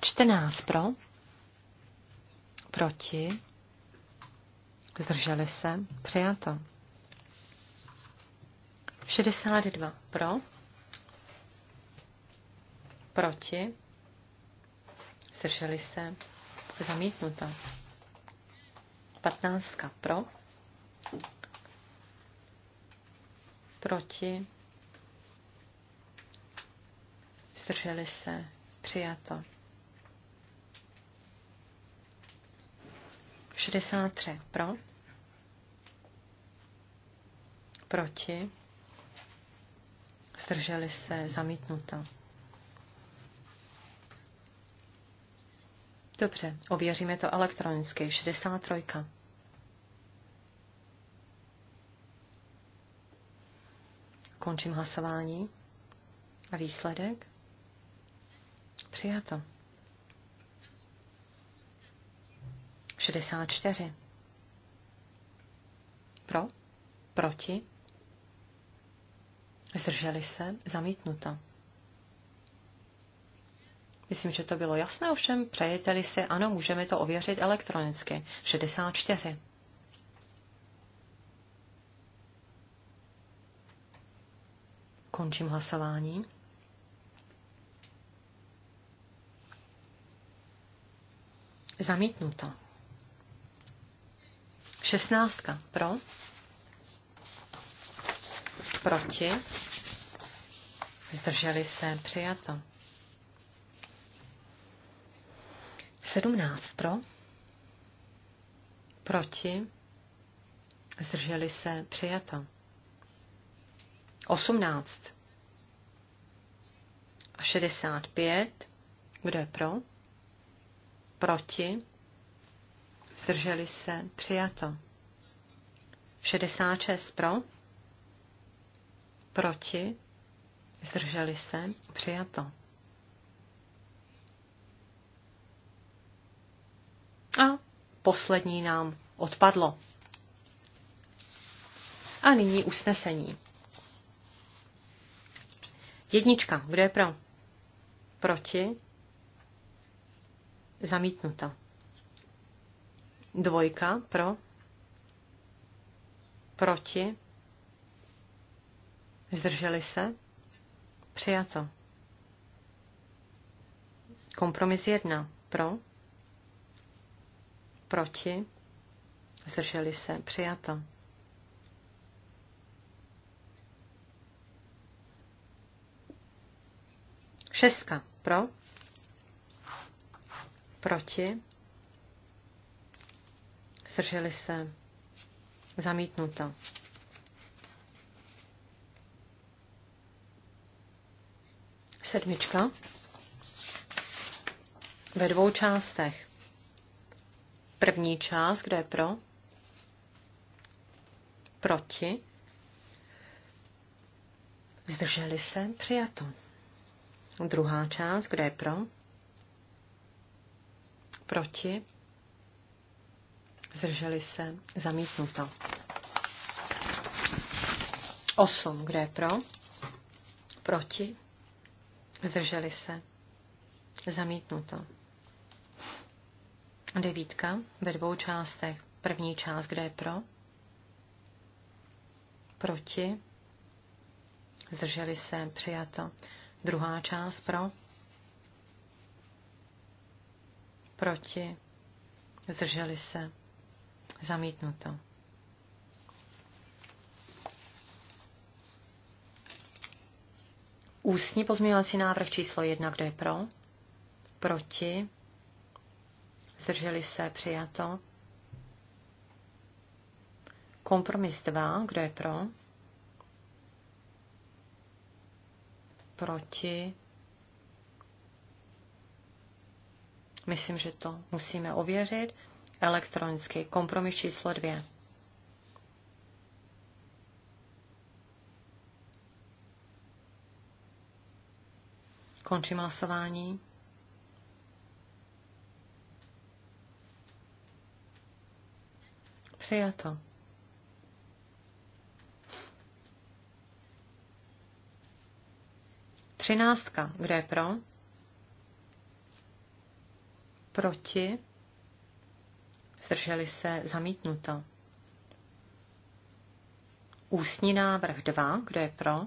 14 pro, proti, zdrželi se, přijato. 62 pro, proti, zdrželi se, zamítnuto. 15 pro, proti, zdrželi se, přijato. 63 pro, proti, zdrželi se, zamítnuto. Dobře, ověříme to elektronicky. 63. Končím hlasování. A výsledek? Přijato. 64. Pro? Proti? Zdrželi se? Zamítnuto. Myslím, že to bylo jasné, ovšem přejete-li ano, můžeme to ověřit elektronicky. 64. Končím hlasování. Zamítnuto. 16. Pro. Proti. Zdrželi se. Přijato. 17 pro, proti, zdrželi se, přijato. 18 a 65, kdo je pro, proti, zdrželi se, přijato. 66 pro, proti, zdrželi se, přijato. A poslední nám odpadlo. A nyní usnesení. Jednička. Kdo je pro? Proti? Zamítnuta. Dvojka. Pro? Proti? Zdrželi se? Přijato. Kompromis jedna. Pro? proti, zdrželi se, přijato. Šestka pro, proti, zdrželi se, zamítnuto. Sedmička ve dvou částech. První část, kdo je pro? Proti? Zdrželi se? Přijato. Druhá část, kdo je pro? Proti? Zdrželi se? Zamítnuto. Osm, kdo je pro? Proti? Zdrželi se? Zamítnuto. Devítka ve dvou částech. První část, kde je pro? Proti? Zdrželi se, přijato. Druhá část pro? Proti? Zdrželi se, zamítnuto. Ústní pozměňovací návrh číslo jedna, kde je pro? Proti? Zdrželi se? Přijato. Kompromis 2. Kdo je pro? Proti. Myslím, že to musíme ověřit. Elektronicky. Kompromis číslo 2. Končím hlasování. Přijato. Třináctka. Kdo je pro? Proti? Zdrželi se zamítnuto. Ústní návrh 2. Kdo je pro?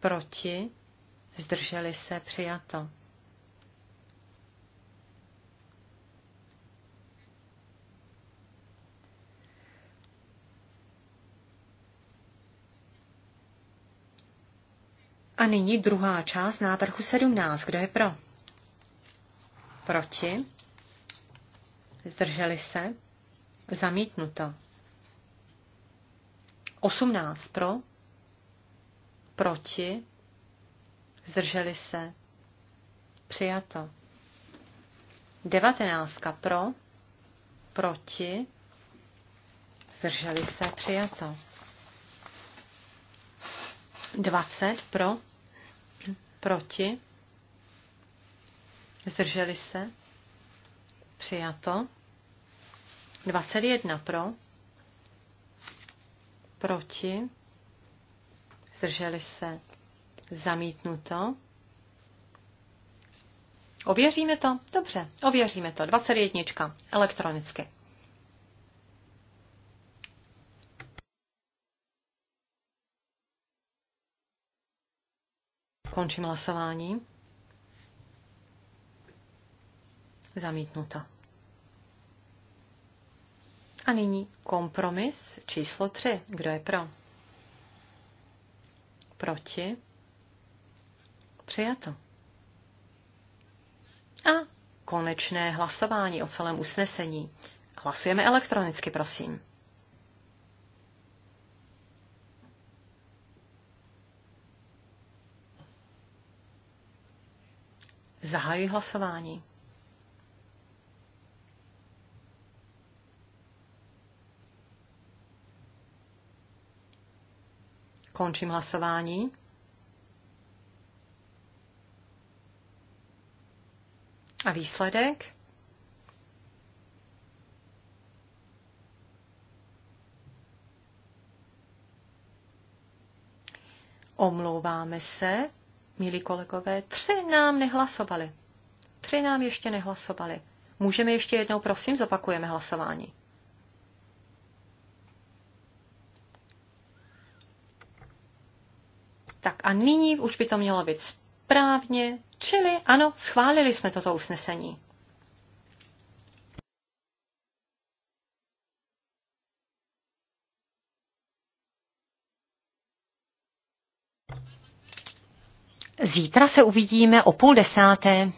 Proti? Zdrželi se přijato. A nyní druhá část návrhu 17. Kdo je pro? Proti? Zdrželi se? Zamítnuto. 18 pro? Proti? Zdrželi se? Přijato. 19 pro? Proti? Zdrželi se? Přijato. 20 pro? Proti? Zdrželi se? Přijato. 21 pro. Proti? Zdrželi se? Zamítnuto. Ověříme to? Dobře, ověříme to. 21. Elektronicky. Končím hlasování. Zamítnuta. A nyní kompromis číslo 3. Kdo je pro? Proti? Přijato. A konečné hlasování o celém usnesení. Hlasujeme elektronicky, prosím. Zahajuji hlasování. Končím hlasování. A výsledek? Omlouváme se, milí kolegové, tři nám nehlasovali. Tři nám ještě nehlasovali. Můžeme ještě jednou, prosím, zopakujeme hlasování. Tak a nyní už by to mělo být správně, čili ano, schválili jsme toto usnesení. Zítra se uvidíme o půl desáté.